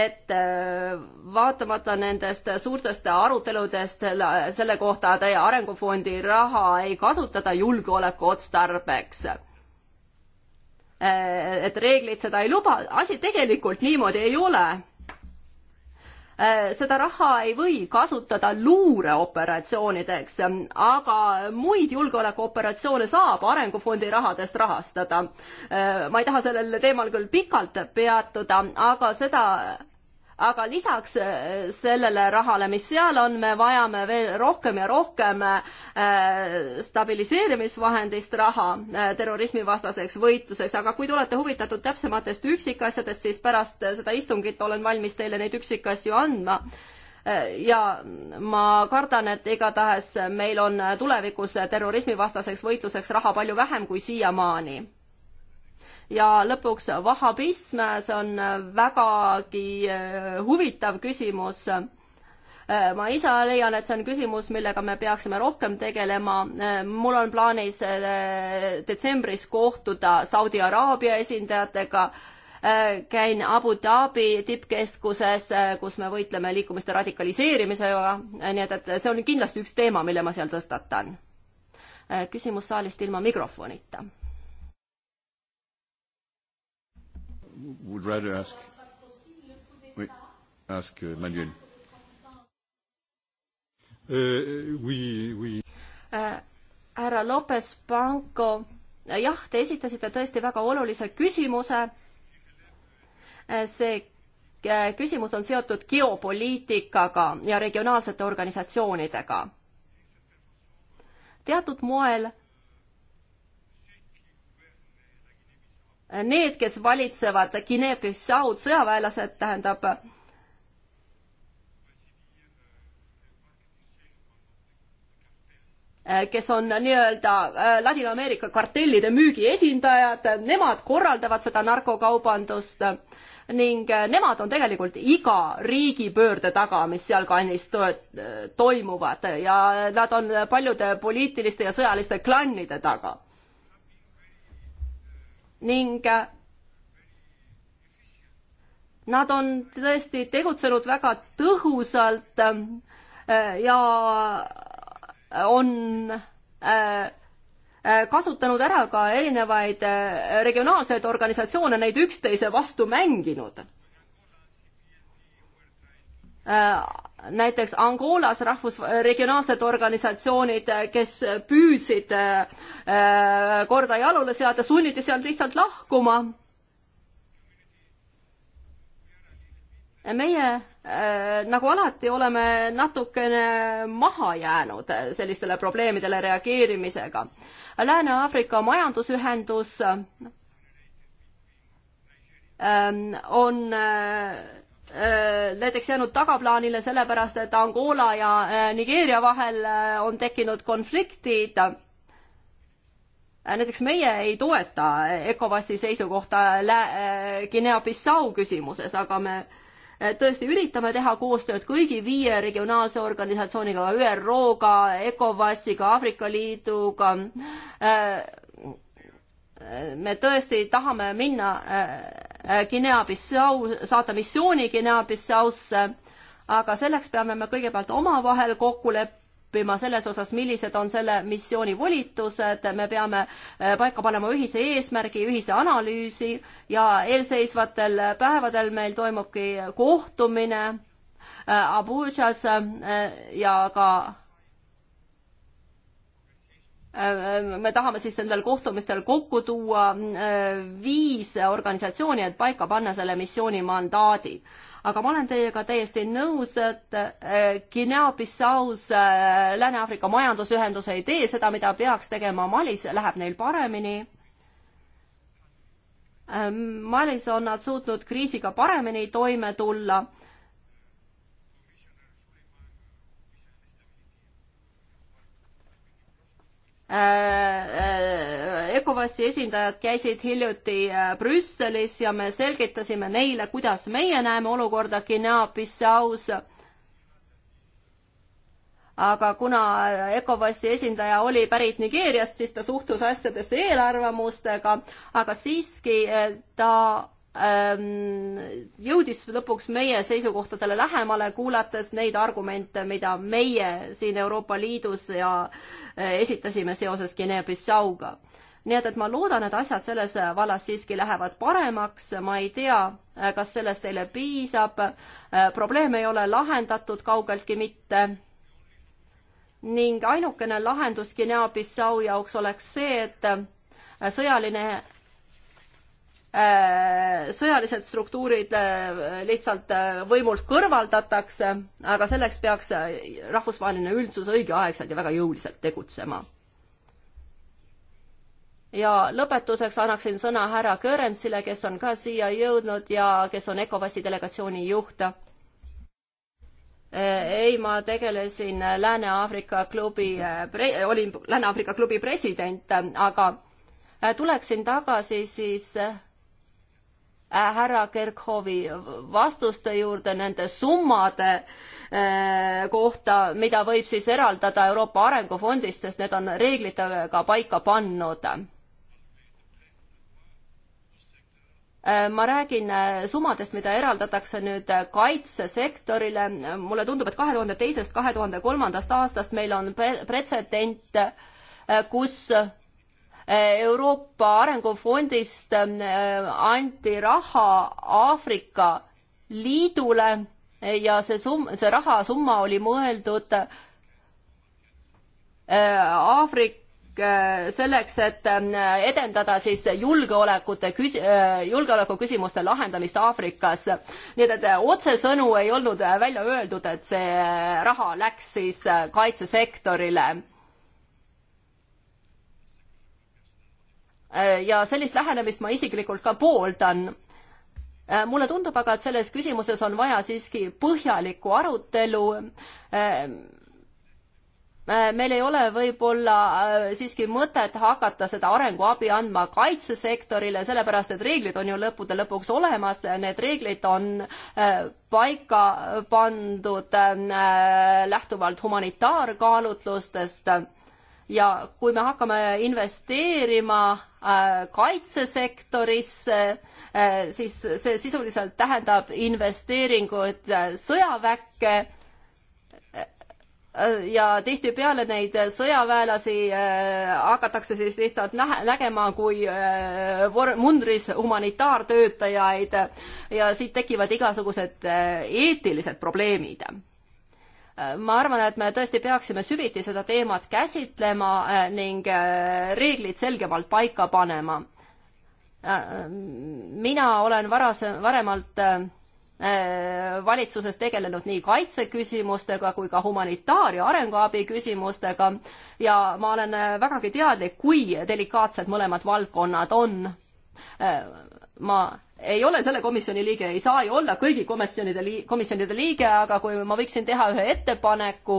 et äh, vaatamata nendest suurtest aruteludest selle kohta, et arengufondi raha ei kasutata julgeoleku otstarbeks, äh, et reeglid seda ei luba, asi tegelikult niimoodi ei ole Äh, seda raha ei või kasutada luureoperatsioonideks, ähm, aga muid julgeolekuoperatsioone saab Arengufondi rahadest rahastada. Äh, ma ei taha sellel teemal küll pikalt peatuda, aga seda aga lisaks äh, sellele rahale, mis seal on, me vajame veel rohkem ja rohkem äh, stabiliseerimisvahendist raha äh, terrorismivastaseks võitluseks, aga kui te olete huvitatud täpsematest üksikasjadest, siis pärast seda istungit olen valmis teile neid üksikasju andma ja ma kardan, et igatahes meil on tulevikus terrorismivastaseks võitluseks raha palju vähem kui siiamaani ja lõpuks vahabism, see on vägagi eh, huvitav küsimus eh, ma ise leian, et see on küsimus, millega me peaksime rohkem tegelema. Eh, mul on plaanis detsembris kohtuda Saudi Araabia esindajatega. käin Abu Dhabi tippkeskuses, kus me võitleme liikumiste radikaliseerimisega, nii et, et see on kindlasti üks teema, mille ma seal tõstatan. küsimus saalist ilma mikrofonita would rather ask. Oui, ask uh, Manuel. Euh, oui, oui. Uh, härra Lopez Blanco, uh, jah, te esitasite tõesti väga olulise küsimuse. see küsimus on seotud geopoliitikaga ja regionaalsete organisatsioonidega. teatud moel need, kes valitsevad Guinea-Bissaud, sõjaväelased, tähendab, kes on nii-öelda äh, Ladina-Ameerika kartellide müügiesindajad, nemad korraldavad seda narkokaubandust ning äh, nemad on tegelikult iga riigipöörde taga, mis sealkandis äh, toimuvad ja nad on paljude poliitiliste ja sõjaliste klannide taga ning äh, nad on tõesti tegutsenud väga tõhusalt äh, ja äh, on kasutanud ära ka erinevaid regionaalseid organisatsioone, neid üksteise vastu mänginud Äh, näiteks Angolas rahvus, regionaalsed organisatsioonid, äh, kes püüdsid äh, korda jalule seada, sunniti sealt lihtsalt lahkuma. meie nagu alati oleme natukene maha jäänud sellistele probleemidele reageerimisega. Lääne-Aafrika majandusühendus ähm, on Äh, näiteks jäänud tagaplaanile sellepärast, et Angola ja äh, Nigeeria vahel äh, on tekkinud konfliktid. näiteks meie ei toeta ECOWAS-i seisukohta Guinea-Bissau küsimuses, aga me tõesti üritame teha koostööd kõigi viie regionaalse organisatsiooniga, ÜRO-ga, ECOWAS-iga, Aafrika Liiduga äh, me tõesti tahame minna äh, äh, Guinea-Bissau, saata missiooni Guinea-Bissausse, aga selleks peame me kõigepealt omavahel kokku leppima selles osas, millised on selle missiooni volitused, me peame äh, paika panema ühise eesmärgi, ühise analüüsi ja eelseisvatel päevadel meil toimubki kohtumine Abujas ja ka Äh, me tahame siis nendel kohtumistel kokku tuua äh, viis organisatsiooni, et paika panna selle missiooni mandaadi. aga ma olen teiega täiesti nõus, et äh, Guinea-Bissaus Lääne-Aafrika majandusühendus ei tee seda, mida peaks tegema Malis, läheb neil paremini. Malis on nad suutnud kriisiga paremini toime tulla Äh, äh, ECOWAS-i esindajad käisid hiljuti äh, Brüsselis ja me selgitasime neile, kuidas meie näeme olukorda Guinea-Bissaus. aga kuna ECOWAS-i esindaja oli pärit Nigeeriast, siis ta suhtus asjadesse eelarvamustega, aga siiski ta Ähm, jõudis lõpuks meie seisukohtadele lähemale, kuulates neid argumente, mida meie siin Euroopa Liidus ja äh, esitasime seoses Guinea-Bissauga. nii et, et ma loodan, et asjad selles vallas siiski lähevad paremaks, ma ei tea, äh, kas sellest teile piisab, äh, probleem ei ole lahendatud kaugeltki mitte ning ainukene lahendus Guinea-Bissau jaoks oleks see, et sõjaline Äh, sõjalised struktuurid äh, lihtsalt äh, võimult kõrvaldatakse, aga selleks peaks rahvusvaheline üldsus õigeaegselt ja väga jõuliselt tegutsema. ja lõpetuseks annaksin sõna härra Kõrensile, kes on ka siia jõudnud ja kes on ECOWAS-i delegatsiooni juht. ei, ma tegelesin Lääne-Aafrika klubi, olin Lääne-Aafrika klubi president, aga tuleksin tagasi siis Äh, härra Kerkhoovi vastuste juurde nende summade äh, kohta, mida võib siis eraldada Euroopa Arengufondist, sest need on reeglitega paika pannud. Äh, ma räägin summadest, mida eraldatakse nüüd kaitsesektorile. mulle tundub, et kahe tuhande teisest, kahe tuhande kolmandast aastast meil on pretsedent, kus Eh, Euroopa Arengufondist eh, anti raha Aafrika Liidule eh, ja see sum-, see rahasumma oli mõeldud Aafrika selleks, et edendada siis julgeolekute küs-, julgeolekuküsimuste lahendamist Aafrikas. nii et, et otsesõnu ei olnud välja öeldud, et see raha läks siis kaitsesektorile Äh, ja sellist lähenemist ma isiklikult ka pooldan. Äh, mulle tundub aga, et selles küsimuses on vaja siiski põhjalikku arutelu. Äh, meil ei ole võib-olla siiski mõtet hakata seda arenguabi andma kaitsesektorile, sellepärast et reeglid on ju lõppude lõpuks olemas, need reeglid on paika pandud lähtuvalt humanitaarkaalutlustest ja kui me hakkame investeerima äh, kaitsesektorisse, äh, siis see sisuliselt tähendab investeeringuid äh, sõjaväkke ja tihtipeale neid sõjaväelasi hakatakse siis lihtsalt nähe, nägema kui mundris humanitaartöötajaid ja siit tekivad igasugused eetilised probleemid Äh, ma arvan, et me tõesti peaksime süviti seda teemat käsitlema äh, ning äh, reeglid selgemalt paika panema. mina olen varasem, varemalt valitsuses tegelenud nii kaitseküsimustega kui ka humanitaar- ja arenguabi küsimustega ja ma olen vägagi teadlik, kui delikaatsed mõlemad valdkonnad on. ma ei ole selle komisjoni liige, ei saa ju olla kõigi komisjonide li-, komisjonide liige, aga kui ma võiksin teha ühe ettepaneku,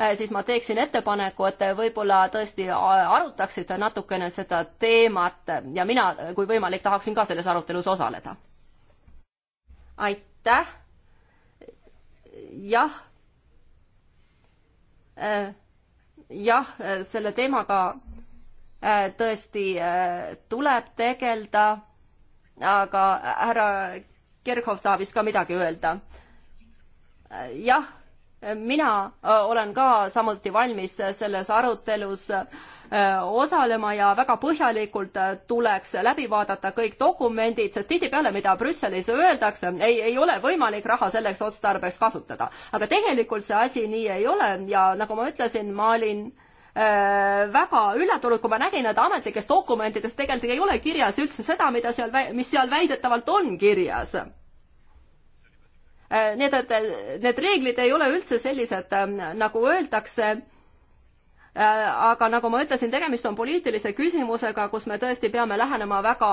eh, siis ma teeksin ettepaneku, et te võib-olla tõesti arutaksite natukene seda teemat ja mina, kui võimalik, tahaksin ka selles arutelus osaleda. aitäh. jah. Eh, jah, selle teemaga eh, tõesti tuleb tegeleda aga härra Kerkhoff saab vist ka midagi öelda. jah, mina olen ka samuti valmis selles arutelus osalema ja väga põhjalikult tuleks läbi vaadata kõik dokumendid, sest tihtipeale, mida Brüsselis öeldakse, ei, ei ole võimalik raha selleks otstarbeks kasutada. aga tegelikult see asi nii ei ole ja nagu ma ütlesin, ma olin äh, Äh, väga üllatunud, kui ma nägin, et ametlikes dokumentides tegelikult ei ole kirjas üldse seda, mida seal, mis seal väidetavalt on kirjas. Äh, nii et, et need reeglid ei ole üldse sellised, ähm, nagu öeldakse äh, aga nagu ma ütlesin, tegemist on poliitilise küsimusega, kus me tõesti peame lähenema väga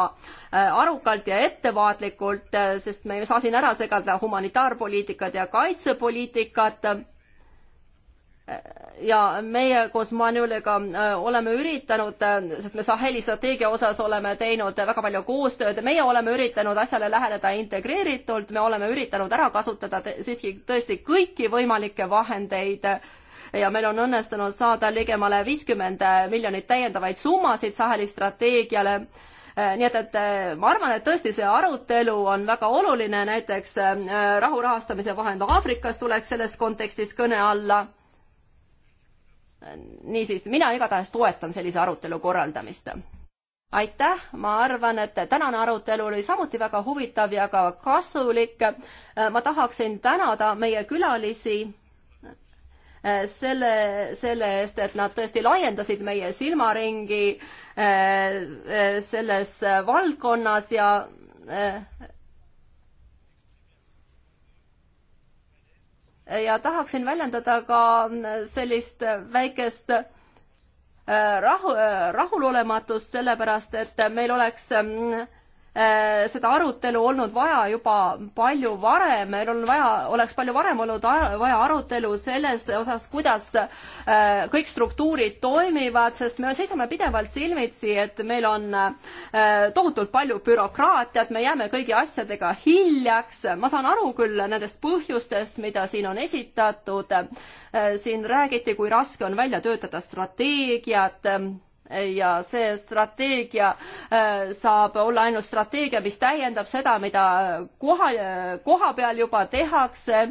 arukalt ja ettevaatlikult, sest me ei saa siin ära segada humanitaarpoliitikat ja kaitsepoliitikat ja meie koos Manueliga äh, oleme üritanud, äh, sest me Saheli strateegia osas oleme teinud väga palju koostööd, meie oleme üritanud asjale läheneda integreeritult, me oleme üritanud ära kasutada siiski tõesti kõiki võimalikke vahendeid ja meil on õnnestunud saada ligemale viiskümmend äh, miljonit täiendavaid summasid Saheli strateegiale nii et, et ma arvan, et tõesti see arutelu on väga oluline, näiteks rahu rahastamise vahend Aafrikas tuleks selles kontekstis kõne alla niisiis, mina igatahes toetan sellise arutelu korraldamist. aitäh, ma arvan, et tänane arutelu oli samuti väga huvitav ja ka kasulik. ma tahaksin tänada meie külalisi eh, selle, selle eest, et nad tõesti laiendasid meie silmaringi eh, eh, selles valdkonnas ja ja tahaksin väljendada ka sellist väikest äh, rahu, äh, rahulolematust, sellepärast et meil oleks äh, Äh, seda arutelu olnud vaja juba palju varem, meil on vaja, oleks palju varem olnud vaja arutelu selles osas, kuidas äh, kõik struktuurid toimivad, sest me seisame pidevalt silmitsi, et meil on äh, tohutult palju bürokraatiat, me jääme kõigi asjadega hiljaks, ma saan aru küll nendest põhjustest, mida siin on esitatud, siin räägiti, kui raske on välja töötada strateegiat, ja see strateegia äh, saab olla ainult strateegia, mis täiendab seda, mida äh, koha, äh, koha peal juba tehakse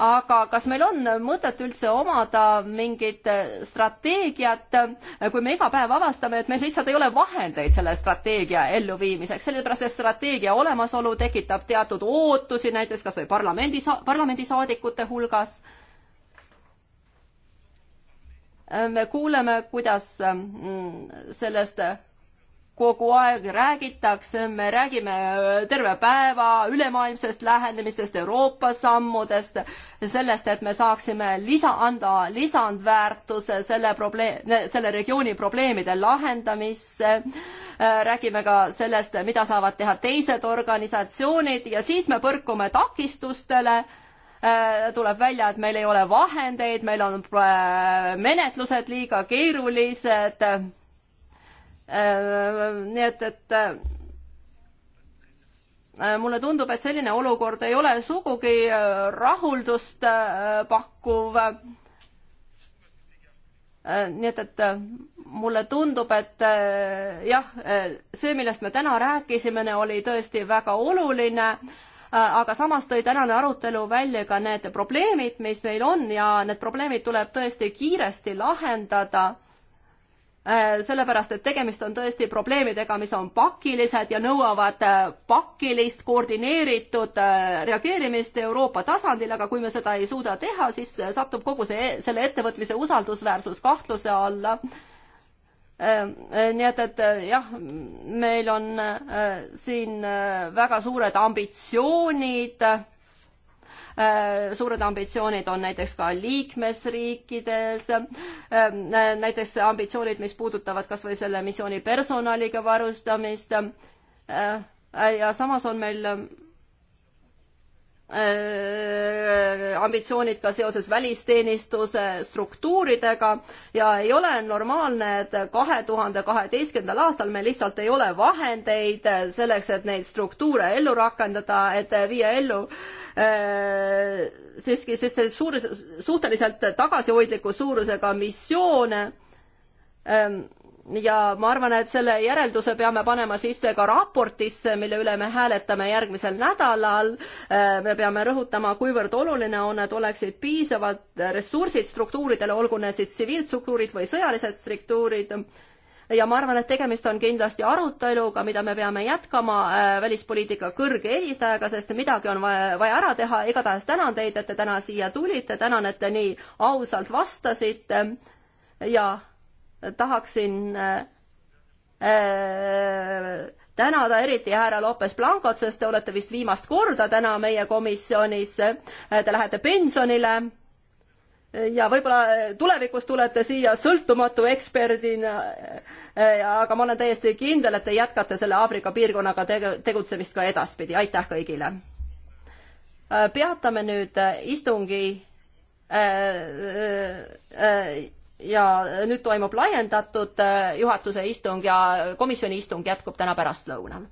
aga kas meil on mõtet üldse omada mingit strateegiat, kui me iga päev avastame, et meil lihtsalt ei ole vahendeid selle strateegia elluviimiseks, sellepärast et strateegia olemasolu tekitab teatud ootusi näiteks kas või parlamendis, parlamendisaadikute hulgas Äh, me kuuleme, kuidas mm, sellest kogu aeg räägitakse, me räägime äh, terve päeva ülemaailmsest lähenemisest, Euroopa sammudest, sellest, et me saaksime lisa, anda lisandväärtuse selle probleem, selle regiooni probleemide lahendamisse. Äh, räägime ka sellest, mida saavad teha teised organisatsioonid ja siis me põrkume takistustele Äh, tuleb välja, et meil ei ole vahendeid, meil on äh, menetlused liiga keerulised. Äh, nii et, et mulle tundub, et selline olukord ei ole sugugi rahuldust pakkuv. nii et, et mulle tundub, et jah, see, millest me täna rääkisime, oli tõesti väga oluline Äh, aga samas tõi tänane arutelu välja ka need probleemid, mis meil on ja need probleemid tuleb tõesti kiiresti lahendada äh, sellepärast, et tegemist on tõesti probleemidega, mis on pakilised ja nõuavad äh, pakilist koordineeritud reageerimist Euroopa tasandil, aga kui me seda ei suuda teha, siis satub kogu see, e-, selle ettevõtmise usaldusväärsus kahtluse alla Ehm, eh, nii et, et eh, jah, meil on eh, siin väga suured ambitsioonid. suured ambitsioonid on näiteks ka liikmesriikides, ehm, näiteks ambitsioonid, mis puudutavad kas või selle missiooni personaliga varustamist. ja samas on meil Äh, ambitsioonid ka seoses välisteenistuse struktuuridega ja ei ole normaalne, et kahe tuhande kaheteistkümnendal aastal meil lihtsalt ei ole vahendeid selleks, et neid struktuure ellu rakendada, et viia ellu äh, siiski siis see suur, suhteliselt tagasihoidliku suurusega missioone ähm, ja ma arvan, et selle järelduse peame panema sisse ka raportisse, mille üle me hääletame järgmisel nädalal. Äh, me peame rõhutama, kuivõrd oluline on, et oleksid piisavad ressursid struktuuridele, olgu need siis tsiviilstruktuurid või sõjalised struktuurid. ja ma arvan, et tegemist on kindlasti aruteluga, mida me peame jätkama äh, välispoliitika kõrge eelistajaga, sest midagi on vaja, vaja ära teha. igatahes tänan teid, et te täna siia tulite, tänan, et te nii ausalt vastasite ja tahaksin äh, äh, tänada eriti härra Lopes Blancot, sest te olete vist viimast korda täna meie komisjonis. Äh, te lähete pensionile ja võib-olla tulevikus tulete siia sõltumatu eksperdina. aga ma olen täiesti kindel, et te jätkate selle Aafrika piirkonnaga tegutsemist ka edaspidi. aitäh kõigile. peatame nüüd istungi ja nüüd toimub laiendatud eh, juhatuse istung ja komisjoni istung jätkub täna pärastlõunal